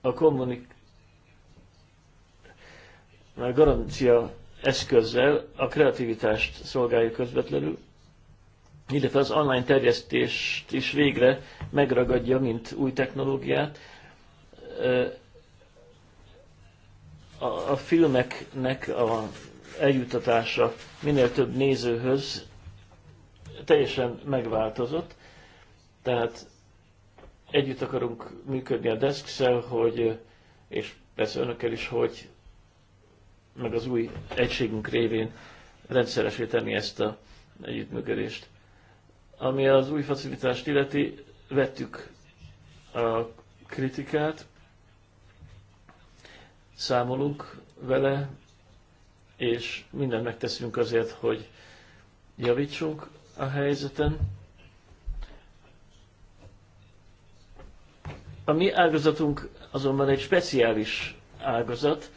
a kommunik... a garancia eszközzel a kreativitást szolgálja közvetlenül, illetve az online terjesztést is végre megragadja, mint új technológiát. A, filmeknek a eljutatása minél több nézőhöz teljesen megváltozott, tehát együtt akarunk működni a desk hogy, és persze önökkel is, hogy meg az új egységünk révén rendszeresíteni ezt a együttműködést. Ami az új facilitást illeti, vettük a kritikát, számolunk vele, és mindent megteszünk azért, hogy javítsunk a helyzeten. A mi ágazatunk azonban egy speciális ágazat.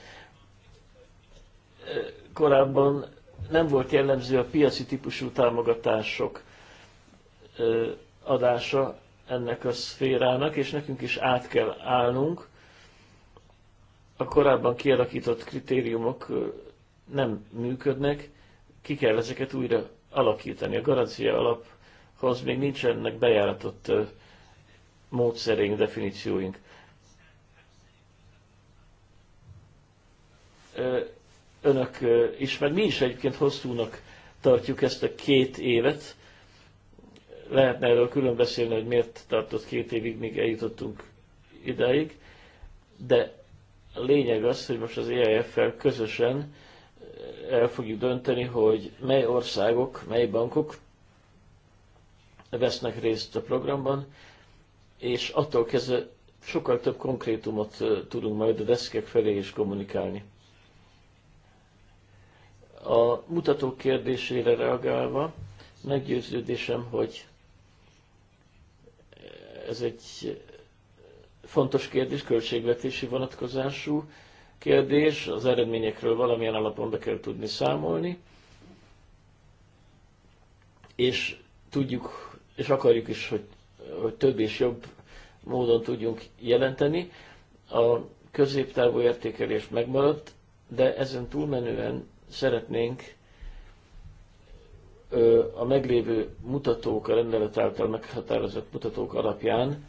Korábban nem volt jellemző a piaci típusú támogatások adása ennek a szférának, és nekünk is át kell állnunk. A korábban kialakított kritériumok nem működnek, ki kell ezeket újra alakítani. A garancia alaphoz még nincsenek bejáratott módszerénk, definícióink. Önök is, meg mi is egyébként hosszúnak tartjuk ezt a két évet, lehetne erről külön beszélni, hogy miért tartott két évig, míg eljutottunk ideig, de a lényeg az, hogy most az EIF-fel közösen eh, el fogjuk dönteni, hogy mely országok, mely bankok vesznek részt a programban, és attól kezdve sokkal több konkrétumot eh, tudunk majd a deszkek felé is kommunikálni. A mutatók kérdésére reagálva, meggyőződésem, hogy ez egy fontos kérdés, költségvetési vonatkozású kérdés, az eredményekről valamilyen alapon be kell tudni számolni, és tudjuk, és akarjuk is, hogy, hogy több és jobb módon tudjunk jelenteni. A középtávú értékelés megmaradt, de ezen túlmenően szeretnénk a meglévő mutatók, a rendelet által meghatározott mutatók alapján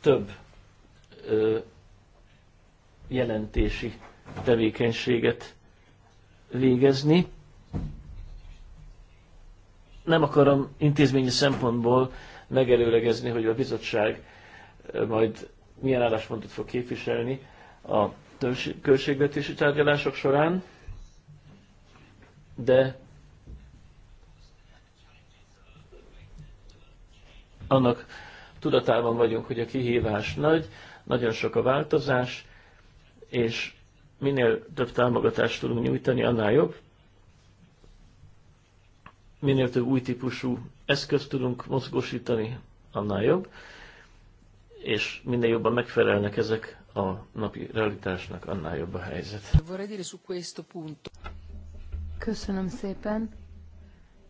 több jelentési tevékenységet végezni. Nem akarom intézményi szempontból megerőlegezni, hogy a bizottság majd milyen álláspontot fog képviselni a költségvetési tárgyalások során, de annak tudatában vagyunk, hogy a kihívás nagy, nagyon sok a változás, és minél több támogatást tudunk nyújtani, annál jobb. Minél több új típusú eszközt tudunk mozgósítani, annál jobb. És minél jobban megfelelnek ezek a napi realitásnak, annál jobb a helyzet. Köszönöm szépen.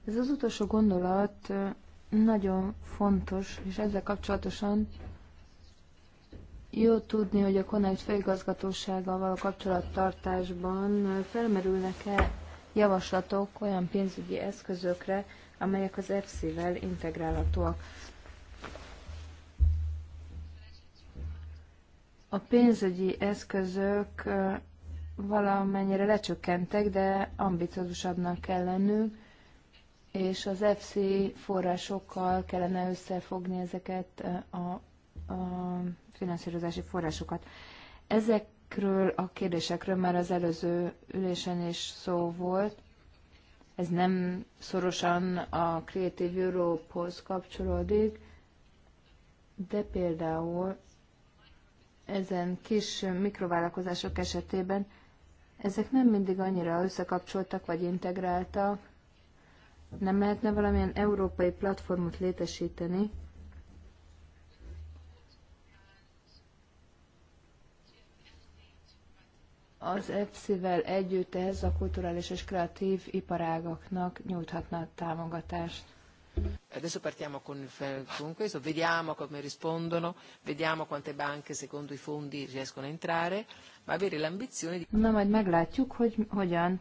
Ez az utolsó gondolat nagyon fontos, és ezzel kapcsolatosan jó tudni, hogy a Connect főigazgatósággal való kapcsolattartásban felmerülnek-e javaslatok olyan pénzügyi eszközökre, amelyek az EFSZ-vel integrálhatóak. A pénzügyi eszközök valamennyire lecsökkentek, de ambiciózusabbnak kell lennünk, és az FC forrásokkal kellene összefogni ezeket eh, a, a finanszírozási forrásokat. Ezekről a kérdésekről már az előző ülésen is szó volt. Ez nem szorosan a Creative Europe-hoz kapcsolódik, de például ezen kis mikrovállalkozások esetében ezek nem mindig annyira összekapcsoltak vagy integráltak, nem lehetne valamilyen európai platformot létesíteni, az EPSZI-vel együtt ehhez a kulturális és kreatív iparágaknak nyújthatna támogatást. Adesso partiamo con, con questo, vediamo come rispondono, vediamo quante banche secondo i fondi riescono a entrare, ma avere l'ambizione di... Na majd meglátjuk, hogy hogyan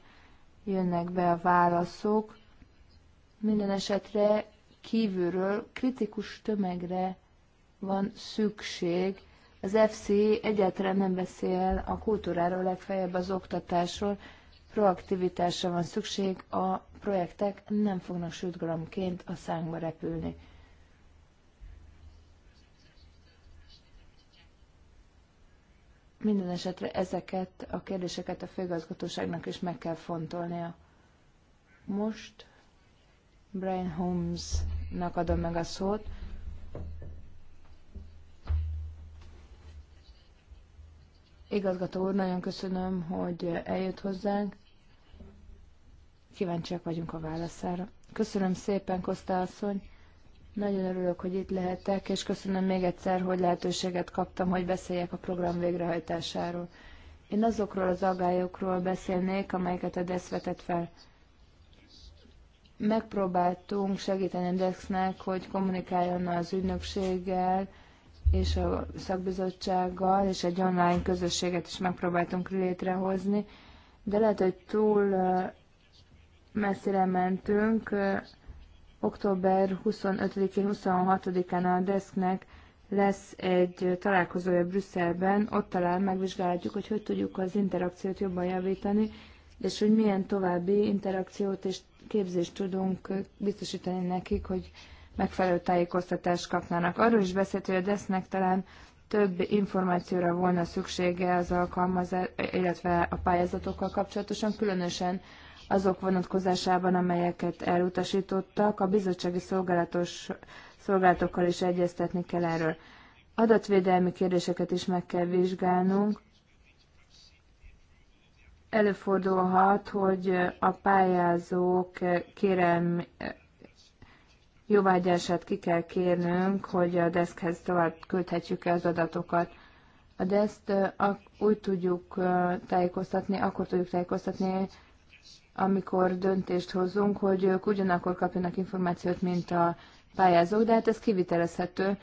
jönnek be a válaszok. Minden esetre kívülről kritikus tömegre van szükség. Az FC egyáltalán nem beszél a kultúráról, legfeljebb az oktatásról. Proaktivitásra van szükség, a projektek nem fognak sütgalomként a szánkba repülni. Minden esetre ezeket a kérdéseket a főgazgatóságnak is meg kell fontolnia. Most Brian Holmesnak adom meg a szót. Igazgató úr, nagyon köszönöm, hogy eljött hozzánk. Kíváncsiak vagyunk a válaszára. Köszönöm szépen, Koszta asszony. Nagyon örülök, hogy itt lehetek, és köszönöm még egyszer, hogy lehetőséget kaptam, hogy beszéljek a program végrehajtásáról. Én azokról az agályokról beszélnék, amelyeket a DESZ vetett fel megpróbáltunk segíteni a DEX-nek, hogy kommunikáljon az ügynökséggel és a szakbizottsággal, és egy online közösséget is megpróbáltunk létrehozni, de lehet, hogy túl messzire mentünk. Október 25-26-án a deszknek lesz egy találkozója Brüsszelben, ott talán megvizsgálhatjuk, hogy hogy tudjuk az interakciót jobban javítani, és hogy milyen további interakciót és képzést tudunk biztosítani nekik, hogy megfelelő tájékoztatást kapnának. Arról is beszélt, hogy a desznek talán több információra volna szüksége az alkalmazás, illetve a pályázatokkal kapcsolatosan, különösen azok vonatkozásában, amelyeket elutasítottak, a bizottsági szolgálatos szolgálatokkal is egyeztetni kell erről. Adatvédelmi kérdéseket is meg kell vizsgálnunk, előfordulhat, hogy a pályázók kérem jóvágyását ki kell kérnünk, hogy a deszkhez tovább küldhetjük-e az adatokat. A deszt úgy tudjuk tájékoztatni, akkor tudjuk tájékoztatni, amikor döntést hozunk, hogy ők ugyanakkor kapjanak információt, mint a pályázók, de hát ez kivitelezhető.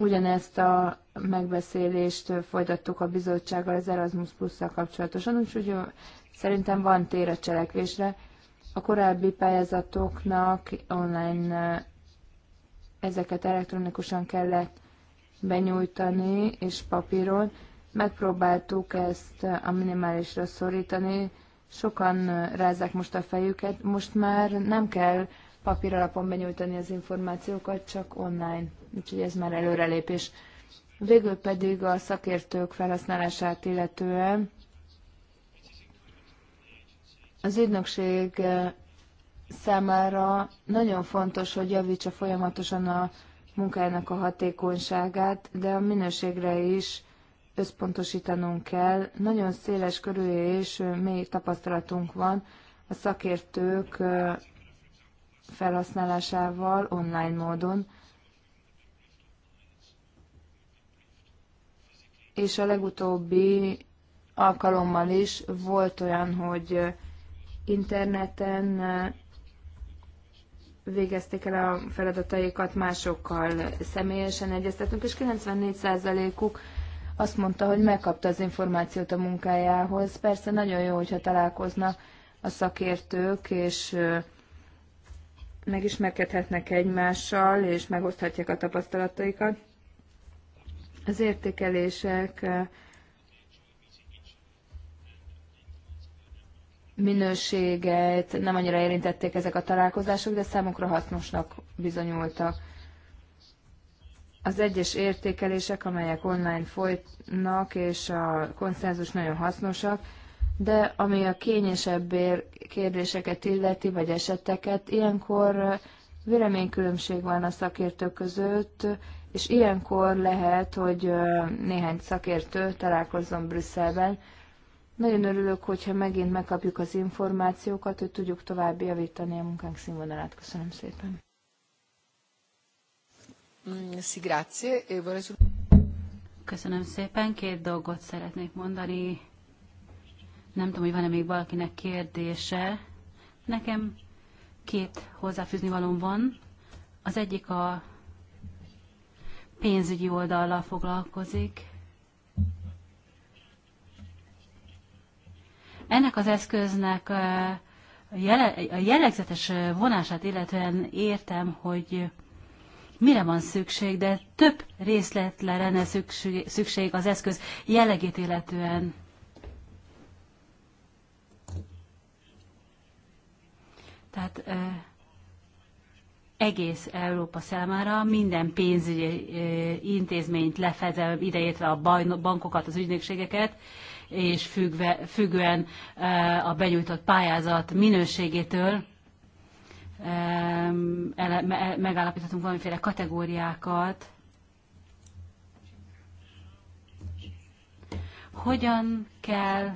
Ugyanezt a megbeszélést folytattuk a bizottsággal az Erasmus plus kapcsolatosan, úgyhogy szerintem van tér a cselekvésre. A korábbi pályázatoknak online ezeket elektronikusan kellett benyújtani, és papíron. Megpróbáltuk ezt a minimálisra szorítani. Sokan rázák most a fejüket. Most már nem kell papír alapon benyújtani az információkat, csak online úgyhogy ez már előrelépés. Végül pedig a szakértők felhasználását illetően az ügynökség eh, számára nagyon fontos, hogy javítsa folyamatosan a munkájának a hatékonyságát, de a minőségre is összpontosítanunk kell. Nagyon széles körű és mély tapasztalatunk van a szakértők eh, felhasználásával online módon. és a legutóbbi alkalommal is volt olyan, hogy interneten végezték el a feladataikat, másokkal személyesen egyeztetünk, és 94%-uk azt mondta, hogy megkapta az információt a munkájához. Persze nagyon jó, hogyha találkoznak a szakértők, és megismerkedhetnek egymással, és megoszthatják a tapasztalataikat. Az értékelések minőséget nem annyira érintették ezek a találkozások, de számukra hasznosnak bizonyultak. Az egyes értékelések, amelyek online folytnak, és a konszenzus nagyon hasznosak, de ami a kényesebb kérdéseket illeti, vagy eseteket, ilyenkor véleménykülönbség van a szakértők között, és ilyenkor lehet, hogy néhány szakértő találkozzon Brüsszelben. Nagyon örülök, hogyha megint megkapjuk az információkat, hogy tudjuk tovább javítani a munkánk színvonalát. Köszönöm szépen. Mm, e Köszönöm szépen. Két dolgot szeretnék mondani. Nem tudom, hogy van-e még valakinek kérdése. Nekem két hozzáfűzni valóm van. Az egyik a pénzügyi oldallal foglalkozik. Ennek az eszköznek a jellegzetes vonását illetően értem, hogy mire van szükség, de több részletre lenne szükség az eszköz jellegét illetően. Tehát egész Európa számára minden pénzügyi intézményt lefedve, ideértve a bankokat, az ügynökségeket, és függve, függően a benyújtott pályázat minőségétől megállapíthatunk valamiféle kategóriákat, hogyan kell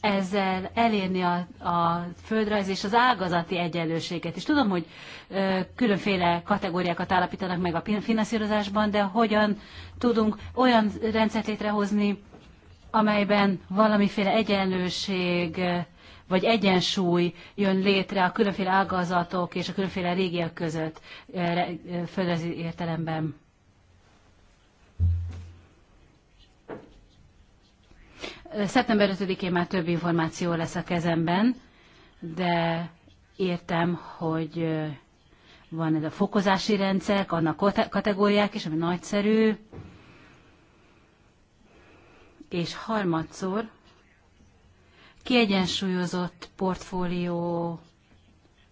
ezzel elérni a, a földrajz és az ágazati egyenlőséget. És tudom, hogy ö, különféle kategóriákat állapítanak meg a finanszírozásban, de hogyan tudunk olyan rendszert létrehozni, amelyben valamiféle egyenlőség vagy egyensúly jön létre a különféle ágazatok és a különféle régiek között földrajzi értelemben. Szeptember 5-én már több információ lesz a kezemben, de értem, hogy van ez a fokozási rendszer, annak kategóriák is, ami nagyszerű. És harmadszor kiegyensúlyozott portfólió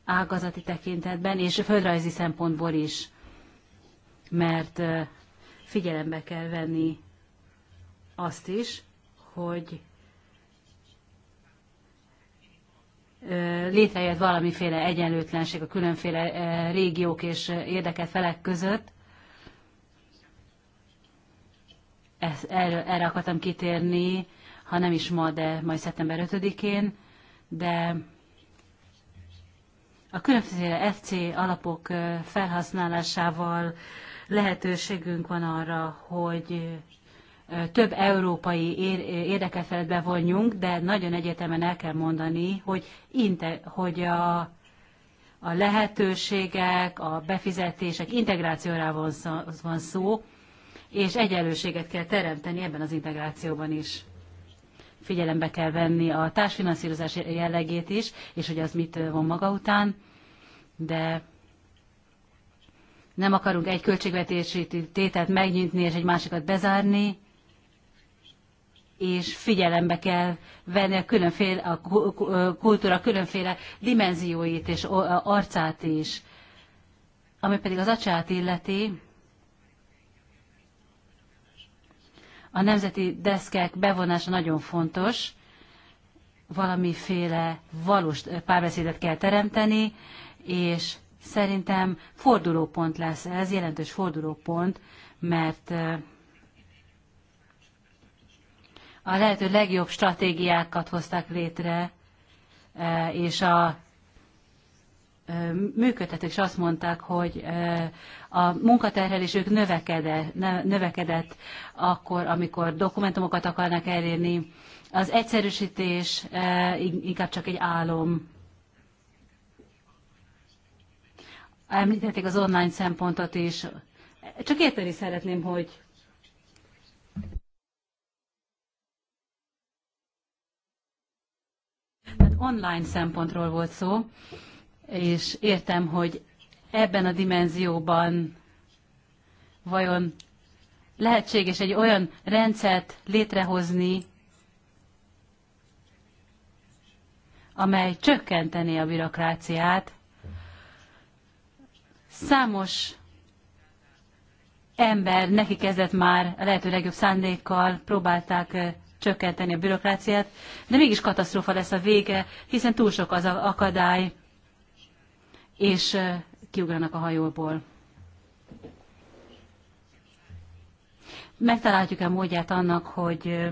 ágazati tekintetben, és földrajzi szempontból is, mert figyelembe kell venni azt is, hogy létrejött valamiféle egyenlőtlenség a különféle régiók és érdeket felek között. Ezt, erre, erre akartam kitérni, ha nem is ma, de majd szeptember 5-én, de a különféle FC alapok felhasználásával lehetőségünk van arra, hogy több európai érdekelt felet bevonjunk, de nagyon egyetemen el kell mondani, hogy, inte, hogy a, a lehetőségek, a befizetések integrációra van szó, van szó, és egyenlőséget kell teremteni ebben az integrációban is. Figyelembe kell venni a társfinanszírozás jellegét is, és hogy az mit von maga után, de nem akarunk egy költségvetési tételt megnyitni és egy másikat bezárni, és figyelembe kell venni a, különféle, a kultúra különféle dimenzióit és arcát is. Ami pedig az acsát illeti, a nemzeti deszkek bevonása nagyon fontos, valamiféle valós párbeszédet kell teremteni, és szerintem fordulópont lesz ez, jelentős fordulópont, mert a lehető legjobb stratégiákat hozták létre, e, és a e, működtetők is azt mondták, hogy e, a munkaterhelésük növekedett, növekedett akkor, amikor dokumentumokat akarnak elérni. Az egyszerűsítés inkább csak egy álom. Említették az online szempontot is. Csak érteni szeretném, hogy Tehát online szempontról volt szó, és értem, hogy ebben a dimenzióban vajon lehetséges egy olyan rendszert létrehozni, amely csökkenteni a bürokráciát. Számos ember neki kezdett már a lehető legjobb szándékkal, próbálták csökkenteni a bürokráciát, de mégis katasztrófa lesz a vége, hiszen túl sok az akadály, és kiugranak a hajóból. Megtaláljuk a módját annak, hogy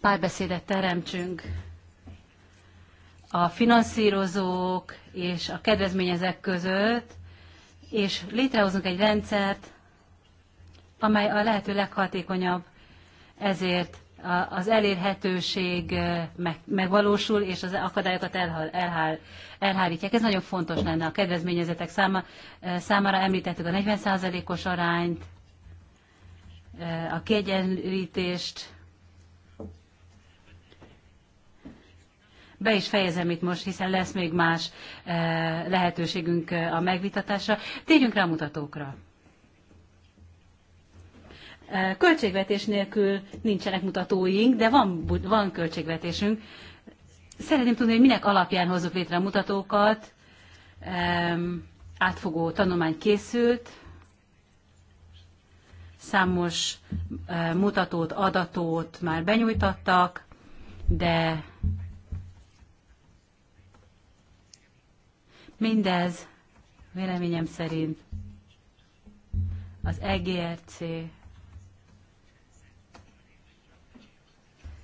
párbeszédet teremtsünk a finanszírozók és a kedvezményezek között, és létrehozunk egy rendszert, amely a lehető leghatékonyabb ezért az elérhetőség megvalósul, és az akadályokat elhal, elhal, elhárítják. Ez nagyon fontos lenne a kedvezményezetek száma, számára. Említettük a 40%-os arányt, a kiegyenlítést. Be is fejezem itt most, hiszen lesz még más lehetőségünk a megvitatásra. Térjünk rá a mutatókra. Költségvetés nélkül nincsenek mutatóink, de van, van költségvetésünk. Szeretném tudni, hogy minek alapján hozzuk létre a mutatókat. Átfogó tanulmány készült, számos mutatót, adatot már benyújtattak, de mindez véleményem szerint az EGRC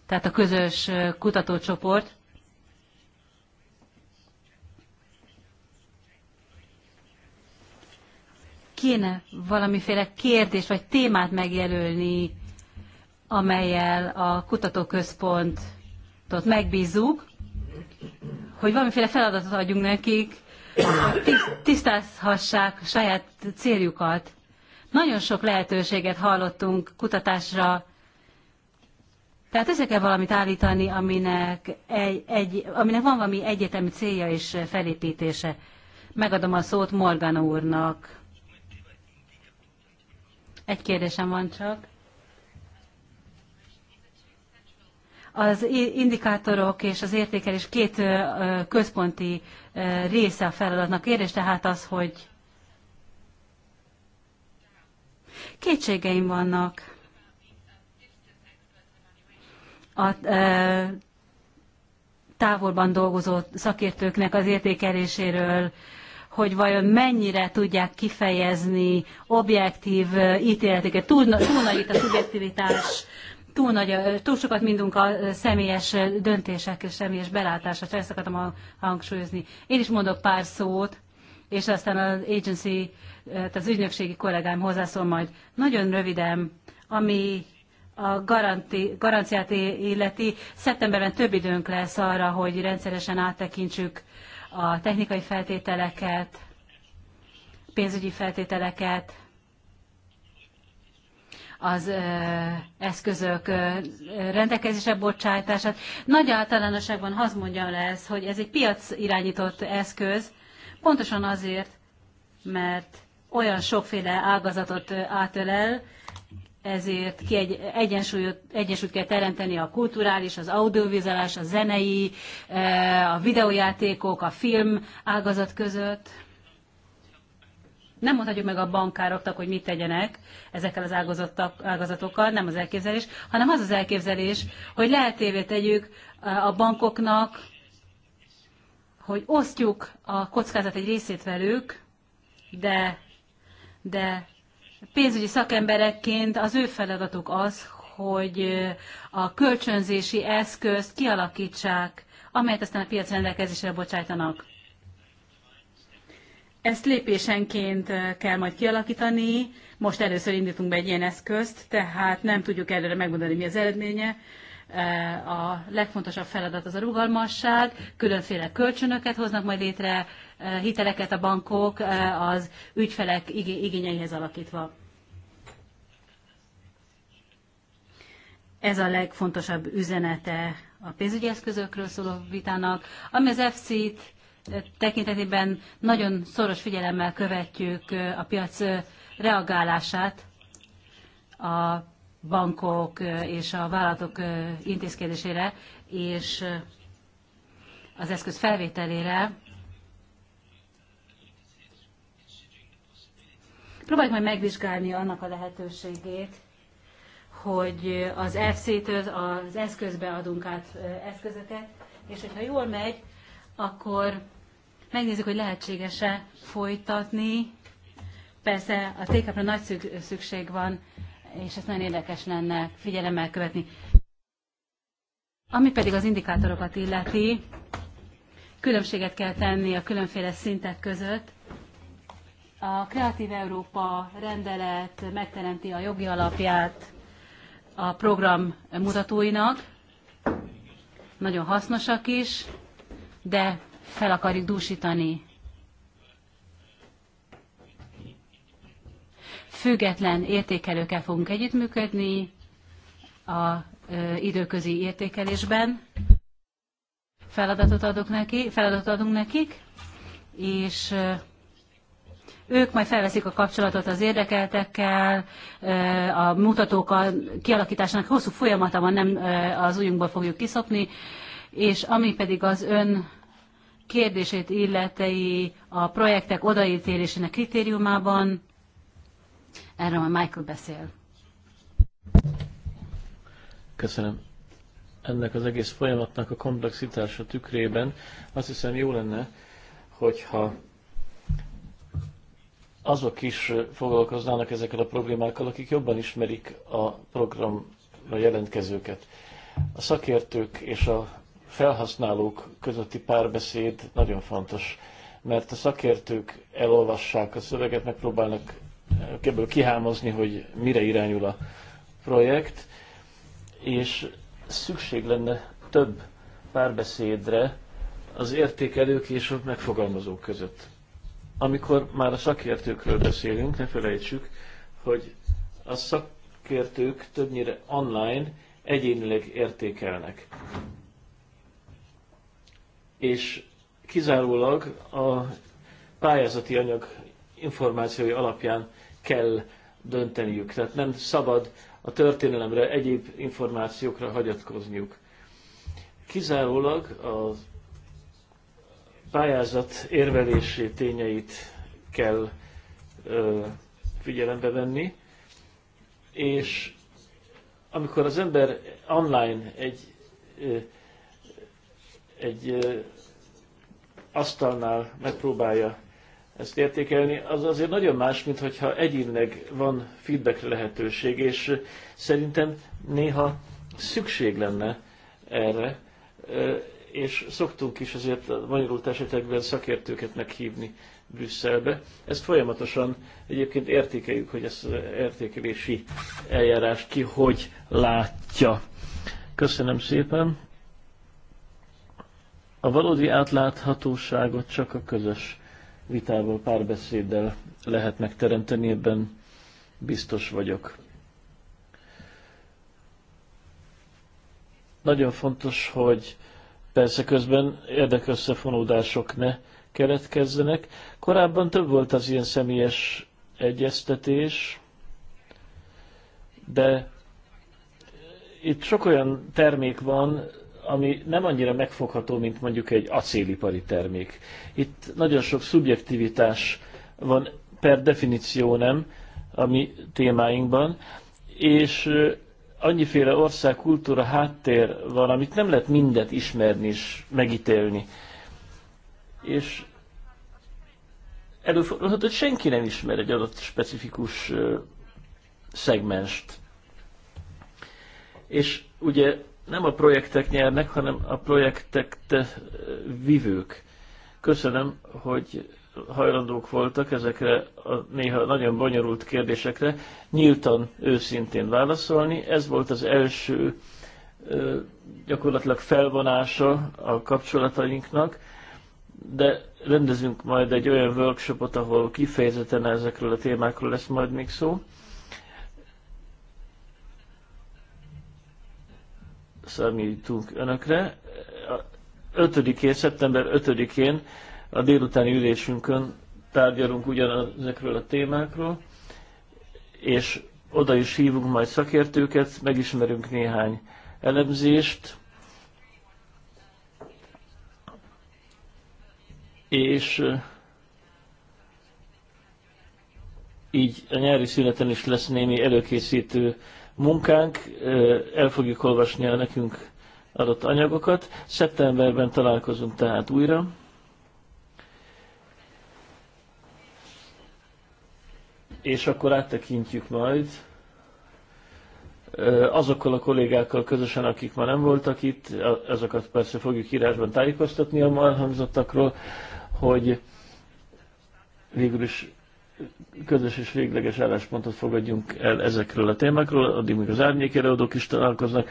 tehát a közös kutatócsoport. Kéne valamiféle kérdés vagy témát megjelölni, amelyel a kutatóközpontot megbízunk, hogy valamiféle feladatot adjunk nekik, hogy tisztázhassák saját céljukat. Nagyon sok lehetőséget hallottunk kutatásra, tehát össze kell valamit állítani, aminek, egy, egy, aminek van valami egyetemi célja és felépítése. Megadom a szót Morgan úrnak. Egy kérdésem van csak. Az indikátorok és az értékelés két központi része a feladatnak. Kérdés tehát az, hogy kétségeim vannak a e, távolban dolgozó szakértőknek az értékeléséről, hogy vajon mennyire tudják kifejezni objektív e, ítéleteket. Túl, túl nagy itt a szubjektivitás, túl, nagy, túl sokat mindunk a e, személyes döntések és személyes belátásra, ezt akartam hangsúlyozni. Én is mondok pár szót, és aztán az agency, az ügynökségi kollégám hozzászól majd. Nagyon röviden, ami a garanti, garanciát illeti. Szeptemberben több időnk lesz arra, hogy rendszeresen áttekintsük a technikai feltételeket, pénzügyi feltételeket, az ö, eszközök ö, rendelkezésre bocsátását. Nagy általánosságban azt mondjam le ezt, hogy ez egy piac irányított eszköz, pontosan azért, mert olyan sokféle ágazatot átölel, ezért egy, egyensúlyot, egyensúlyt kell teremteni a kulturális, az audiovizuális, a zenei, e, a videójátékok, a film ágazat között. Nem mondhatjuk meg a bankároknak, hogy mit tegyenek ezekkel az ágazatokkal, nem az elképzelés, hanem az az elképzelés, hogy lehetővé tegyük e, a bankoknak, hogy osztjuk a kockázat egy részét velük, de, de pénzügyi szakemberekként az ő feladatuk az, hogy a kölcsönzési eszközt kialakítsák, amelyet aztán a piac rendelkezésre bocsájtanak. Ezt lépésenként kell majd kialakítani. Most először indítunk be egy ilyen eszközt, tehát nem tudjuk előre megmondani, mi az eredménye. Eh, a legfontosabb feladat az a rugalmasság, különféle kölcsönöket hoznak majd létre, eh, hiteleket a bankok eh, az ügyfelek igényeihez alakítva. Ez a legfontosabb üzenete a pénzügyi eszközökről szóló vitának, ami az FC-t tekintetében nagyon szoros figyelemmel követjük a piac reagálását a bankok és a vállalatok intézkedésére és az eszköz felvételére. Próbáljuk majd megvizsgálni annak a lehetőségét, hogy az FC-től az eszközbe adunk át eszközöket, és hogyha jól megy, akkor megnézzük, hogy lehetséges-e folytatni. Persze a tékapra nagy szükség van, és ezt nagyon érdekes lenne figyelemmel követni. Ami pedig az indikátorokat illeti, különbséget kell tenni a különféle szintek között. A Kreatív Európa rendelet megteremti a jogi alapját a program mutatóinak, nagyon hasznosak is, de fel akarjuk dúsítani független értékelőkkel fogunk együttműködni a időközi értékelésben. Feladatot, adok neki, feladatot adunk nekik, és ők majd felveszik a kapcsolatot az érdekeltekkel, a mutatók a kialakításának hosszú folyamata van, nem az ujjunkból fogjuk kiszopni, és ami pedig az ön kérdését illetei a projektek odaítélésének kritériumában, Erről a Michael beszél. Köszönöm. Ennek az egész folyamatnak a komplexitása tükrében azt hiszem jó lenne, hogyha azok is foglalkoznának ezekkel a problémákkal, akik jobban ismerik a programra jelentkezőket. A szakértők és a felhasználók közötti párbeszéd nagyon fontos, mert a szakértők elolvassák a szöveget, megpróbálnak ebből kihámozni, hogy mire irányul a projekt, és szükség lenne több párbeszédre az értékelők és a megfogalmazók között. Amikor már a szakértőkről beszélünk, ne felejtsük, hogy a szakértők többnyire online egyénileg értékelnek. És kizárólag a pályázati anyag információi alapján kell dönteniük. Tehát nem szabad a történelemre, egyéb információkra hagyatkozniuk. Kizárólag a pályázat érvelési tényeit kell ö, figyelembe venni, és amikor az ember online egy, ö, egy ö, asztalnál megpróbálja ezt értékelni, az azért nagyon más, mint hogyha egyénileg van feedback lehetőség, és szerintem néha szükség lenne erre, és szoktunk is azért a magyarult esetekben szakértőket meghívni Brüsszelbe. Ezt folyamatosan egyébként értékeljük, hogy ezt az értékelési eljárás ki hogy látja. Köszönöm szépen. A valódi átláthatóságot csak a közös vitával, párbeszéddel lehet megteremteni, ebben biztos vagyok. Nagyon fontos, hogy persze közben érdekösszefonódások ne keletkezzenek. Korábban több volt az ilyen személyes egyeztetés, de itt sok olyan termék van, ami nem annyira megfogható, mint mondjuk egy acélipari termék. Itt nagyon sok szubjektivitás van per definíció nem a mi témáinkban, és annyiféle ország, kultúra, háttér van, amit nem lehet mindet ismerni és megítélni. És előfordulhat, hogy senki nem ismer egy adott specifikus szegmest. És ugye nem a projektek nyernek, hanem a projektek vivők. Köszönöm, hogy hajlandók voltak ezekre a néha nagyon bonyolult kérdésekre nyíltan, őszintén válaszolni. Ez volt az első gyakorlatilag felvonása a kapcsolatainknak, de rendezünk majd egy olyan workshopot, ahol kifejezetten ezekről a témákról lesz majd még szó. számítunk önökre. 5 szeptember 5-én a délutáni ülésünkön tárgyalunk ugyanezekről a témákról, és oda is hívunk majd szakértőket, megismerünk néhány elemzést, és eh, így a nyári szüneten is lesz némi előkészítő munkánk, el fogjuk olvasni a nekünk adott anyagokat. Szeptemberben találkozunk tehát újra. És akkor áttekintjük majd azokkal a kollégákkal közösen, akik már nem voltak itt, azokat persze fogjuk írásban tájékoztatni a ma elhangzottakról, hogy végül is közös és végleges álláspontot fogadjunk el ezekről a témákról, addig még az előadók is találkoznak,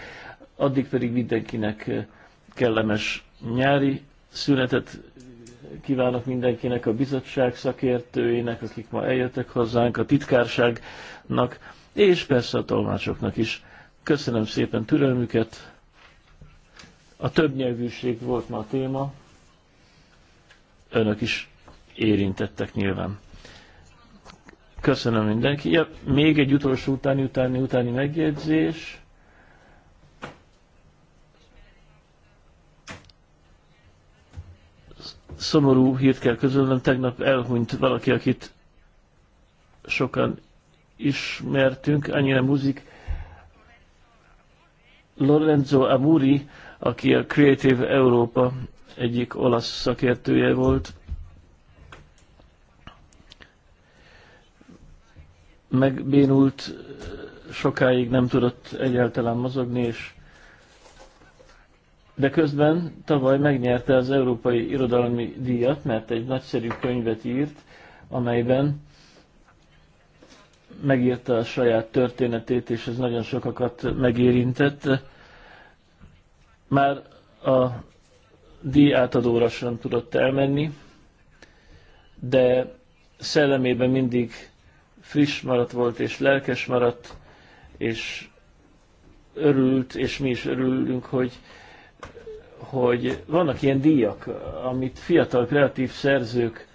addig pedig mindenkinek eh, kellemes nyári szünetet kívánok mindenkinek, a bizottság szakértőinek, akik ma eljöttek hozzánk, a titkárságnak, és persze a tolmácsoknak is. Köszönöm szépen türelmüket. A többnyelvűség volt ma a téma. Önök is érintettek nyilván. Köszönöm mindenki. Ja, még egy utolsó utáni, utáni, utáni megjegyzés. Szomorú hírt kell közölnöm, tegnap elhunyt valaki, akit sokan ismertünk, annyira muzik. Lorenzo Amuri, aki a Creative Europa egyik olasz szakértője volt, megbénult, sokáig nem tudott egyáltalán mozogni, és de közben tavaly megnyerte az Európai Irodalmi Díjat, mert egy nagyszerű könyvet írt, amelyben megírta a saját történetét, és ez nagyon sokakat megérintett. Már a díj átadóra sem tudott elmenni, de szellemében mindig friss maradt volt, és lelkes maradt, és örült, és mi is örülünk, hogy, hogy vannak ilyen díjak, amit fiatal kreatív szerzők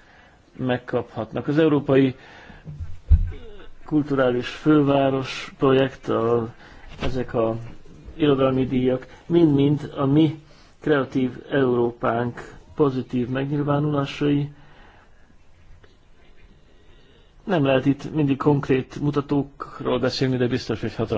megkaphatnak. Az Európai Kulturális Főváros projekt, a, ezek a irodalmi díjak, mind-mind a mi kreatív Európánk pozitív megnyilvánulásai, nem lehet itt mindig konkrét mutatókról beszélni, de biztos, hogy hatalmas